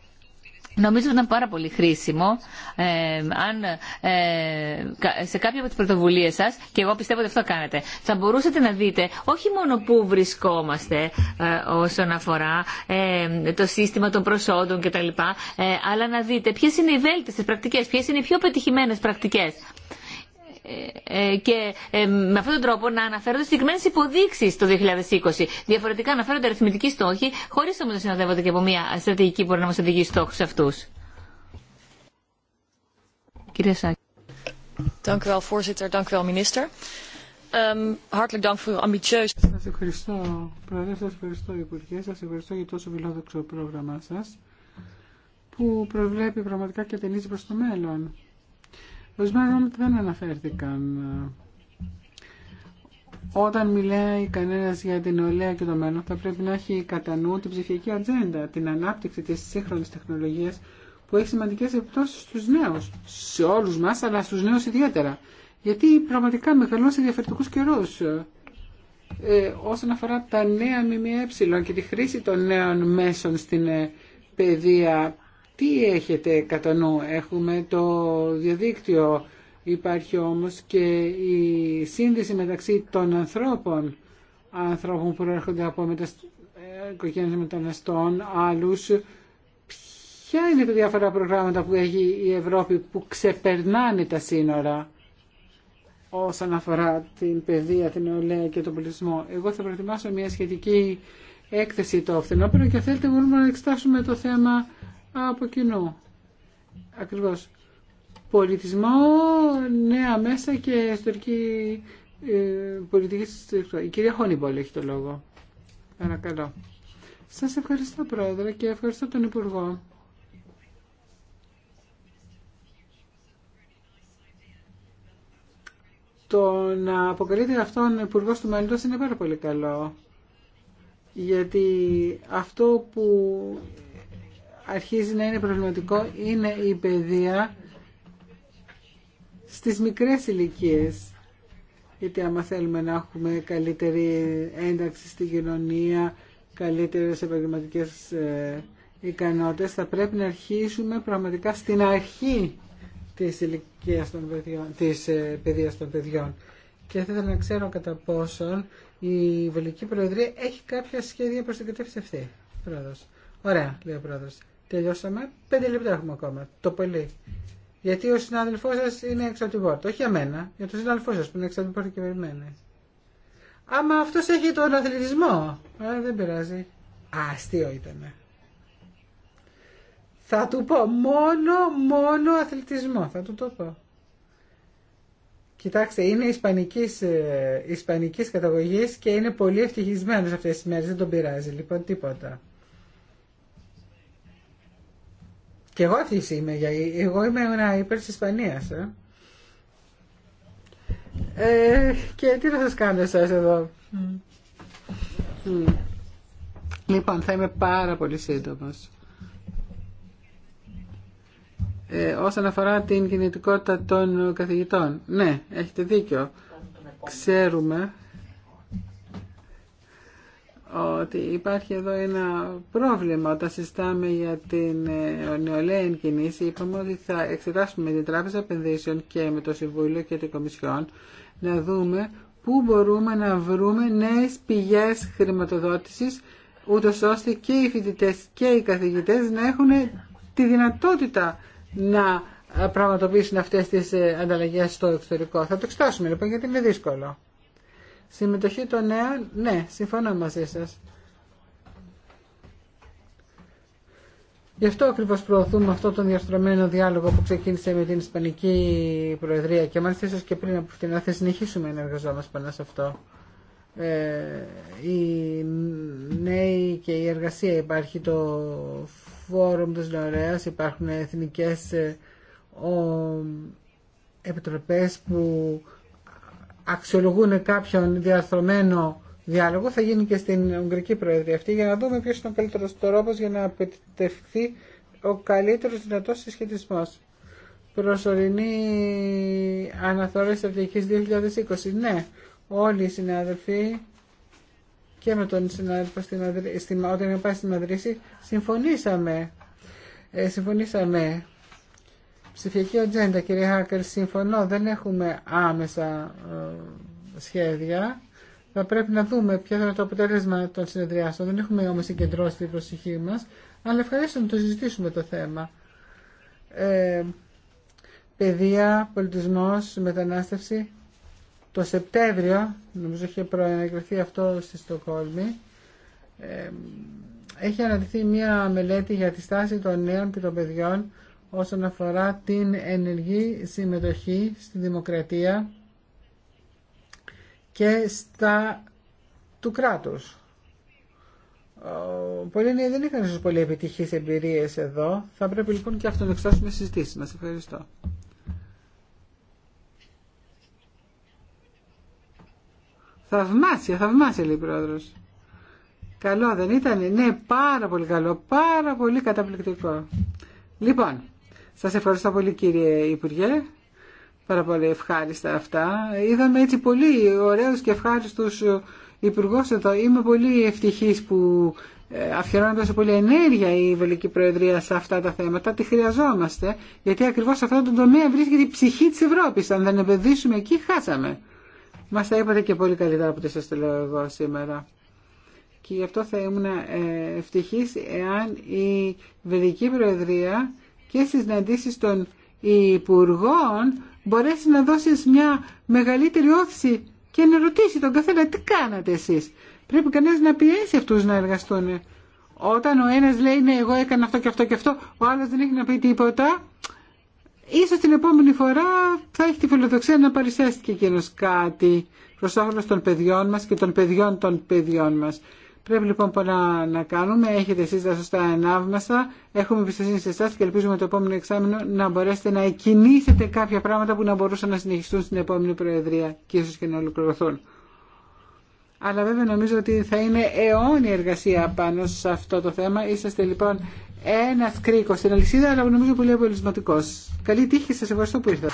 Νομίζω ότι ήταν πάρα πολύ χρήσιμο ε, αν ε, σε κάποια από τις πρωτοβουλίε σας, και εγώ πιστεύω ότι αυτό κάνετε, θα μπορούσατε να δείτε όχι μόνο πού βρισκόμαστε ε, όσον αφορά το σύστημα των προσόντων κτλ, αλλά να δείτε ποιε είναι οι βέλτιστε πρακτικές, ποιε είναι οι πιο πετυχημένε πρακτικές. Ε, ε, και ε, με αυτόν τον τρόπο να αναφέρονται συγκεκριμένε υποδείξει το 2020. Διαφορετικά αναφέρονται αριθμητικοί στόχοι, χωρί όμω να συνοδεύονται και από μια στρατηγική που μπορεί να μα οδηγήσει στόχου αυτού. Κυρία Σάκη. Dank u wel, voorzitter. Dank u wel, minister. Um, hartelijk dank voor uw ambitieus. Σας ευχαριστώ, Πρόεδρε, σας ευχαριστώ, Υπουργέ, σας ευχαριστώ για τόσο βιλόδοξο πρόγραμμά σας που προβλέπει πραγματικά και ταινίζει προς το μέλλον. Ορισμένα νόμματα δεν αναφέρθηκαν. Όταν μιλάει κανένα για την νεολαία και το μέλλον, θα πρέπει να έχει κατά νου την ψηφιακή ατζέντα, την ανάπτυξη τη σύγχρονη τεχνολογία που έχει σημαντικέ επιπτώσει στου νέου. Σε όλου μα, αλλά στου νέου ιδιαίτερα. Γιατί πραγματικά μεγαλώνουν σε διαφορετικού καιρού. Ε, όσον αφορά τα νέα ΜΜΕ και τη χρήση των νέων μέσων στην ε, παιδεία, τι έχετε κατά νου, έχουμε το διαδίκτυο, υπάρχει όμως και η σύνδεση μεταξύ των ανθρώπων, ανθρώπων που έρχονται από μετασ... Ε, οικογένειες μεταναστών, άλλους. Ποια είναι τα διάφορα προγράμματα που έχει η Ευρώπη που ξεπερνάνε τα σύνορα όσον αφορά την παιδεία, την νεολαία και τον πολιτισμό. Εγώ θα προετοιμάσω μια σχετική έκθεση το φθινόπωρο και θέλετε μπορούμε να εξετάσουμε το θέμα από κοινού. Ακριβώς. Πολιτισμό, νέα μέσα και ιστορική ε, πολιτική Η κυρία Χόνιμπολ έχει το λόγο. Παρακαλώ. Σας ευχαριστώ πρόεδρε και ευχαριστώ τον Υπουργό. Το να αποκαλείται αυτόν υπουργό του μέλλοντος είναι πάρα πολύ καλό. Γιατί αυτό που αρχίζει να είναι προβληματικό είναι η παιδεία στις μικρές ηλικίε. Γιατί άμα θέλουμε να έχουμε καλύτερη ένταξη στην κοινωνία, καλύτερες επαγγελματικές ε, ικανότητες, θα πρέπει να αρχίσουμε πραγματικά στην αρχή της ηλικίας των παιδιών, της ε, παιδείας των παιδιών. Και θα ήθελα να ξέρω κατά πόσον η Βελική Προεδρία έχει κάποια σχέδια προς την κατεύθυνση αυτή. Ωραία, λέει ο Πρόεδρος τελειώσαμε. Πέντε λεπτά έχουμε ακόμα. Το πολύ. Γιατί ο συνάδελφό σα είναι έξω από την πόρτα. Όχι για μένα, για τον συνάδελφό σα που είναι έξω από την πόρτα και περιμένει. Άμα αυτό έχει τον αθλητισμό. Α, ε, δεν πειράζει. άστιο αστείο ήταν. Θα του πω μόνο, μόνο αθλητισμό. Θα του το πω. Κοιτάξτε, είναι ισπανικής, ε, ισπανικής καταγωγής και είναι πολύ ευτυχισμένος αυτές τις μέρες. Δεν τον πειράζει λοιπόν τίποτα. Και εγώ αυτή είμαι, εγώ είμαι ένα υπέρ τη Ισπανίας. Ε. Ε, και τι να σα κάνω εσάς εδώ. Λοιπόν, θα είμαι πάρα πολύ σύντομο. Ε, όσον αφορά την κινητικότητα των καθηγητών. Ναι, έχετε δίκιο. Ξέρουμε ότι υπάρχει εδώ ένα πρόβλημα όταν συζητάμε για την ε, νεολαία εγκινήση. Είπαμε ότι θα εξετάσουμε την Τράπεζα Επενδύσεων και με το Συμβούλιο και την Κομισιόν να δούμε πού μπορούμε να βρούμε νέες πηγές χρηματοδότησης ούτω ώστε και οι φοιτητέ και οι καθηγητές να έχουν τη δυνατότητα να πραγματοποιήσουν αυτές τις ε, ανταλλαγές στο εξωτερικό. Θα το εξετάσουμε λοιπόν γιατί είναι δύσκολο. Συμμετοχή των νέων, ναι, συμφωνώ μαζί σας. Γι' αυτό ακριβώς προωθούμε αυτό τον διαστρωμένο διάλογο που ξεκίνησε με την Ισπανική Προεδρία και μάλιστα ίσως και πριν από αυτήν να συνεχίσουμε να εργαζόμαστε πάνω σε αυτό. Ε, οι νέοι και η εργασία υπάρχει το φόρουμ της Νορέας, υπάρχουν εθνικές ε, ο, επιτροπές που αξιολογούν κάποιον διαρθρωμένο διάλογο, θα γίνει και στην Ουγγρική Προεδρία αυτή, για να δούμε ποιος είναι ο καλύτερος τρόπος για να επιτευχθεί ο καλύτερος δυνατός συσχετισμός. Προσωρινή αναθεώρηση στρατηγικής 2020. Ναι, όλοι οι συνάδελφοι και με τον συνάδελφο στην όταν πάει στη Μαδρίση συμφωνήσαμε, ε, συμφωνήσαμε ψηφιακή ατζέντα. Κύριε Χάκερ, συμφωνώ, δεν έχουμε άμεσα ε, σχέδια. Θα πρέπει να δούμε ποιο θα είναι το αποτέλεσμα των συνεδριάσεων. Δεν έχουμε όμως συγκεντρώσει την προσοχή μας, αλλά ευχαριστώ να το συζητήσουμε το θέμα. Ε, παιδεία, πολιτισμός, μετανάστευση. Το Σεπτέμβριο, νομίζω είχε προανακριθεί αυτό στη Στοκόλμη, ε, έχει αναδειχθεί μια μελέτη για τη στάση των νέων και των παιδιών όσον αφορά την ενεργή συμμετοχή στη δημοκρατία και στα του κράτους. Πολλοί νέοι δεν είχαν ίσως πολύ επιτυχείς εμπειρίες εδώ. Θα πρέπει λοιπόν και αυτό να εξάσουμε συζητήσεις. Να ευχαριστώ. Θαυμάσια, θαυμάσια λέει η πρόεδρος. Καλό δεν ήταν. Ναι, πάρα πολύ καλό. Πάρα πολύ καταπληκτικό. Λοιπόν, σας ευχαριστώ πολύ κύριε Υπουργέ. Πάρα πολύ ευχάριστα αυτά. Είδαμε έτσι πολύ ωραίους και ευχάριστους υπουργού εδώ. Είμαι πολύ ευτυχής που ε, αφιερώνει τόσο πολύ ενέργεια η Βελική Προεδρία σε αυτά τα θέματα. Τη χρειαζόμαστε, γιατί ακριβώς σε αυτό το τομέα βρίσκεται η ψυχή της Ευρώπης. Αν δεν επενδύσουμε εκεί, χάσαμε. Μας τα είπατε και πολύ καλύτερα από ό,τι σας το λέω εγώ σήμερα. Και γι' αυτό θα ήμουν ε, ευτυχής εάν η Βελική Προεδρία και στις συναντήσεις των υπουργών μπορέσει να δώσεις μια μεγαλύτερη όθηση και να ρωτήσει τον καθένα τι κάνατε εσείς. Πρέπει κανένας να πιέσει αυτούς να εργαστούν. Όταν ο ένας λέει ναι εγώ έκανα αυτό και αυτό και αυτό, ο άλλος δεν έχει να πει τίποτα, ίσως την επόμενη φορά θα έχει τη φιλοδοξία να παρουσιάσει και εκείνος κάτι προς όφελος των παιδιών μας και των παιδιών των παιδιών μας. Πρέπει λοιπόν πολλά να κάνουμε. Έχετε εσεί τα σωστά ενάβμασα. Έχουμε εμπιστοσύνη σε εσά και ελπίζουμε το επόμενο εξάμεινο να μπορέσετε να εκκινήσετε κάποια πράγματα που να μπορούσαν να συνεχιστούν στην επόμενη Προεδρία και ίσω και να ολοκληρωθούν. Αλλά βέβαια νομίζω ότι θα είναι αιώνια εργασία πάνω σε αυτό το θέμα. Είσαστε λοιπόν ένα κρίκο στην αλυσίδα, αλλά νομίζω πολύ απολυσματικό. Καλή τύχη, σα ευχαριστώ που ήρθατε.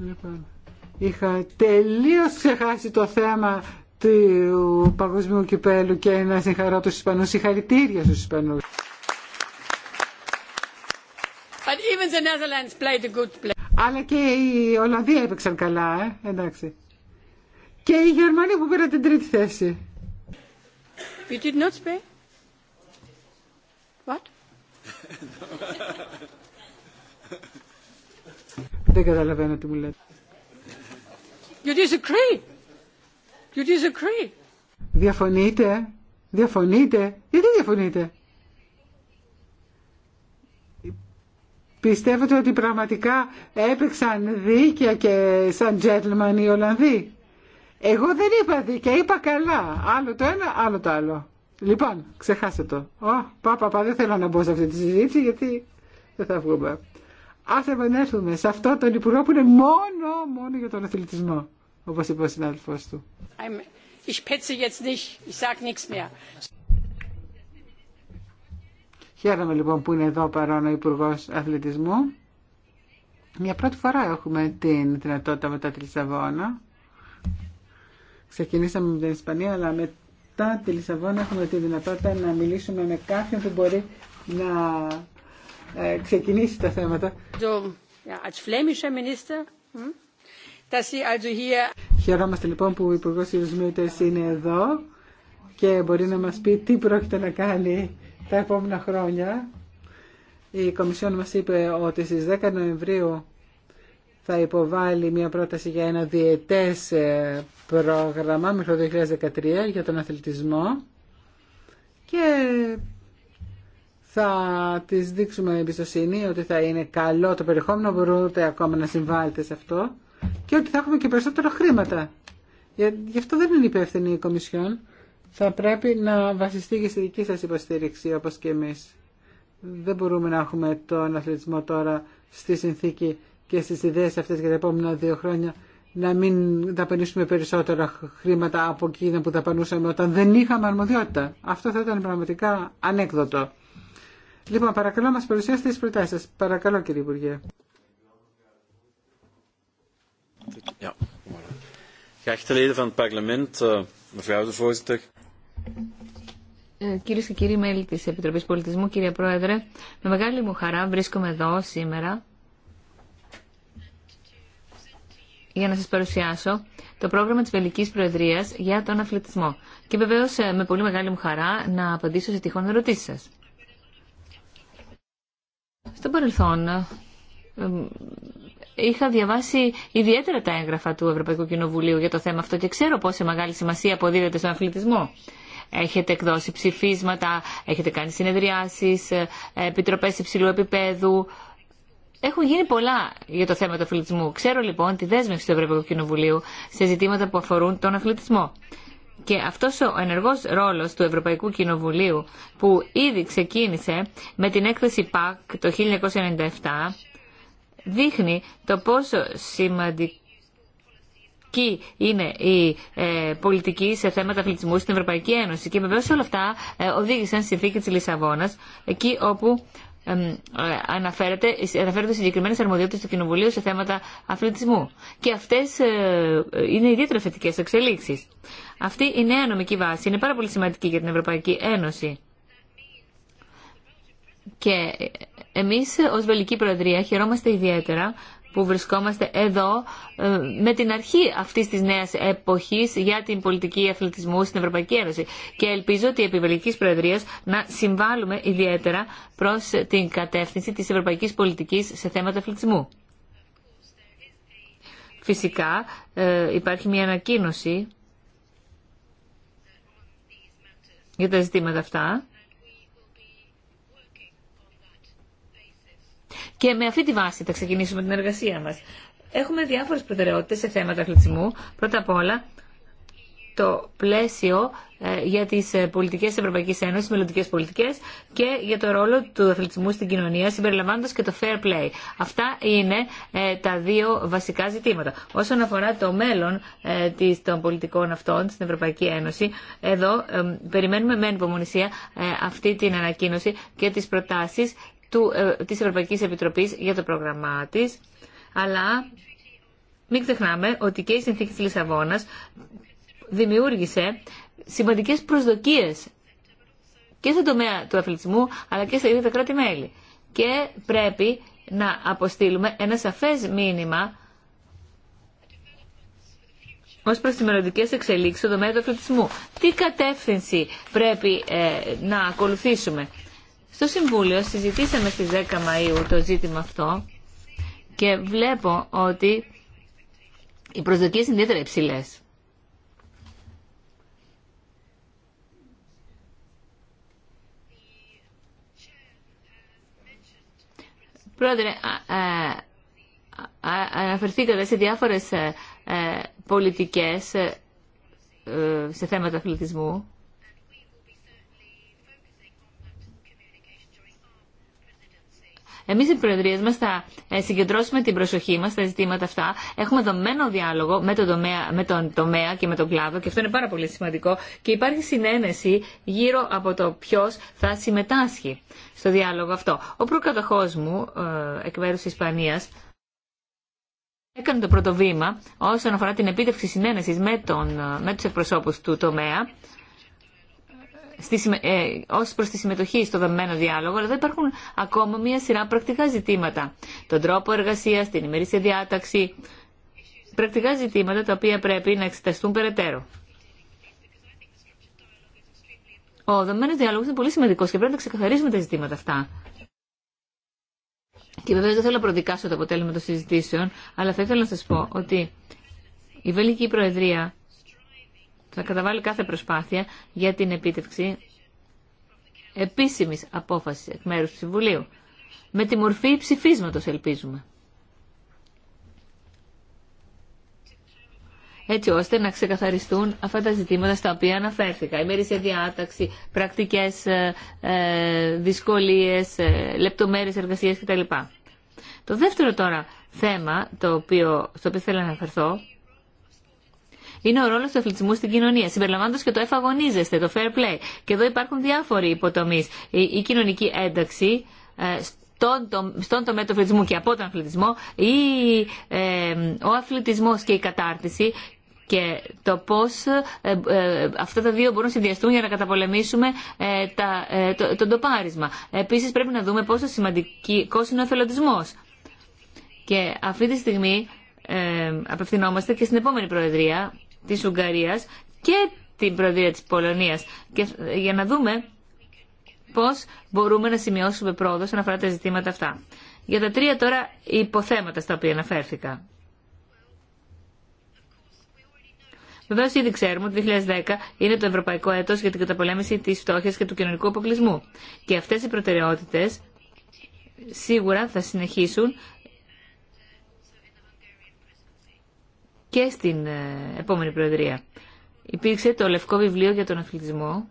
Λοιπόν, είχα τελείως ξεχάσει το θέμα του παγκοσμίου κυπέλου και να συγχαρώ τους Ισπανούς. Συγχαρητήρια στους Ισπανούς. Αλλά και οι Ολλανδοί έπαιξαν καλά, ε? εντάξει. Και οι Γερμανοί που πήραν την τρίτη θέση. You did not play? What? [laughs] Δεν καταλαβαίνω τι μου λέτε. You disagree. You disagree. Διαφωνείτε. Διαφωνείτε. Γιατί διαφωνείτε. Πιστεύετε ότι πραγματικά έπαιξαν δίκαια και σαν gentleman οι Ολλανδοί. Εγώ δεν είπα δίκαια, είπα καλά. Άλλο το ένα, άλλο το άλλο. Λοιπόν, ξεχάστε το. Ω, πάπα, πάπα, δεν θέλω να μπω σε αυτή τη συζήτηση γιατί δεν θα βγούμε να έρθουμε σε αυτό τον Υπουργό που είναι μόνο, μόνο για τον αθλητισμό, όπως είπε ο συνάδελφός του. Χαίρομαι λοιπόν που είναι εδώ παρόν ο Υπουργό Αθλητισμού. Μια πρώτη φορά έχουμε την δυνατότητα μετά τη Λισαβόνα. Ξεκινήσαμε με την Ισπανία, αλλά μετά τη Λισαβόνα έχουμε τη δυνατότητα να μιλήσουμε με κάποιον που μπορεί να ε, ξεκινήσει τα θέματα. Hm, Χαιρόμαστε λοιπόν που ο Υπουργό Ιωσμίτε είναι εδώ και μπορεί να μας πει τι πρόκειται να κάνει τα επόμενα χρόνια. Η Κομισιόν μας είπε ότι στις 10 Νοεμβρίου θα υποβάλει μια πρόταση για ένα διετές ε, πρόγραμμα μέχρι το 2013 για τον αθλητισμό και θα τη δείξουμε εμπιστοσύνη ότι θα είναι καλό το περιεχόμενο, μπορείτε ακόμα να συμβάλλετε σε αυτό και ότι θα έχουμε και περισσότερα χρήματα. Γι' αυτό δεν είναι υπεύθυνη η Κομισιόν. Θα πρέπει να βασιστεί και στη δική σας υποστήριξη όπως και εμείς. Δεν μπορούμε να έχουμε τον αθλητισμό τώρα στη συνθήκη και στις ιδέες αυτές για τα επόμενα δύο χρόνια να μην δαπανίσουμε περισσότερα χρήματα από εκείνα που δαπανούσαμε όταν δεν είχαμε αρμοδιότητα. Αυτό θα ήταν πραγματικά ανέκδοτο. Λοιπόν, παρακαλώ, μας παρουσιάσετε τις προτάσεις σας. Παρακαλώ, κύριε Υπουργέ. Eh, ε, Κυρίε και κύριοι μέλη της Επιτροπής Πολιτισμού, κύριε Πρόεδρε, με μεγάλη μου χαρά βρίσκομαι εδώ σήμερα για να σας παρουσιάσω το πρόγραμμα της Βελικής Προεδρίας για τον αθλητισμό. Και βεβαίως ε, με πολύ μεγάλη μου χαρά να απαντήσω σε τυχόν ερωτήσεις σας. Στο παρελθόν είχα διαβάσει ιδιαίτερα τα έγγραφα του Ευρωπαϊκού Κοινοβουλίου για το θέμα αυτό και ξέρω πόση μεγάλη σημασία αποδίδεται στον αθλητισμό. Έχετε εκδώσει ψηφίσματα, έχετε κάνει συνεδριάσεις, ε, επιτροπές υψηλού επίπεδου. Έχουν γίνει πολλά για το θέμα του αθλητισμού. Ξέρω λοιπόν τη δέσμευση του Ευρωπαϊκού Κοινοβουλίου σε ζητήματα που αφορούν τον αθλητισμό. Και αυτός ο ενεργός ρόλος του Ευρωπαϊκού Κοινοβουλίου που ήδη ξεκίνησε με την έκθεση ΠΑΚ το 1997 δείχνει το πόσο σημαντική είναι η ε, πολιτική σε θέματα αθλητισμού στην Ευρωπαϊκή Ένωση. Και βεβαίω όλα αυτά ε, οδήγησαν στη συνθήκη τη Λισαβόνα, εκεί όπου ε, αναφέρεται, αναφέρονται συγκεκριμένε αρμοδιότητε του Κοινοβουλίου σε θέματα αθλητισμού. Και αυτέ είναι ιδιαίτερα θετικέ εξελίξει. Αυτή η νέα νομική βάση είναι πάρα πολύ σημαντική για την Ευρωπαϊκή Ένωση. Και εμείς ως Βελική Προεδρία χαιρόμαστε ιδιαίτερα που βρισκόμαστε εδώ ε, με την αρχή αυτής της νέας εποχής για την πολιτική αθλητισμού στην Ευρωπαϊκή Ένωση. Και ελπίζω ότι επί Βελικής Προεδρίας να συμβάλλουμε ιδιαίτερα προς την κατεύθυνση της ευρωπαϊκής πολιτικής σε θέματα αθλητισμού. Φυσικά ε, υπάρχει μια ανακοίνωση για τα ζητήματα αυτά. Και με αυτή τη βάση θα ξεκινήσουμε την εργασία μας. Έχουμε διάφορες προτεραιότητες σε θέματα αθλητισμού. Πρώτα απ' όλα το πλαίσιο ε, για τι ε, πολιτικέ τη Ευρωπαϊκή Ένωση, μελλοντικέ πολιτικέ και για το ρόλο του αθλητισμού στην κοινωνία, συμπεριλαμβάνοντα και το fair play. Αυτά είναι ε, τα δύο βασικά ζητήματα. Όσον αφορά το μέλλον των πολιτικών αυτών στην Ευρωπαϊκή Ένωση, εδώ περιμένουμε με ανυπομονησία αυτή την ανακοίνωση και τι προτάσει τη Ευρωπαϊκή Επιτροπή για το πρόγραμμά τη. Αλλά μην ξεχνάμε ότι και η συνθήκη τη Λισαβόνα δημιούργησε σημαντικές προσδοκίες και στον τομέα του αθλητισμού αλλά και στα ίδια τα κράτη-μέλη. Και πρέπει να αποστείλουμε ένα σαφές μήνυμα ως προς τις μελλοντικές εξελίξεις στον τομέα του αθλητισμού. Τι κατεύθυνση πρέπει ε, να ακολουθήσουμε. Στο Συμβούλιο συζητήσαμε στις 10 Μαΐου το ζήτημα αυτό και βλέπω ότι οι προσδοκίες είναι ιδιαίτερα υψηλές. Πρόεδρε, ε, αναφερθήκατε σε διάφορες ε, ε, πολιτικές σε θέματα αθλητισμού. Εμεί οι Προεδρίε μα θα ε, συγκεντρώσουμε την προσοχή μα στα ζητήματα αυτά. Έχουμε δομένο διάλογο με τον, τομέα, και με τον κλάδο και αυτό είναι πάρα πολύ σημαντικό. Και υπάρχει συνένεση γύρω από το ποιο θα συμμετάσχει στο διάλογο αυτό. Ο προκατοχό μου, ε, εκ μέρου Ισπανία, έκανε το πρώτο βήμα όσον αφορά την επίτευξη συνένεση με, ε, με του τομέα στη, ε, προς τη συμμετοχή στο δεμένο διάλογο, αλλά δεν υπάρχουν ακόμα μία σειρά πρακτικά ζητήματα. Τον τρόπο εργασίας, την ημερήσια διάταξη, πρακτικά ζητήματα τα οποία πρέπει να εξεταστούν περαιτέρω. Ο δεμένος διάλογο είναι πολύ σημαντικό και πρέπει να ξεκαθαρίσουμε τα ζητήματα αυτά. Και βεβαίω δεν θέλω να προδικάσω το αποτέλεσμα των συζητήσεων, αλλά θα ήθελα να σα πω ότι η Βελική Προεδρία θα καταβάλει κάθε προσπάθεια για την επίτευξη επίσημης απόφασης εκ μέρους του Συμβουλίου. Με τη μορφή ψηφίσματος ελπίζουμε. έτσι ώστε να ξεκαθαριστούν αυτά τα ζητήματα στα οποία αναφέρθηκα. σε διάταξη, πρακτικές ε, ε, δυσκολίες, ε, λεπτομέρειες εργασίες κτλ. Το δεύτερο τώρα θέμα το οποίο, στο οποίο θέλω να αναφερθώ είναι ο ρόλο του αθλητισμού στην κοινωνία. Συμπεριλαμβάνοντα και το εφαγωνίζεστε, το fair play. Και εδώ υπάρχουν διάφοροι υποτομεί. Η, η κοινωνική ένταξη ε, στον, το, στον τομέα του αθλητισμού και από τον αθλητισμό, ή ε, ο αθλητισμό και η κατάρτιση και το πώς ε, αυτά τα δύο μπορούν να συνδυαστούν για να καταπολεμήσουμε ε, τα, το, το ντοπάρισμα. Επίσης πρέπει να δούμε πόσο σημαντικός είναι ο εθελοντισμός. Και αυτή τη στιγμή απευθυνόμαστε και στην επόμενη Προεδρία της Ουγγαρίας και την Προεδρία της Πολωνίας για να δούμε πώς μπορούμε να σημειώσουμε πρόοδο όσον αφορά τα ζητήματα αυτά. Για τα τρία τώρα υποθέματα στα οποία αναφέρθηκα. Βεβαίω ήδη ξέρουμε ότι το 2010 είναι το ευρωπαϊκό έτο για την καταπολέμηση τη φτώχεια και του κοινωνικού αποκλεισμού. Και αυτέ οι προτεραιότητε σίγουρα θα συνεχίσουν και στην ε, επόμενη Προεδρία. Υπήρξε το Λευκό Βιβλίο για τον Αθλητισμό,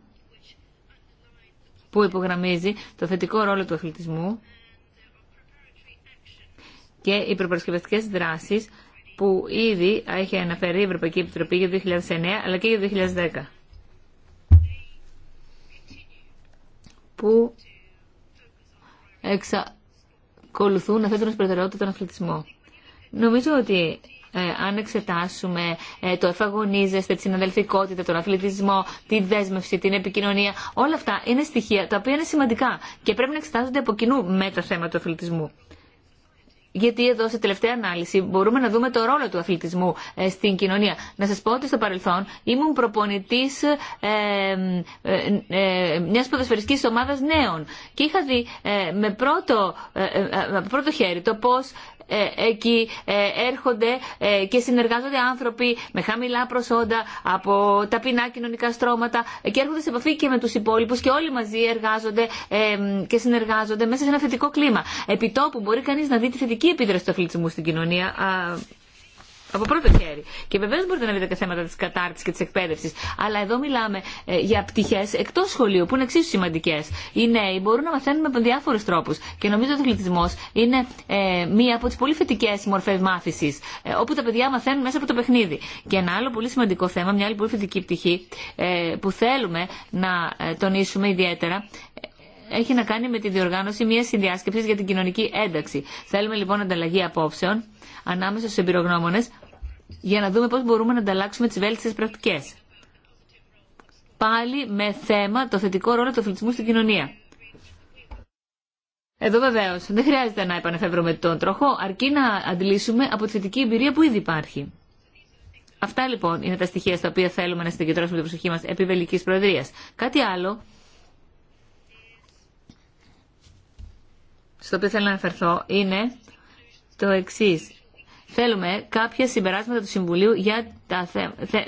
που υπογραμμίζει το θετικό ρόλο του αθλητισμού και οι προπαρασκευαστικές δράσεις που ήδη έχει αναφέρει η Ευρωπαϊκή Επιτροπή για το 2009 αλλά και για το 2010 που εξακολουθούν να θέτουν ως προτεραιότητα τον αθλητισμό. Νομίζω ότι ε, αν εξετάσουμε ε, το εφαγωνίζεστε, τη συναδελφικότητα, τον αθλητισμό, τη δέσμευση, την επικοινωνία, όλα αυτά είναι στοιχεία τα οποία είναι σημαντικά και πρέπει να εξετάζονται από κοινού με το θέμα του αθλητισμού. Γιατί εδώ σε τελευταία ανάλυση μπορούμε να δούμε το ρόλο του αθλητισμού ε, στην κοινωνία. Να σας πω ότι στο παρελθόν ήμουν προπονητής ε, ε, ε, ομάδας νέων και είχα δει με πρώτο, πρώτο χέρι το πώς ε, εκεί ε, έρχονται ε, και συνεργάζονται άνθρωποι με χαμηλά προσόντα από ταπεινά κοινωνικά στρώματα και έρχονται σε επαφή και με τους υπόλοιπους και όλοι μαζί εργάζονται και συνεργάζονται μέσα σε ένα θετικό κλίμα. Επιτόπου μπορεί κανείς να δει τη θετική επίδραση του αθλητισμού στην κοινωνία από πρώτο χέρι. Και βεβαίω μπορείτε να δείτε τα θέματα τη κατάρτιση και τη εκπαίδευση. Αλλά εδώ μιλάμε ε, για πτυχέ εκτό σχολείου που είναι εξίσου σημαντικέ. Οι νέοι μπορούν να μαθαίνουν με διάφορου τρόπου. Και νομίζω ότι ο αθλητισμό είναι ε, μια απο τι πολυ θετικε μορφε μαθηση πολύ θετική πτυχή ε, που θέλουμε να τονίσουμε ιδιαίτερα έχει να κάνει με τη διοργάνωση μια συνδιάσκεψη για την κοινωνική ένταξη. Θέλουμε λοιπόν ανταλλαγή απόψεων ανάμεσα στου εμπειρογνώμονε για να δούμε πώς μπορούμε να ανταλλάξουμε τις βέλτιστες πρακτικές. Πάλι με θέμα το θετικό ρόλο του αθλητισμού στην κοινωνία. Εδώ βεβαίω δεν χρειάζεται να επανεφεύρουμε τον τροχό, αρκεί να αντλήσουμε από τη θετική εμπειρία που ήδη υπάρχει. Αυτά λοιπόν είναι τα στοιχεία στα οποία θέλουμε να συγκεντρώσουμε την προσοχή μα επί Βελική Προεδρία. Κάτι άλλο στο οποίο θέλω να αναφερθώ είναι το εξή. Θέλουμε κάποια συμπεράσματα του Συμβουλίου για τα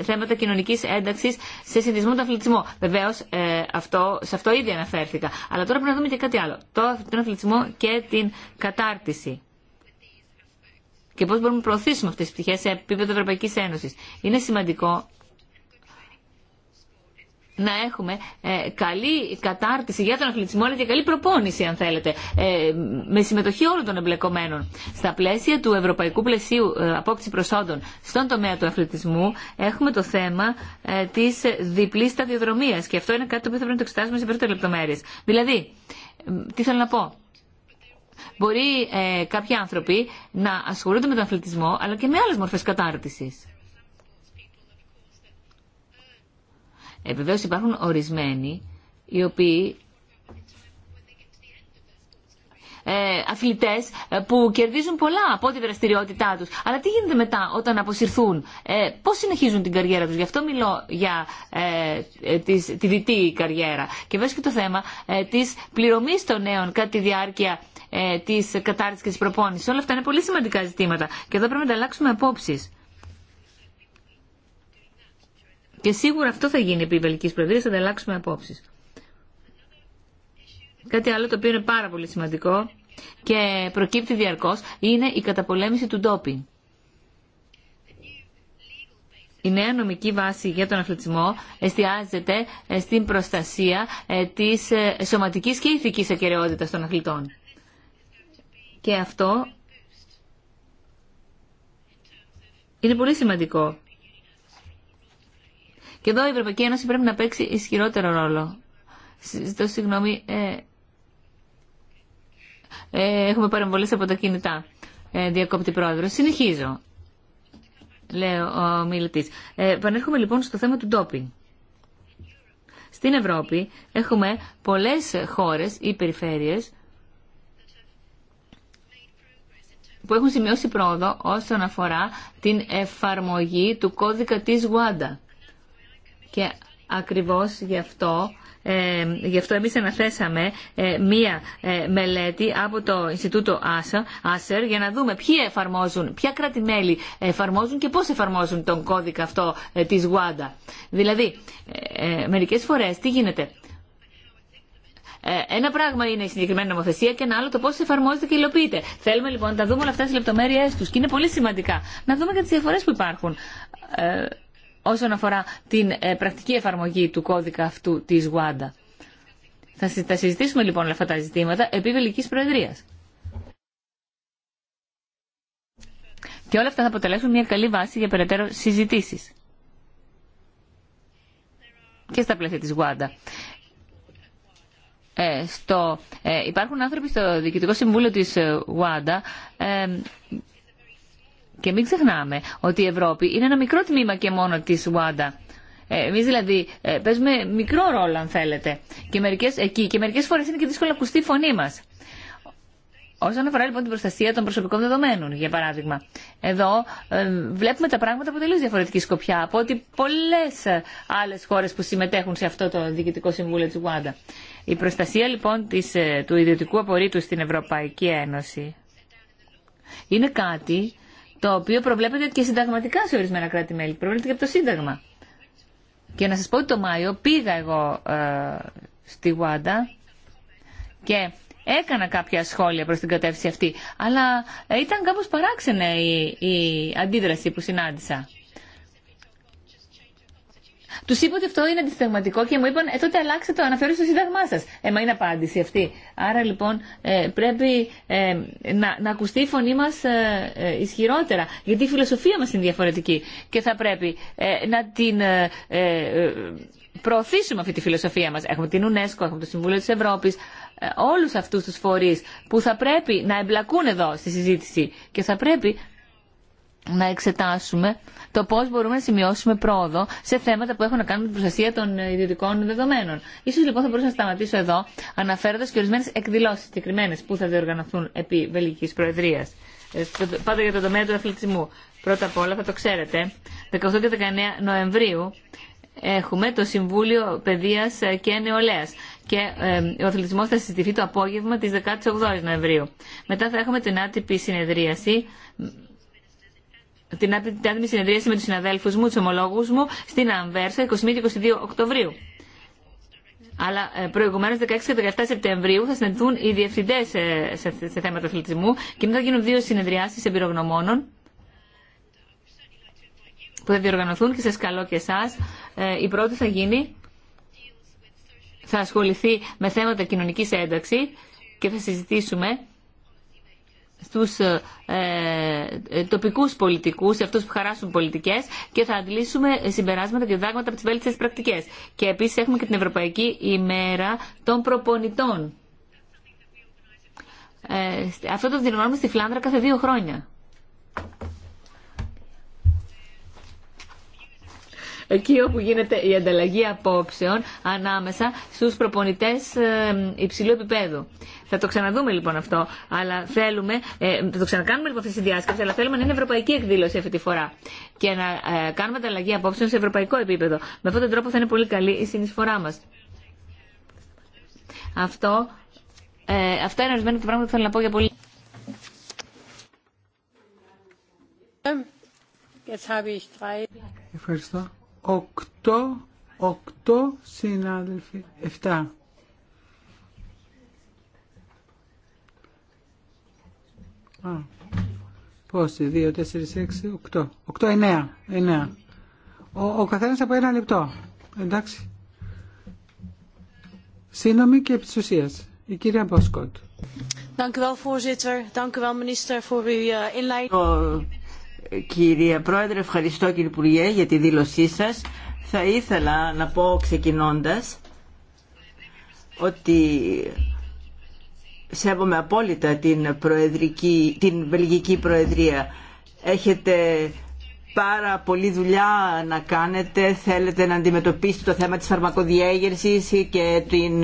θέματα κοινωνική ένταξη σε συνδυασμό του αθλητισμό. Βεβαίω, ε, αυτό, σε αυτό ήδη αναφέρθηκα. Αλλά τώρα πρέπει να δούμε και κάτι άλλο. Το, τον αθλητισμό και την κατάρτιση. Και πώ μπορούμε να προωθήσουμε αυτέ τι πτυχέ σε επίπεδο Ευρωπαϊκή Ένωση. Είναι σημαντικό να έχουμε ε, καλή κατάρτιση για τον αθλητισμό αλλά και καλή προπόνηση αν θέλετε ε, με συμμετοχή όλων των εμπλεκομένων. Στα πλαίσια του Ευρωπαϊκού Πλαισίου ε, Απόκτηση Προσόντων στον τομέα του αθλητισμού έχουμε το θέμα ε, της διπλής σταδιοδρομίας και αυτό είναι κάτι το οποίο θα πρέπει να το εξετάσουμε σε περισσότερες λεπτομέρειες. Δηλαδή, τι θέλω να πω. Μπορεί ε, κάποιοι άνθρωποι να ασχολούνται με τον αθλητισμό αλλά και με άλλες μορφές κατάρτισης. Ε, Βεβαίω υπάρχουν ορισμένοι οι οποίοι ε, αθλητέ ε, που κερδίζουν πολλά από τη δραστηριότητά του. Αλλά τι γίνεται μετά όταν αποσυρθούν, ε, πώ συνεχίζουν την καριέρα του. Γι' αυτό μιλώ για ε, ε τη, τη δυτή καριέρα. Και βέβαια και το θέμα ε, τη πληρωμή των νέων κατά τη διάρκεια ε, τη κατάρτιση και τη προπόνηση. Όλα αυτά είναι πολύ σημαντικά ζητήματα. Και εδώ πρέπει να αλλάξουμε απόψει. Και σίγουρα αυτό θα γίνει επί Βελική Προεδρία, θα ανταλλάξουμε απόψει. Κάτι άλλο το οποίο είναι πάρα πολύ σημαντικό και προκύπτει διαρκώ είναι η καταπολέμηση του ντόπινγκ. Η νέα νομική βάση για τον αθλητισμό εστιάζεται ε, στην προστασία ε, της ε, σωματικής και ηθικής ακαιρεότητας των αθλητών. Και αυτό είναι πολύ σημαντικό και εδώ η Ευρωπαϊκή Ένωση πρέπει να παίξει ισχυρότερο ρόλο. Ζητώ συγγνώμη, ε, ε, έχουμε παρεμβολέ από τα κινητά. Ε, διακόπτη πρόεδρο. Συνεχίζω, λέει ο μιλητή. Ε, πανέρχομαι λοιπόν στο θέμα του ντόπινγκ. Στην Ευρώπη έχουμε πολλέ χώρες ή περιφέρειες που έχουν σημειώσει πρόοδο όσον αφορά την εφαρμογή του κώδικα της WADA. Και ακριβώς γι' αυτό ε, γι' αυτό εμείς αναθέσαμε ε, μία ε, μελέτη από το Ινστιτούτο Άσερ για να δούμε ποιοι εφαρμόζουν, ποια κράτη-μέλη εφαρμόζουν και πώς εφαρμόζουν τον κώδικα αυτό ε, της WADA. Δηλαδή, μερικές φορές τι γίνεται. Ένα πράγμα είναι η συγκεκριμένη νομοθεσία και ένα άλλο το πώ εφαρμόζεται και υλοποιείται. Θέλουμε λοιπόν να τα δούμε όλα αυτά στι λεπτομέρειέ του και είναι πολύ σημαντικά. Να δούμε και τι διαφορέ που υπάρχουν όσον αφορά την ε, πρακτική εφαρμογή του κώδικα αυτού της ΓΟΑΝΤΑ. Θα συζητήσουμε λοιπόν όλα αυτά τα ζητήματα επί Βελικής Προεδρίας. Και όλα αυτά θα αποτελέσουν μια καλή βάση για περαιτέρω συζητήσεις. Και στα πλαίσια της ΓΟΑΝΤΑ. Ε, ε, υπάρχουν άνθρωποι στο Διοικητικό Συμβούλιο της ε, ΓΟΑΝΤΑ και μην ξεχνάμε ότι η Ευρώπη είναι ένα μικρό τμήμα και μόνο τη Ε, Εμεί δηλαδή ε, παίζουμε μικρό ρόλο, αν θέλετε. Και μερικές, εκεί και μερικέ φορέ είναι και δύσκολο να ακουστεί η φωνή μα. Όσον αφορά λοιπόν την προστασία των προσωπικών δεδομένων, για παράδειγμα, εδώ ε, βλέπουμε τα πράγματα από τελείω διαφορετική σκοπιά από ότι πολλέ ε, άλλε χώρε που συμμετέχουν σε αυτό το Διοικητικό Συμβούλιο τη Ουάντα. Η προστασία λοιπόν της, του ιδιωτικού απορρίτου στην Ευρωπαϊκή Ένωση είναι κάτι το οποίο προβλέπεται και συνταγματικά σε ορισμένα κράτη-μέλη, προβλέπεται και από το Σύνταγμα. Και να σας πω ότι το Μάιο πήγα εγώ ε, στη Γουάντα και έκανα κάποια σχόλια προς την κατεύθυνση αυτή, αλλά ήταν κάπως παράξενη η, η αντίδραση που συνάντησα. Του είπα ότι αυτό είναι αντισταγματικό και μου είπαν «Ε, τότε αλλάξτε το, αναφέρω στο σύνταγμά σα. Ε, μα είναι απάντηση αυτή. Άρα λοιπόν ε, πρέπει ε, να, να ακουστεί η φωνή μα ε, ε, ισχυρότερα. Γιατί η φιλοσοφία μα είναι διαφορετική και θα πρέπει να την προωθήσουμε αυτή τη φιλοσοφία μας Έχουμε την UNESCO, έχουμε το Συμβούλιο τη Ευρώπη, όλους αυτούς τους φορείς που θα πρέπει να εμπλακούν εδώ στη συζήτηση και θα πρέπει να εξετάσουμε το πώ μπορούμε να σημειώσουμε πρόοδο σε θέματα που έχουν να κάνουν με την προστασία των ιδιωτικών δεδομένων. σω λοιπόν θα μπορούσα να σταματήσω εδώ, αναφέροντα και ορισμένε εκδηλώσει συγκεκριμένε που θα διοργανωθούν επί Βελγική Προεδρία. Ε, πάντα για το τομέα του αθλητισμού. Πρώτα απ' όλα θα το ξέρετε, 18 και 19 Νοεμβρίου έχουμε το Συμβούλιο Παιδεία και Νεολαία. και ο αθλητισμός θα συζητηθεί το απόγευμα τη 18 η Νοεμβρίου. Μετά θα έχουμε την άτυπη συνεδρίαση την άτομη συνεδρίαση με τους συναδέλφους μου, τους ομολόγους μου, στην Αμβέρσα, 21 και 22 Οκτωβρίου. Αλλά ε, προηγουμένω 16 και 17 Σεπτεμβρίου θα συναντηθούν οι διευθυντέ ε, σε, σε, σε, θέματα αθλητισμού και μετά γίνουν δύο συνεδριάσεις εμπειρογνωμόνων που θα διοργανωθούν και σα καλώ και εσά. Ε, η πρώτη θα γίνει, θα ασχοληθεί με θέματα κοινωνική ένταξη και θα συζητήσουμε στους ε, ε, τοπικούς πολιτικούς, σε αυτούς που χαράσουν πολιτικές και θα αντλήσουμε συμπεράσματα και διδάγματα από τις βέλτιστες πρακτικές. Και επίσης έχουμε και την Ευρωπαϊκή ημέρα των προπονητών. Ε, αυτό το διοργανώνουμε στη Φλάνδρα κάθε δύο χρόνια. εκεί όπου γίνεται η ανταλλαγή απόψεων ανάμεσα στους προπονητές ε, υψηλού επίπεδου. Θα το ξαναδούμε λοιπόν αυτό, αλλά θέλουμε, ε, θα το ξανακάνουμε λοιπόν αυτή τη διάσκεψη, αλλά θέλουμε να είναι ευρωπαϊκή εκδήλωση αυτή τη φορά και να ε, κάνουμε ανταλλαγή απόψεων σε ευρωπαϊκό επίπεδο. Με αυτόν τον τρόπο θα είναι πολύ καλή η συνεισφορά μας. Αυτό, είναι ορισμένα τα πράγματα που θέλω να πω για πολύ. Ευχαριστώ. Οκτώ, οκτώ συνάδελφοι, εφτά. Α, πόσοι, δύο, τέσσερις, έξι, οκτώ. Οκτώ, εννέα, εννέα. Ο, ο καθένας από ένα λεπτό, εντάξει. Σύνομη και επί της ουσίας. Η κυρία Μποσκότ. Dank u wel, voorzitter. Dank u wel, minister, voor uw uh, inleiding. Oh. Κύριε Πρόεδρε, ευχαριστώ κύριε Υπουργέ για τη δήλωσή σας. Θα ήθελα να πω ξεκινώντας ότι σέβομαι απόλυτα την, προεδρική, την Βελγική Προεδρία. Έχετε πάρα πολλή δουλειά να κάνετε. Θέλετε να αντιμετωπίσετε το θέμα της φαρμακοδιέγερσης και την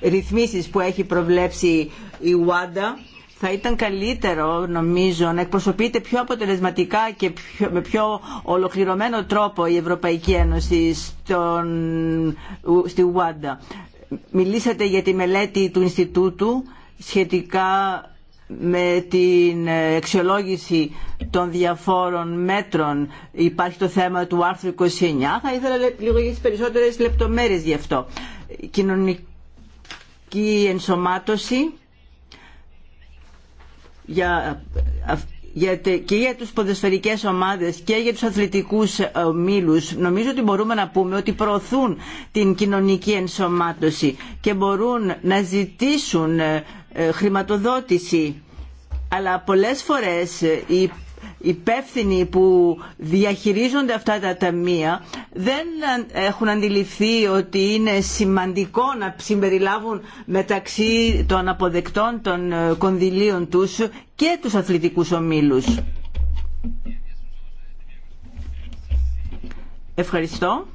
ρυθμίσεις που έχει προβλέψει η ΟΑΝΤΑ θα ήταν καλύτερο νομίζω να εκπροσωπείται πιο αποτελεσματικά και πιο, με πιο ολοκληρωμένο τρόπο η Ευρωπαϊκή Ένωση στον, στη Ουάντα. Μιλήσατε για τη μελέτη του Ινστιτούτου σχετικά με την εξολόγηση των διαφόρων μέτρων υπάρχει το θέμα του άρθρου 29 θα ήθελα λίγο περισσότερες λεπτομέρειες γι' αυτό κοινωνική ενσωμάτωση για, για, και για τους ποδοσφαιρικές ομάδες και για τους αθλητικούς ε, μήλους νομίζω ότι μπορούμε να πούμε ότι προωθούν την κοινωνική ενσωμάτωση και μπορούν να ζητήσουν ε, ε, χρηματοδότηση αλλά πολλές φορές οι υπεύθυνοι που διαχειρίζονται αυτά τα ταμεία δεν έχουν αντιληφθεί ότι είναι σημαντικό να συμπεριλάβουν μεταξύ των αποδεκτών των κονδυλίων τους και τους αθλητικούς ομίλους. Ευχαριστώ.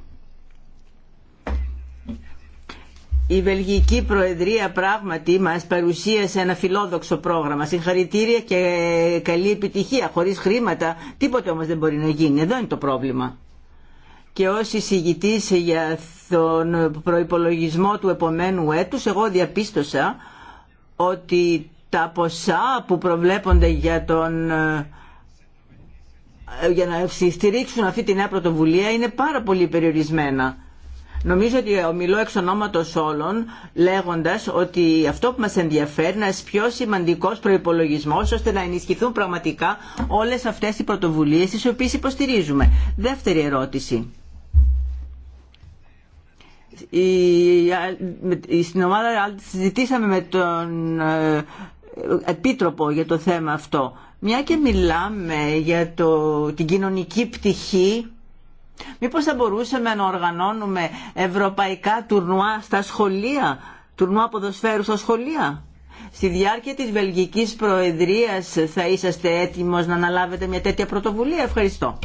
Η Βελγική Προεδρία πράγματι μας παρουσίασε ένα φιλόδοξο πρόγραμμα. Συγχαρητήρια και καλή επιτυχία. Χωρίς χρήματα τίποτε όμως δεν μπορεί να γίνει. Εδώ είναι το πρόβλημα. Και ως εισηγητής για τον προϋπολογισμό του επομένου έτους, εγώ διαπίστωσα ότι τα ποσά που προβλέπονται για τον ε, για να στηρίξουν αυτή την νέα πρωτοβουλία είναι πάρα πολύ περιορισμένα Νομίζω ότι ομιλώ εξ ονόματο όλων λέγοντα ότι αυτό που μας ενδιαφέρει είναι ένα πιο σημαντικό προπολογισμό ώστε να ενισχυθούν πραγματικά όλες αυτές οι πρωτοβουλίε τις οποίε υποστηρίζουμε. Δεύτερη ερώτηση. Στην ομάδα συζητήσαμε με τον ε, Επίτροπο για το θέμα αυτό. Μια και μιλάμε για το, την κοινωνική πτυχή Μήπως θα μπορούσαμε να οργανώνουμε ευρωπαϊκά τουρνουά στα σχολεία, τουρνουά ποδοσφαίρου στα σχολεία. Στη διάρκεια της Βελγικής Προεδρίας θα είσαστε έτοιμος να αναλάβετε μια τέτοια πρωτοβουλία. Ευχαριστώ.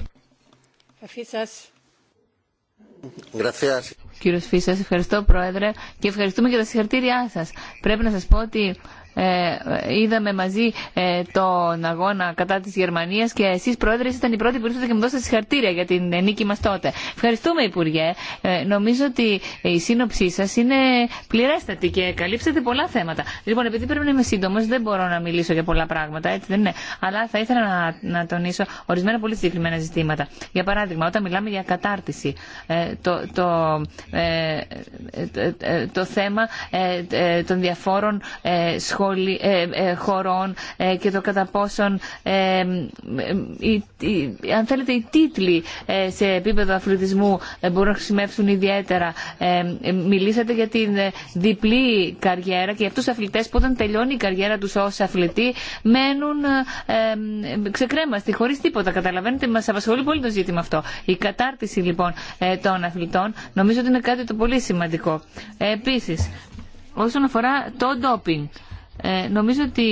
Κύριος Φίσας, ευχαριστώ Πρόεδρε και ευχαριστούμε για τα συγχαρητήριά σας. Πρέπει να σας πω ότι ε, είδαμε μαζί ε, τον αγώνα κατά της Γερμανίας και εσείς πρόεδρε ήταν οι πρώτοι που ήρθατε και μου δώσατε συγχαρτήρια για την ε, νίκη μας τότε. Ευχαριστούμε Υπουργέ. νομίζω ότι η σύνοψή σας είναι πληρέστατη και καλύψατε πολλά θέματα. Λοιπόν, επειδή πρέπει να είμαι σύντομο, δεν μπορώ να μιλήσω για πολλά πράγματα, έτσι δεν είναι. Αλλά θα ήθελα να, να τονίσω ορισμένα πολύ συγκεκριμένα ζητήματα. Για παράδειγμα, όταν μιλάμε για κατάρτιση, το, το, το, θέμα των διαφόρων σχόλων. Ε, ε, χωρών ε, και το κατά πόσον αν θέλετε οι τίτλοι σε επίπεδο αθλητισμού μπορούν να χρησιμεύσουν ιδιαίτερα. Μιλήσατε για την διπλή καριέρα και αυτούς τους αθλητές που όταν τελειώνει η καριέρα τους ως αθλητή μένουν ξεκρέμαστοι χωρίς τίποτα. Καταλαβαίνετε, μας απασχολεί πολύ το ζήτημα αυτό. Η κατάρτιση λοιπόν των αθλητών νομίζω ότι είναι κάτι το πολύ σημαντικό. Επίσης, όσον αφορά το ντόπινγκ. Ε, νομίζω ότι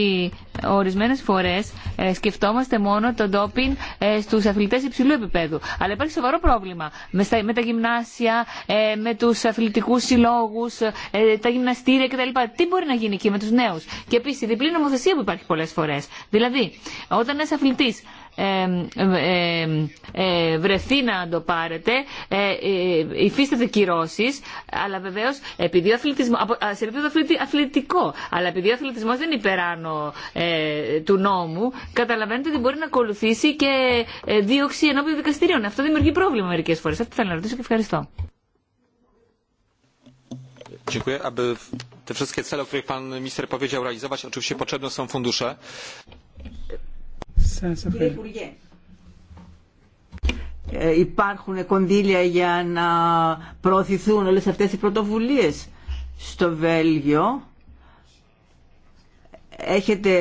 ορισμένες φορές ε, σκεφτόμαστε μόνο το ντόπιν ε, στους αθλητές υψηλού επίπεδου. Αλλά υπάρχει σοβαρό πρόβλημα με, με τα γυμνάσια, ε, με τους αθλητικούς συλλόγους, ε, τα γυμναστήρια κτλ. Τι μπορεί να γίνει εκεί με τους νέους. Και επίση, η διπλή νομοθεσία που υπάρχει πολλές φορές. Δηλαδή, όταν ένα αθλητής ε, βρεθεί να το πάρετε, ε, ε, υφίσταται κυρώσεις, αλλά βεβαίως επειδή σε επίπεδο αθλητικό, αλλά επειδή ο αθλητισμός δεν είναι υπεράνω του νόμου, καταλαβαίνετε ότι μπορεί να ακολουθήσει και δίωξη ενώπιον δικαστηρίων. Αυτό δημιουργεί πρόβλημα μερικές φορές. Αυτό θέλω να ρωτήσω και ευχαριστώ. Σας ευχαριστώ. Ε, υπάρχουν κονδύλια για να προωθηθούν όλες αυτές οι πρωτοβουλίες στο Βέλγιο. Έχετε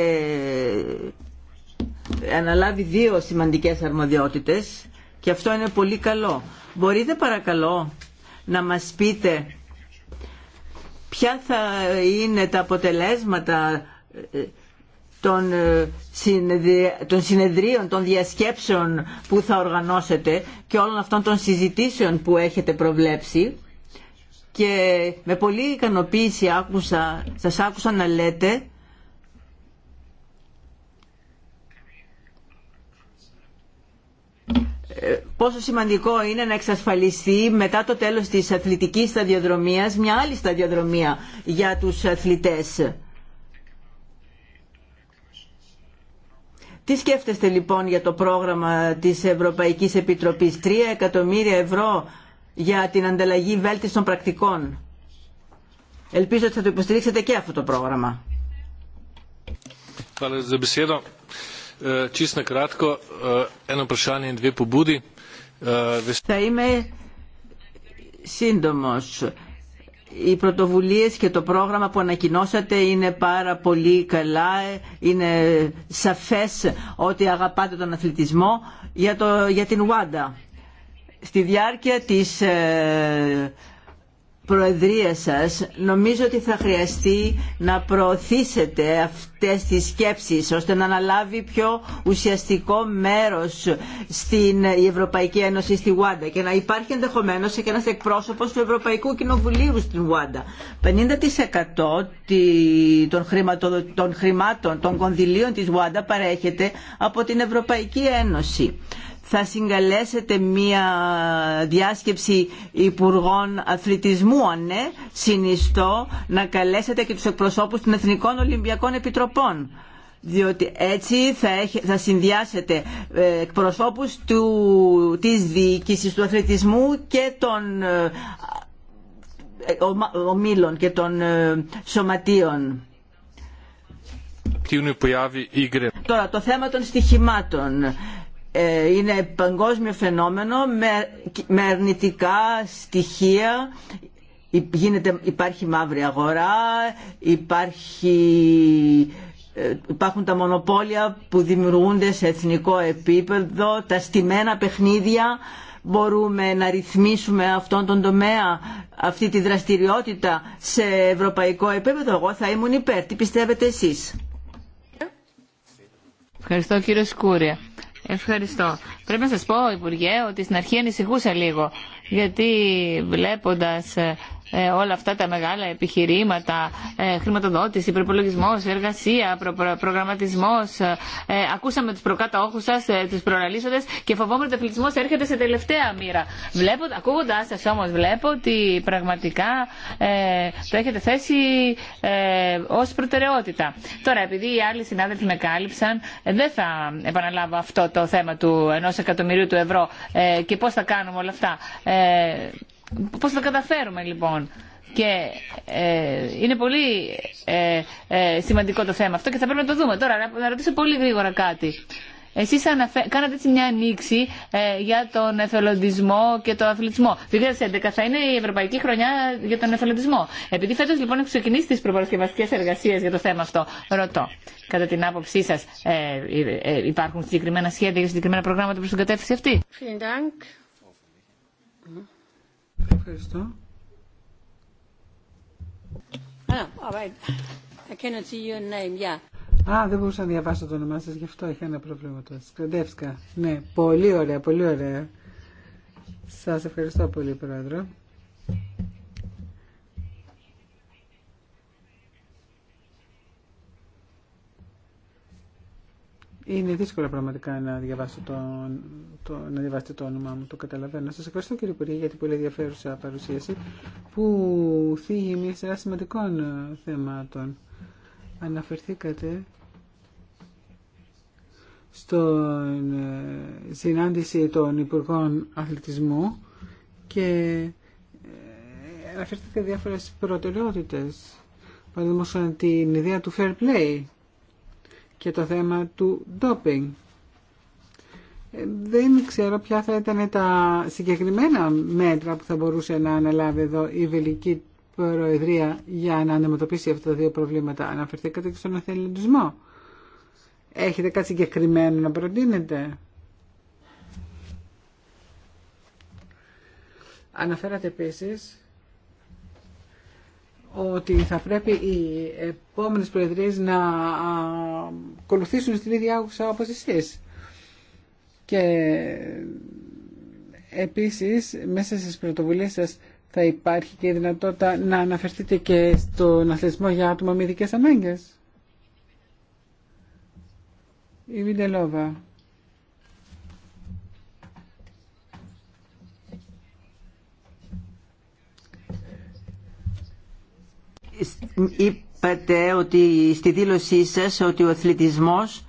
αναλάβει δύο σημαντικές αρμοδιότητες και αυτό είναι πολύ καλό. Μπορείτε παρακαλώ να μας πείτε ποια θα είναι τα αποτελέσματα ε, ε, των, συνεδρίων, των διασκέψεων που θα οργανώσετε και όλων αυτών των συζητήσεων που έχετε προβλέψει και με πολύ ικανοποίηση άκουσα, σας άκουσα να λέτε ε, πόσο σημαντικό είναι να εξασφαλιστεί μετά το τέλος της αθλητικής σταδιοδρομίας μια άλλη σταδιοδρομία για τους αθλητές Τι σκέφτεστε λοιπόν για το πρόγραμμα της Ευρωπαϊκής Επιτροπής, 3 εκατομμύρια ευρώ για την ανταλλαγή βέλτιστων πρακτικών. Ελπίζω ότι θα το υποστηρίξετε και αυτό το πρόγραμμα. Θα είμαι σύντομος οι πρωτοβουλίες και το πρόγραμμα που ανακοινώσατε είναι πάρα πολύ καλά, είναι σαφές ότι αγαπάτε τον αθλητισμό για, το, για την Ουάντα. Στη διάρκεια της ε, Προεδρία σας νομίζω ότι θα χρειαστεί να προωθήσετε αυτές τις σκέψεις ώστε να αναλάβει πιο ουσιαστικό μέρος στην Ευρωπαϊκή Ένωση στη Οάντα. και να υπάρχει ενδεχομένως και ένας εκπρόσωπος του Ευρωπαϊκού Κοινοβουλίου στην Οάντα. 50% των, χρηματο, χρημάτων, των κονδυλίων της Βουάντα παρέχεται από την Ευρωπαϊκή Ένωση θα συγκαλέσετε μία διάσκεψη υπουργών αθλητισμού, αν ναι, συνιστώ να καλέσετε και τους εκπροσώπους των Εθνικών Ολυμπιακών Επιτροπών διότι έτσι θα, έχει, θα συνδυάσετε ε, εκπροσώπους του, της διοίκησης του αθλητισμού και των ε, ομίλων και των ε, σωματείων. Τώρα το θέμα των στοιχημάτων. Ε, είναι παγκόσμιο φαινόμενο με αρνητικά στοιχεία γίνεται, υπάρχει μαύρη αγορά, υπάρχει, ε, υπάρχουν τα μονοπόλια που δημιουργούνται σε εθνικό επίπεδο, τα στημένα παιχνίδια, μπορούμε να ρυθμίσουμε αυτόν τον τομέα, αυτή τη δραστηριότητα σε ευρωπαϊκό επίπεδο. Εγώ θα ήμουν υπέρ. Τι πιστεύετε εσείς. Ευχαριστώ κύριε Ευχαριστώ. Πρέπει να σας πω, Υπουργέ, ότι στην αρχή ανησυχούσα λίγο, γιατί βλέποντας ε, ε, όλα αυτά τα μεγάλα επιχειρήματα, ε, χρηματοδότηση, προπολογισμό, εργασία, προγραμματισμό. Ε, ακούσαμε του προκάτοχου σα, του προραλήσοντε και φοβόμαι ότι ο αθλητισμό έρχεται σε τελευταία μοίρα. Ακούγοντά σα όμω βλέπω ότι πραγματικά το έχετε θέσει ω προτεραιότητα. Τώρα, επειδή οι άλλοι συνάδελφοι με κάλυψαν, δεν θα επαναλάβω αυτό το θέμα του ενό εκατομμυρίου του ευρώ και πώ θα κάνουμε όλα αυτά. Πώς θα καταφέρουμε λοιπόν. Και ε, είναι πολύ ε, ε, σημαντικό το θέμα αυτό και θα πρέπει να το δούμε. Τώρα, να ρωτήσω πολύ γρήγορα κάτι. Εσείς αναφε... κάνατε έτσι μια ανοίξη ε, για τον εθελοντισμό και τον αθλητισμό. 2011 θα είναι η Ευρωπαϊκή Χρονιά για τον εθελοντισμό. Επειδή φέτος λοιπόν έχουν ξεκινήσει τις προπαρασκευαστικές εργασίες για το θέμα αυτό, ρωτώ, κατά την άποψή σας ε, υπάρχουν συγκεκριμένα σχέδια για συγκεκριμένα προγράμματα προς την κατεύθυνση αυτή. Ευχαριστώ. Ah, right. I cannot see your name. Yeah. Α, δεν μπορούσα να διαβάσω το όνομά σας, γι' αυτό είχα ένα πρόβλημα. Σκροντεύσκα. Ναι, πολύ ωραία, πολύ ωραία. Σας ευχαριστώ πολύ, Πρόεδρο. Είναι δύσκολο πραγματικά να διαβάσετε το, να διαβάσετε το όνομά μου, το καταλαβαίνω. Σας ευχαριστώ κύριε Υπουργέ για την πολύ ενδιαφέρουσα παρουσίαση που θίγει μια σειρά σημαντικών ε, θεμάτων. Αναφερθήκατε στην ε, συνάντηση των Υπουργών Αθλητισμού και ε, αναφερθήκατε διάφορες προτεραιότητες. Παραδείγματος την ιδέα του fair play και το θέμα του ντόπινγκ. Ε, δεν ξέρω ποια θα ήταν τα συγκεκριμένα μέτρα που θα μπορούσε να αναλάβει εδώ η Βελική Προεδρία για να αντιμετωπίσει αυτά τα δύο προβλήματα. Αναφερθήκατε και στον εθελοντισμό. Έχετε κάτι συγκεκριμένο να προτείνετε. Αναφέρατε επίσης ότι θα πρέπει οι επόμενες προεδρίες να ακολουθήσουν στην ίδια άγουσα όπως εσείς. Και επίσης μέσα στις πρωτοβουλίες σας θα υπάρχει και η δυνατότητα να αναφερθείτε και στον αθλητισμό για άτομα με ειδικές ανάγκες. Η είπατε ότι στη δήλωσή σας ότι ο αθλητισμός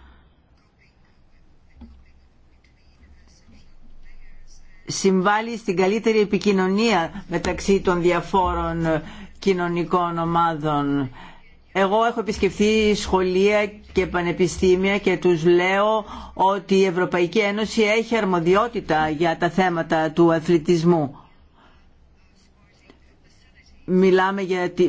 συμβάλλει στην καλύτερη επικοινωνία μεταξύ των διαφόρων κοινωνικών ομάδων. Εγώ έχω επισκεφθεί σχολεία και πανεπιστήμια και τους λέω ότι η Ευρωπαϊκή Ένωση έχει αρμοδιότητα για τα θέματα του αθλητισμού μιλάμε για τη,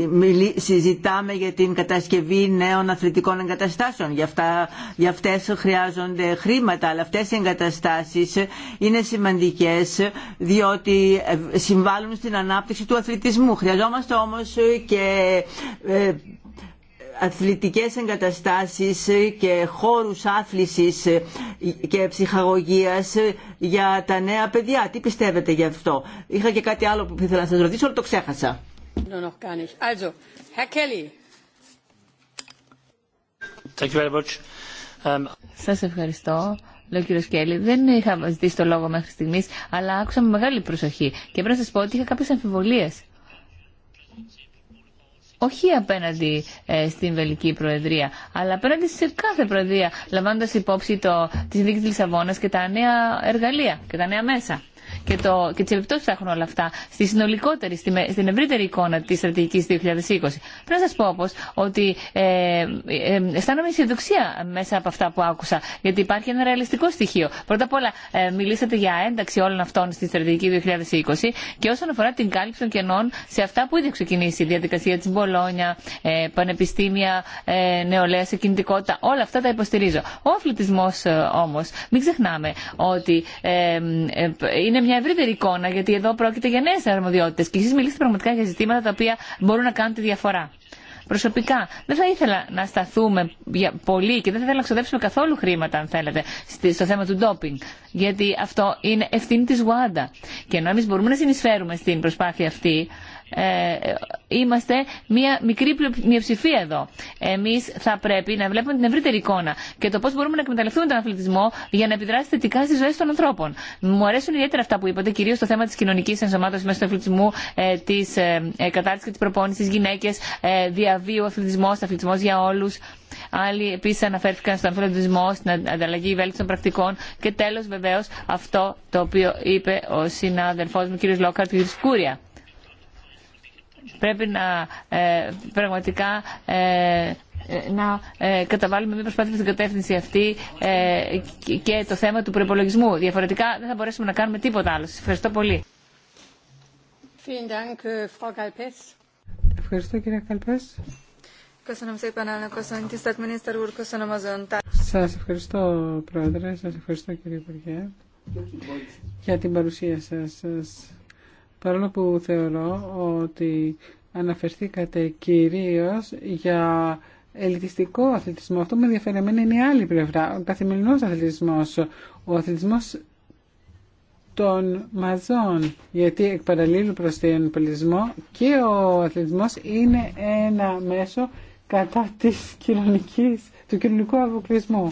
συζητάμε για την κατασκευή νέων αθλητικών εγκαταστάσεων. Για, αυτά, για αυτές χρειάζονται χρήματα, αλλά αυτές οι εγκαταστάσεις είναι σημαντικές διότι ε, συμβάλλουν στην ανάπτυξη του αθλητισμού. Χρειαζόμαστε όμως και ε, αθλητικές εγκαταστάσεις και χώρους άθλησης και ψυχαγωγίας για τα νέα παιδιά. Τι πιστεύετε γι' αυτό. Είχα και κάτι άλλο που ήθελα να σας ρωτήσω, αλλά το ξέχασα. Σας ευχαριστώ. Λέω κύριο Σκέλη, δεν είχα ζητήσει το λόγο μέχρι στιγμή, αλλά άκουσα με μεγάλη προσοχή και πρέπει να σα πω ότι είχα κάποιε αμφιβολίε. Όχι απέναντι ε, στην Βελική Προεδρία, αλλά απέναντι σε κάθε Προεδρία, λαμβάνοντα υπόψη το, τη Δίκη τη Λισαβόνα και τα νέα εργαλεία και τα νέα μέσα και, το, και τις που θα έχουν όλα αυτά στη συνολικότερη, στην ευρύτερη εικόνα της στρατηγική 2020. Πρέπει να σας πω όπως ότι ε, ε, ε, αισθάνομαι αισιοδοξία μέσα από αυτά που άκουσα, γιατί υπάρχει ένα ρεαλιστικό στοιχείο. Πρώτα απ' όλα ε, μιλήσατε για ένταξη όλων αυτών στη στρατηγική 2020 και όσον αφορά την κάλυψη των κενών σε αυτά που ήδη ξεκινήσει, η διαδικασία της Μπολόνια, ε, πανεπιστήμια, ε, νεολαία σε κινητικότητα, όλα αυτά τα υποστηρίζω. Ο ε, όμως, μην ξεχνάμε ότι ε, ε είναι μια ευρύτερη εικόνα, γιατί εδώ πρόκειται για νέε αρμοδιότητε. Και εσεί μιλήσετε πραγματικά για ζητήματα τα οποία μπορούν να κάνουν τη διαφορά. Προσωπικά, δεν θα ήθελα να σταθούμε πολύ και δεν θα ήθελα να ξοδέψουμε καθόλου χρήματα, αν θέλετε, στο θέμα του ντόπινγκ. Γιατί αυτό είναι ευθύνη τη ΓΟΑΝΤΑ. Και ενώ εμεί μπορούμε να συνεισφέρουμε στην προσπάθεια αυτή, ε, είμαστε μια μικρή μειοψηφία εδώ. Εμεί θα πρέπει να βλέπουμε την ευρύτερη εικόνα και το πώ μπορούμε να εκμεταλλευτούμε τον αθλητισμό για να επιδράσει θετικά στι ζωέ των ανθρώπων. Μου αρέσουν ιδιαίτερα αυτά που είπατε, κυρίω το θέμα τη κοινωνική ενσωμάτωση μέσα του αθλητισμού, ε, τη ε, ε, κατάρτιση και τη προπόνηση, γυναίκε, ε, διαβίου, αθλητισμό, αθλητισμό για όλου. Άλλοι επίση αναφέρθηκαν στον αθλητισμό, στην ανταλλαγή βέλτιστων πρακτικών. Και τέλο, βεβαίω, αυτό το οποίο είπε ο συνάδελφό μου, κ. Λόκαρτ, κ. Σκούρια Πρέπει να ε, πραγματικά ε, ε, να ε, καταβάλουμε μια προσπάθεια στην κατεύθυνση αυτή ε, και το θέμα του προπολογισμού. Διαφορετικά δεν θα μπορέσουμε να κάνουμε τίποτα άλλο. Σας ευχαριστώ πολύ. Ε, ευχαριστώ κύριε Καλπές. Σας ευχαριστώ πρόεδρε, σας ευχαριστώ κύριε Υπουργέ για την παρουσία σας παρόλο που θεωρώ ότι αναφερθήκατε κυρίως για ελιτιστικό αθλητισμό. Αυτό με ενδιαφέρει εμένα είναι η άλλη πλευρά, ο καθημερινός αθλητισμός, ο αθλητισμός των μαζών, γιατί εκ παραλλήλου προς τον πολιτισμό και ο αθλητισμός είναι ένα μέσο κατά της κοινωνικής, του κοινωνικού αποκλεισμού.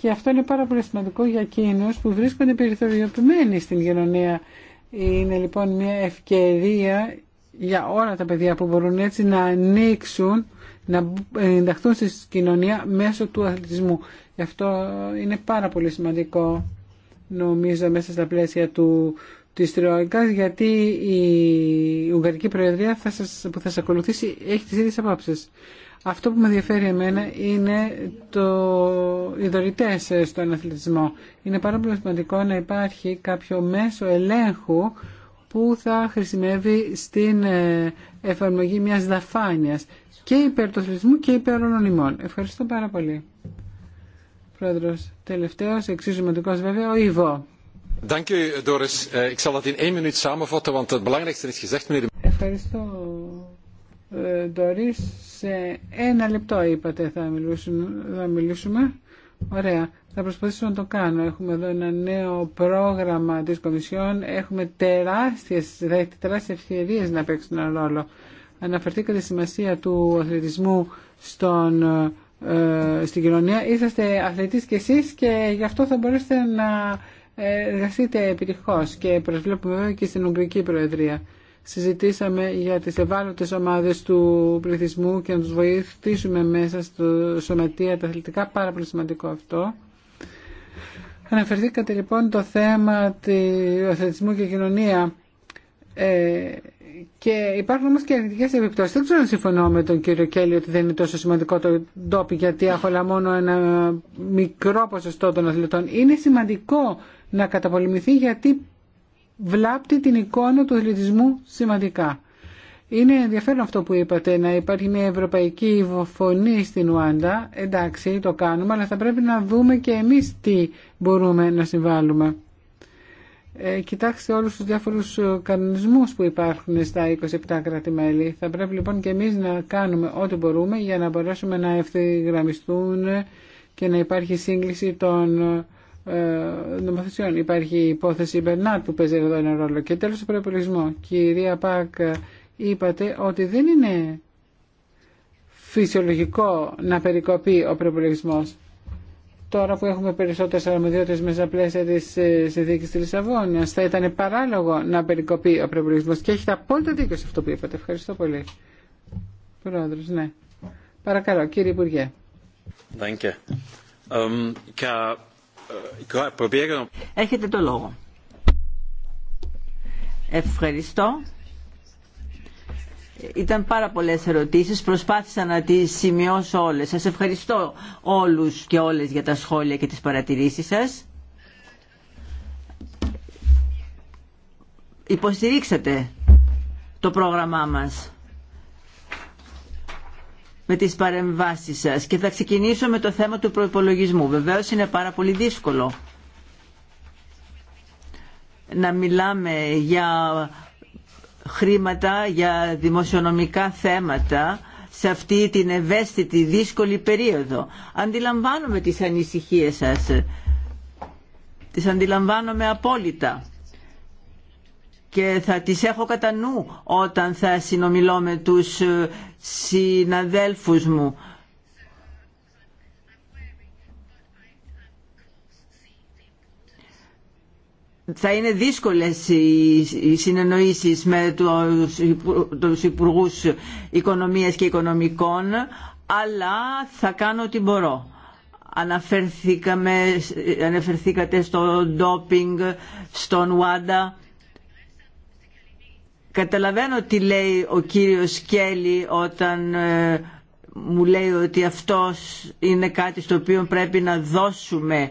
Και αυτό είναι πάρα πολύ σημαντικό για εκείνους που βρίσκονται περιθωριοποιημένοι στην κοινωνία είναι λοιπόν μια ευκαιρία για όλα τα παιδιά που μπορούν έτσι να ανοίξουν, να ενταχθούν στη κοινωνία μέσω του αθλητισμού. Γι' αυτό είναι πάρα πολύ σημαντικό νομίζω μέσα στα πλαίσια του, της γιατί η Ουγγαρική Προεδρία θα που θα σας ακολουθήσει έχει τις ίδιες απόψεις. Αυτό που με ενδιαφέρει εμένα είναι το... οι δωρητέ ε, στον αθλητισμό. Είναι πάρα πολύ σημαντικό να υπάρχει κάποιο μέσο ελέγχου που θα χρησιμεύει στην ε, εφαρμογή μιας δαφάνειας και υπέρ του αθλητισμού και υπέρ ονομιμών. Ευχαριστώ πάρα πολύ. Πρόεδρος, τελευταίος, εξίσου σημαντικός βέβαια, ο Ιβό. Eh, Ευχαριστώ, ε, Doris. Σε ένα λεπτό είπατε θα, θα μιλήσουμε. Ωραία. Θα προσπαθήσω να το κάνω. Έχουμε εδώ ένα νέο πρόγραμμα της Κομισιόν. Έχουμε τεράστιες, θα τεράστιες ευκαιρίες να παίξουν ένα ρόλο. Αναφερθήκατε σημασία του αθλητισμού στον, ε, στην κοινωνία. Είσαστε αθλητής κι εσείς και γι' αυτό θα μπορέσετε να ε, εργαστείτε επιτυχώς και προσβλέπουμε βέβαια και στην Ουγγρική Προεδρία συζητήσαμε για τις ευάλωτες ομάδες του πληθυσμού και να τους βοηθήσουμε μέσα στο σωματεία τα αθλητικά, πάρα πολύ σημαντικό αυτό. Αναφερθήκατε λοιπόν το θέμα του αθλητισμού και κοινωνία ε, και υπάρχουν όμως και αρνητικές επιπτώσεις. Δεν ξέρω αν συμφωνώ με τον κύριο Κέλλη ότι δεν είναι τόσο σημαντικό το ντόπι γιατί αφορά μόνο ένα μικρό ποσοστό των αθλητών. Είναι σημαντικό να καταπολεμηθεί γιατί βλάπτει την εικόνα του αθλητισμού σημαντικά. Είναι ενδιαφέρον αυτό που είπατε, να υπάρχει μια ευρωπαϊκή φωνή στην Ουάντα. Εντάξει, το κάνουμε, αλλά θα πρέπει να δούμε και εμείς τι μπορούμε να συμβάλλουμε. Ε, κοιτάξτε όλους τους διάφορους ε, κανονισμούς που υπάρχουν στα 27 κράτη-μέλη. Θα πρέπει λοιπόν και εμείς να κάνουμε ό,τι μπορούμε για να μπορέσουμε να ευθυγραμμιστούν και να υπάρχει σύγκληση των ε, νομοθεσιών. Υπάρχει η υπόθεση Μπερνάρ που παίζει εδώ ένα ρόλο. Και τέλος ο προπολογισμό. Κυρία Πακ, είπατε ότι δεν είναι φυσιολογικό να περικοπεί ο προπολογισμό. Τώρα που έχουμε περισσότερε αρμοδιότητε μέσα στα πλαίσια τη ε, συνθήκη τη Λισαβόνα, θα ήταν παράλογο να περικοπεί ο προπολογισμό. Και έχετε απόλυτο δίκιο σε αυτό που είπατε. Ευχαριστώ πολύ. Πρόεδρο, ναι. Παρακαλώ, κύριε Υπουργέ. Um, Έχετε το λόγο. Ευχαριστώ. Ήταν πάρα πολλές ερωτήσεις, προσπάθησα να τις σημειώσω όλες. Σας ευχαριστώ όλους και όλες για τα σχόλια και τις παρατηρήσεις σας. Υποστηρίξατε το πρόγραμμά μας με τις παρεμβάσεις σας και θα ξεκινήσω με το θέμα του προϋπολογισμού. Βεβαίως είναι πάρα πολύ δύσκολο να μιλάμε για χρήματα, για δημοσιονομικά θέματα σε αυτή την ευαίσθητη δύσκολη περίοδο. Αντιλαμβάνομαι τις ανησυχίες σας. Τις αντιλαμβάνομαι απόλυτα και θα τις έχω κατά νου όταν θα συνομιλώ με τους ε, συναδέλφους μου. θα είναι δύσκολες οι συνεννοήσεις με τους Υπουργούς Οικονομίας και Οικονομικών, αλλά θα κάνω ό,τι μπορώ. αναφερθήκατε στο ντόπινγκ, στον Ουάντα. Καταλαβαίνω τι λέει ο κύριος Κέλλη όταν ε, μου λέει ότι αυτός είναι κάτι στο οποίο πρέπει να δώσουμε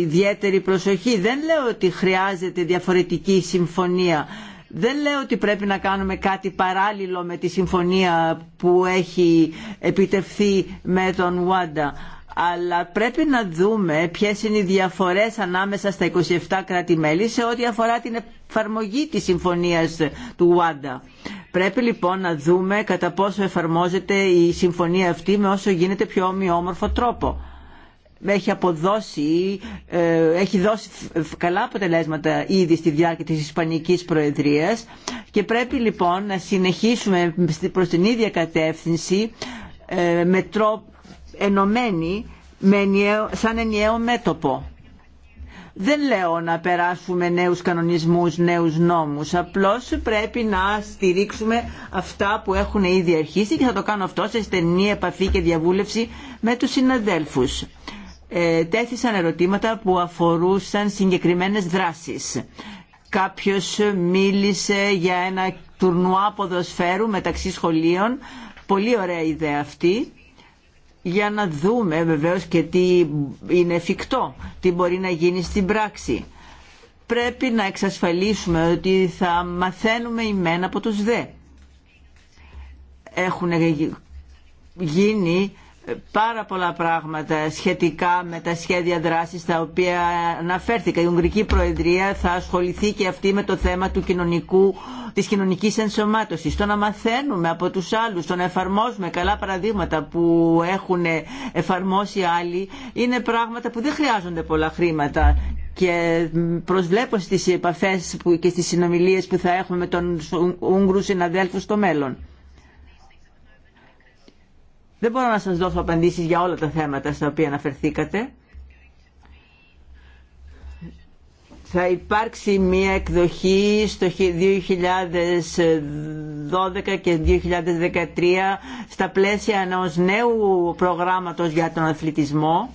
ιδιαίτερη προσοχή. Δεν λέω ότι χρειάζεται διαφορετική συμφωνία. Δεν λέω ότι πρέπει να κάνουμε κάτι παράλληλο με τη συμφωνία που έχει επιτευχθεί με τον Ουάντα αλλά πρέπει να δούμε ποιες είναι οι διαφορές ανάμεσα στα 27 κράτη-μέλη σε ό,τι αφορά την εφαρμογή της συμφωνίας του Οάντα. Πρέπει λοιπόν να δούμε κατά πόσο εφαρμόζεται η συμφωνία αυτή με όσο γίνεται πιο ομοιόμορφο τρόπο. Έχει αποδώσει, ε, έχει δώσει καλά αποτελέσματα ήδη στη διάρκεια της Ισπανικής Προεδρίας και πρέπει λοιπόν να συνεχίσουμε προς την ίδια κατεύθυνση ε, με τρόπο ενωμένοι με σαν ενιαίο μέτωπο. Δεν λέω να περάσουμε νέους κανονισμούς, νέους νόμους. Απλώς πρέπει να στηρίξουμε αυτά που έχουν ήδη αρχίσει και θα το κάνω αυτό σε στενή επαφή και διαβούλευση με τους συναδέλφους. Ε, τέθησαν ερωτήματα που αφορούσαν συγκεκριμένες δράσεις. Κάποιος μίλησε για ένα τουρνουά ποδοσφαίρου μεταξύ σχολείων. Πολύ ωραία ιδέα αυτή για να δούμε βεβαίως και τι είναι εφικτό, τι μπορεί να γίνει στην πράξη. Πρέπει να εξασφαλίσουμε ότι θα μαθαίνουμε ημένα από τους δε. Έχουν γίνει πάρα πολλά πράγματα σχετικά με τα σχέδια δράσης τα οποία αναφέρθηκα. Η Ουγγρική Προεδρία θα ασχοληθεί και αυτή με το θέμα του κοινωνικού, της κοινωνικής ενσωμάτωσης. Το να μαθαίνουμε από τους άλλους, το να εφαρμόζουμε καλά παραδείγματα που έχουν εφαρμόσει άλλοι είναι πράγματα που δεν χρειάζονται πολλά χρήματα και προσβλέπω στις επαφές και στις συνομιλίες που θα έχουμε με τον Ούγγρους συναδέλφους στο μέλλον. Δεν μπορώ να σας δώσω απαντήσεις για όλα τα θέματα στα οποία αναφερθήκατε. Θα υπάρξει μία εκδοχή στο 2012 και 2013 στα πλαίσια ενός νέου προγράμματος για τον αθλητισμό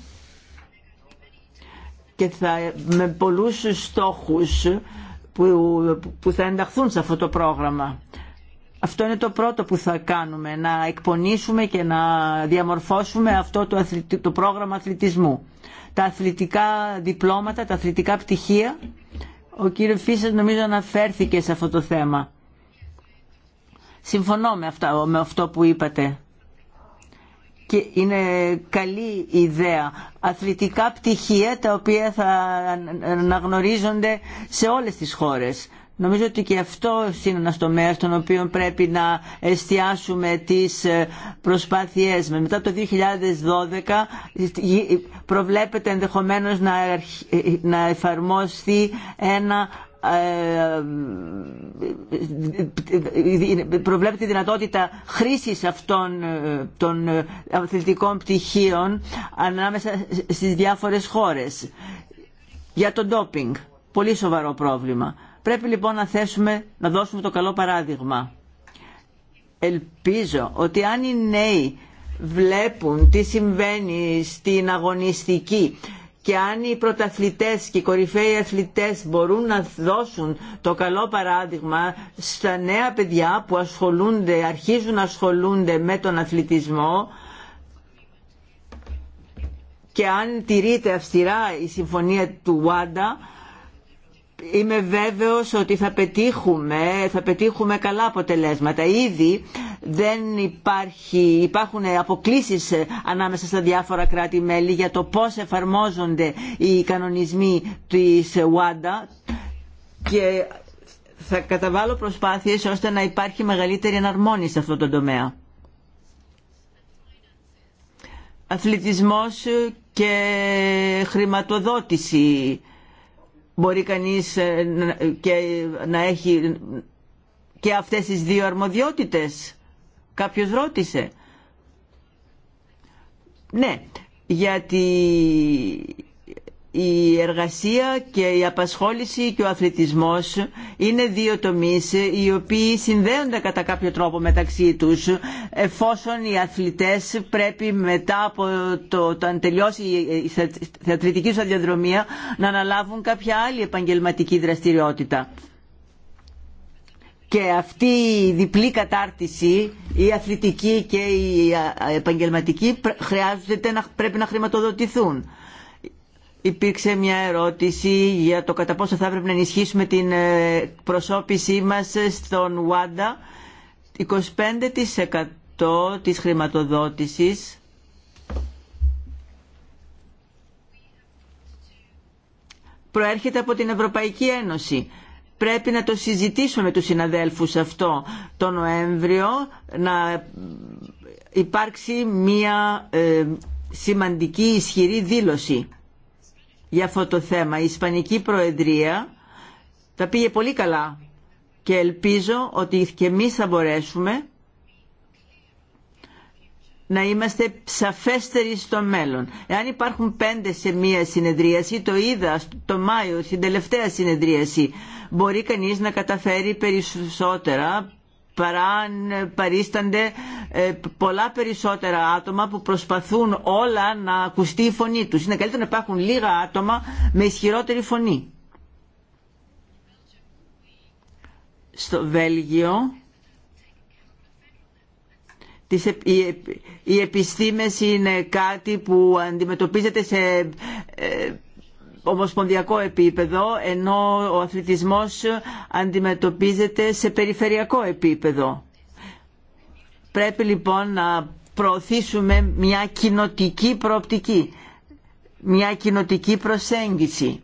και θα, με πολλούς στόχους που, που θα ενταχθούν σε αυτό το πρόγραμμα. Αυτό είναι το πρώτο που θα κάνουμε, να εκπονήσουμε και να διαμορφώσουμε αυτό το, το πρόγραμμα αθλητισμού. Τα αθλητικά διπλώματα, τα αθλητικά πτυχία, ο κύριο Φίσας νομίζω αναφέρθηκε σε αυτό το θέμα. Συμφωνώ με, αυτά, αυτό που είπατε. Και είναι καλή ιδέα. Αθλητικά πτυχία τα οποία θα αναγνωρίζονται σε όλες τις χώρες. Νομίζω ότι και αυτό είναι ένα τομέα στον οποίο πρέπει να εστιάσουμε τις ε, προσπάθειές μας. Μετά το 2012 ε, ε, προβλέπεται ενδεχομένως να εφαρμόσει ένα προβλέπει δυνατότητα χρήσης αυτών των αθλητικών πτυχίων ανάμεσα στις διάφορες χώρες για το ντόπινγκ πολύ σοβαρό πρόβλημα Πρέπει λοιπόν να θέσουμε, να δώσουμε το καλό παράδειγμα. Ελπίζω ότι αν οι νέοι βλέπουν τι συμβαίνει στην αγωνιστική και αν οι πρωταθλητές και οι κορυφαίοι αθλητές μπορούν να δώσουν το καλό παράδειγμα στα νέα παιδιά που ασχολούνται, αρχίζουν να ασχολούνται με τον αθλητισμό και αν τηρείται αυστηρά η συμφωνία του Βάντα είμαι βέβαιος ότι θα πετύχουμε, θα πετύχουμε καλά αποτελέσματα. Ήδη δεν υπάρχει, υπάρχουν αποκλήσεις ανάμεσα στα διάφορα κράτη-μέλη για το πώς εφαρμόζονται οι κανονισμοί της ΟΑΝΤΑ και θα καταβάλω προσπάθειες ώστε να υπάρχει μεγαλύτερη εναρμόνιση σε αυτό το τομέα. Αθλητισμός και χρηματοδότηση μπορεί κανείς ε, και να έχει και αυτές τις δύο αρμοδιότητες. Κάποιος ρώτησε. Ναι, γιατί η εργασία και η απασχόληση και ο αθλητισμός είναι δύο τομείς οι οποίοι συνδέονται κατά κάποιο τρόπο μεταξύ τους εφόσον οι αθλητές πρέπει μετά από το, το αν τελειώσει η θεατρική σου διαδρομία να αναλάβουν κάποια άλλη επαγγελματική δραστηριότητα. Και αυτή η διπλή κατάρτιση, η αθλητική και η επαγγελματική, χρειάζεται να, πρέπει να χρηματοδοτηθούν υπήρξε μια ερώτηση για το κατά πόσο θα έπρεπε να ενισχύσουμε την ε, προσώπησή μας στον ΟΑΝΤΑ. 25% της χρηματοδότησης προέρχεται από την Ευρωπαϊκή Ένωση. Πρέπει να το συζητήσουμε με τους συναδέλφους αυτό το Νοέμβριο, να υπάρξει μια ε, σημαντική ισχυρή δήλωση για αυτό το θέμα. Η Ισπανική Προεδρία τα πήγε πολύ καλά και ελπίζω ότι και εμείς θα μπορέσουμε να είμαστε σαφέστεροι στο μέλλον. Εάν υπάρχουν πέντε σε μία συνεδρίαση, το είδα το Μάιο στην τελευταία συνεδρίαση, μπορεί κανείς να καταφέρει περισσότερα αν παρίστανται ε, πολλά περισσότερα άτομα που προσπαθούν όλα να ακουστεί η φωνή τους. Είναι καλύτερο να υπάρχουν λίγα άτομα με ισχυρότερη φωνή. Στο Βέλγιο οι επιστήμες είναι κάτι που αντιμετωπίζεται σε ε, ομοσπονδιακό επίπεδο, ενώ ο αθλητισμός αντιμετωπίζεται σε περιφερειακό επίπεδο. Πρέπει λοιπόν να προωθήσουμε μια κοινοτική προοπτική, μια κοινοτική προσέγγιση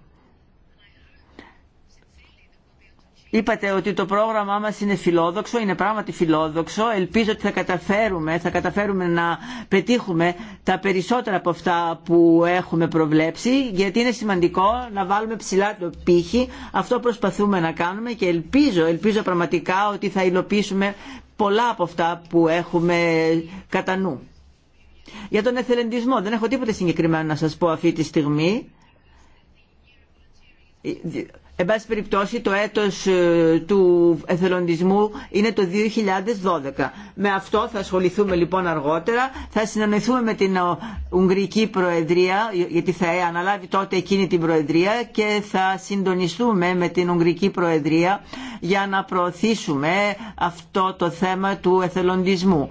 Είπατε ότι το πρόγραμμά μας είναι φιλόδοξο, είναι πράγματι φιλόδοξο. Ελπίζω ότι θα καταφέρουμε, θα καταφέρουμε να πετύχουμε τα περισσότερα από αυτά που έχουμε προβλέψει, γιατί είναι σημαντικό να βάλουμε ψηλά το πύχη. Αυτό προσπαθούμε να κάνουμε και ελπίζω, ελπίζω πραγματικά ότι θα υλοποιήσουμε πολλά από αυτά που έχουμε κατά νου. Για τον εθελεντισμό δεν έχω τίποτε συγκεκριμένο να σας πω αυτή τη στιγμή Εν πάση περιπτώσει το έτος ε, του εθελοντισμού είναι το 2012. Με αυτό θα ασχοληθούμε λοιπόν αργότερα. Θα συναντηθούμε με την ε, Ουγγρική Προεδρία γιατί θα ε, αναλάβει τότε εκείνη την Προεδρία και θα συντονιστούμε με την Ουγγρική Προεδρία για να προωθήσουμε αυτό το θέμα του εθελοντισμού.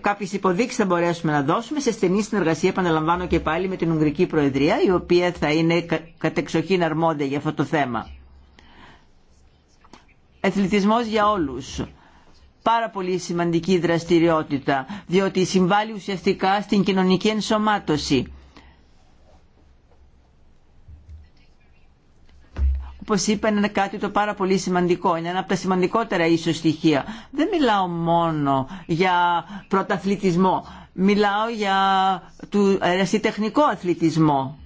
Κάποιε υποδείξει θα μπορέσουμε να δώσουμε σε στενή συνεργασία, επαναλαμβάνω και πάλι, με την Ουγγρική Προεδρία, η οποία θα είναι κατεξοχήν αρμόδια για αυτό το θέμα. Εθλητισμός για όλους. Πάρα πολύ σημαντική δραστηριότητα, διότι συμβάλλει ουσιαστικά στην κοινωνική ενσωμάτωση όπω είπα είναι κάτι το πάρα πολύ σημαντικό, είναι ένα από τα σημαντικότερα ίσω στοιχεία. Δεν μιλάω μόνο για πρωταθλητισμό, μιλάω για το ερασιτεχνικό αθλητισμό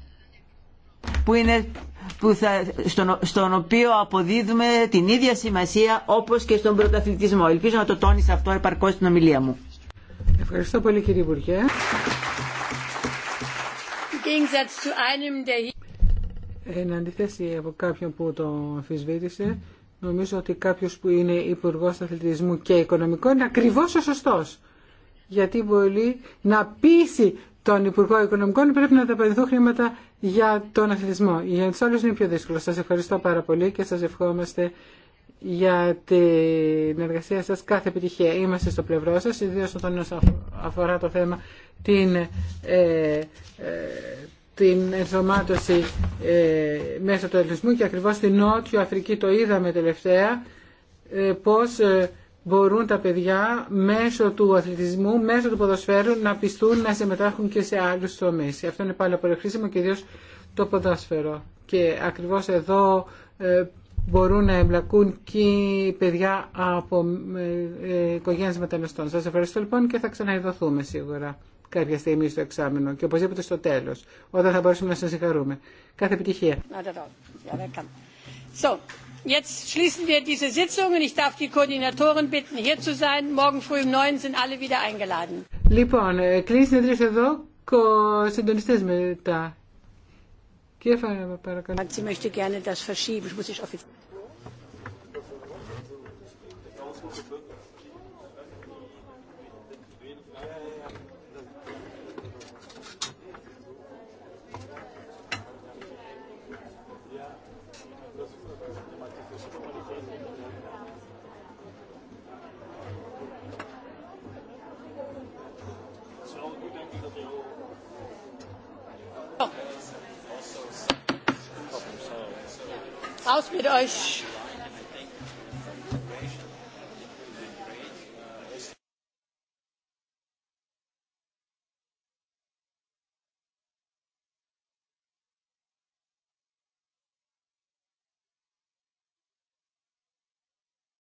που είναι που στον, στον οποίο αποδίδουμε την ίδια σημασία όπως και στον πρωταθλητισμό. Ελπίζω να το τόνισε αυτό επαρκώς στην ομιλία μου. Ευχαριστώ πολύ κύριε Υπουργέ. Εν αντιθέσει από κάποιον που το αμφισβήτησε, νομίζω ότι κάποιο που είναι υπουργό αθλητισμού και οικονομικό είναι ακριβώ ο σωστό. Γιατί μπορεί να πείσει τον Υπουργό Οικονομικών πρέπει να ταπανηθούν χρήματα για τον αθλητισμό. Για του άλλου είναι πιο δύσκολο. Σα ευχαριστώ πάρα πολύ και σα ευχόμαστε για την εργασία σας κάθε επιτυχία. Είμαστε στο πλευρό σας, ιδίως όταν αφορά το θέμα την, ε, ε, την ενσωμάτωση ε, μέσω του ελθισμού και ακριβώς στην Νότιο Αφρική το είδαμε τελευταία ε, πώς ε, μπορούν τα παιδιά μέσω του αθλητισμού, μέσω του ποδοσφαίρου να πιστούν να συμμετάχουν και σε άλλους τομείς. Αυτό είναι πάλι πολύ χρήσιμο και ιδίως το ποδόσφαιρο. Και ακριβώς εδώ ε, μπορούν να εμπλακούν και παιδιά από ε, ε, οικογένειες μεταναστών. Σας ευχαριστώ λοιπόν και θα ξαναειδωθούμε σίγουρα κάποια στιγμή στο εξάμεινο και οπωσδήποτε στο τέλος, όταν θα μπορέσουμε να σας συγχαρούμε. Κάθε επιτυχία. So, jetzt schließen wir diese Sitzung und ich darf die Koordinatoren bitten, hier zu sein. Morgen früh um 9 sind alle wieder eingeladen. Λοιπόν, κλείσει την τρεις εδώ, συντονιστές μετά. Κύριε Φάρα, παρακαλώ. Sie möchte gerne das verschieben, muss ich offiziell. could I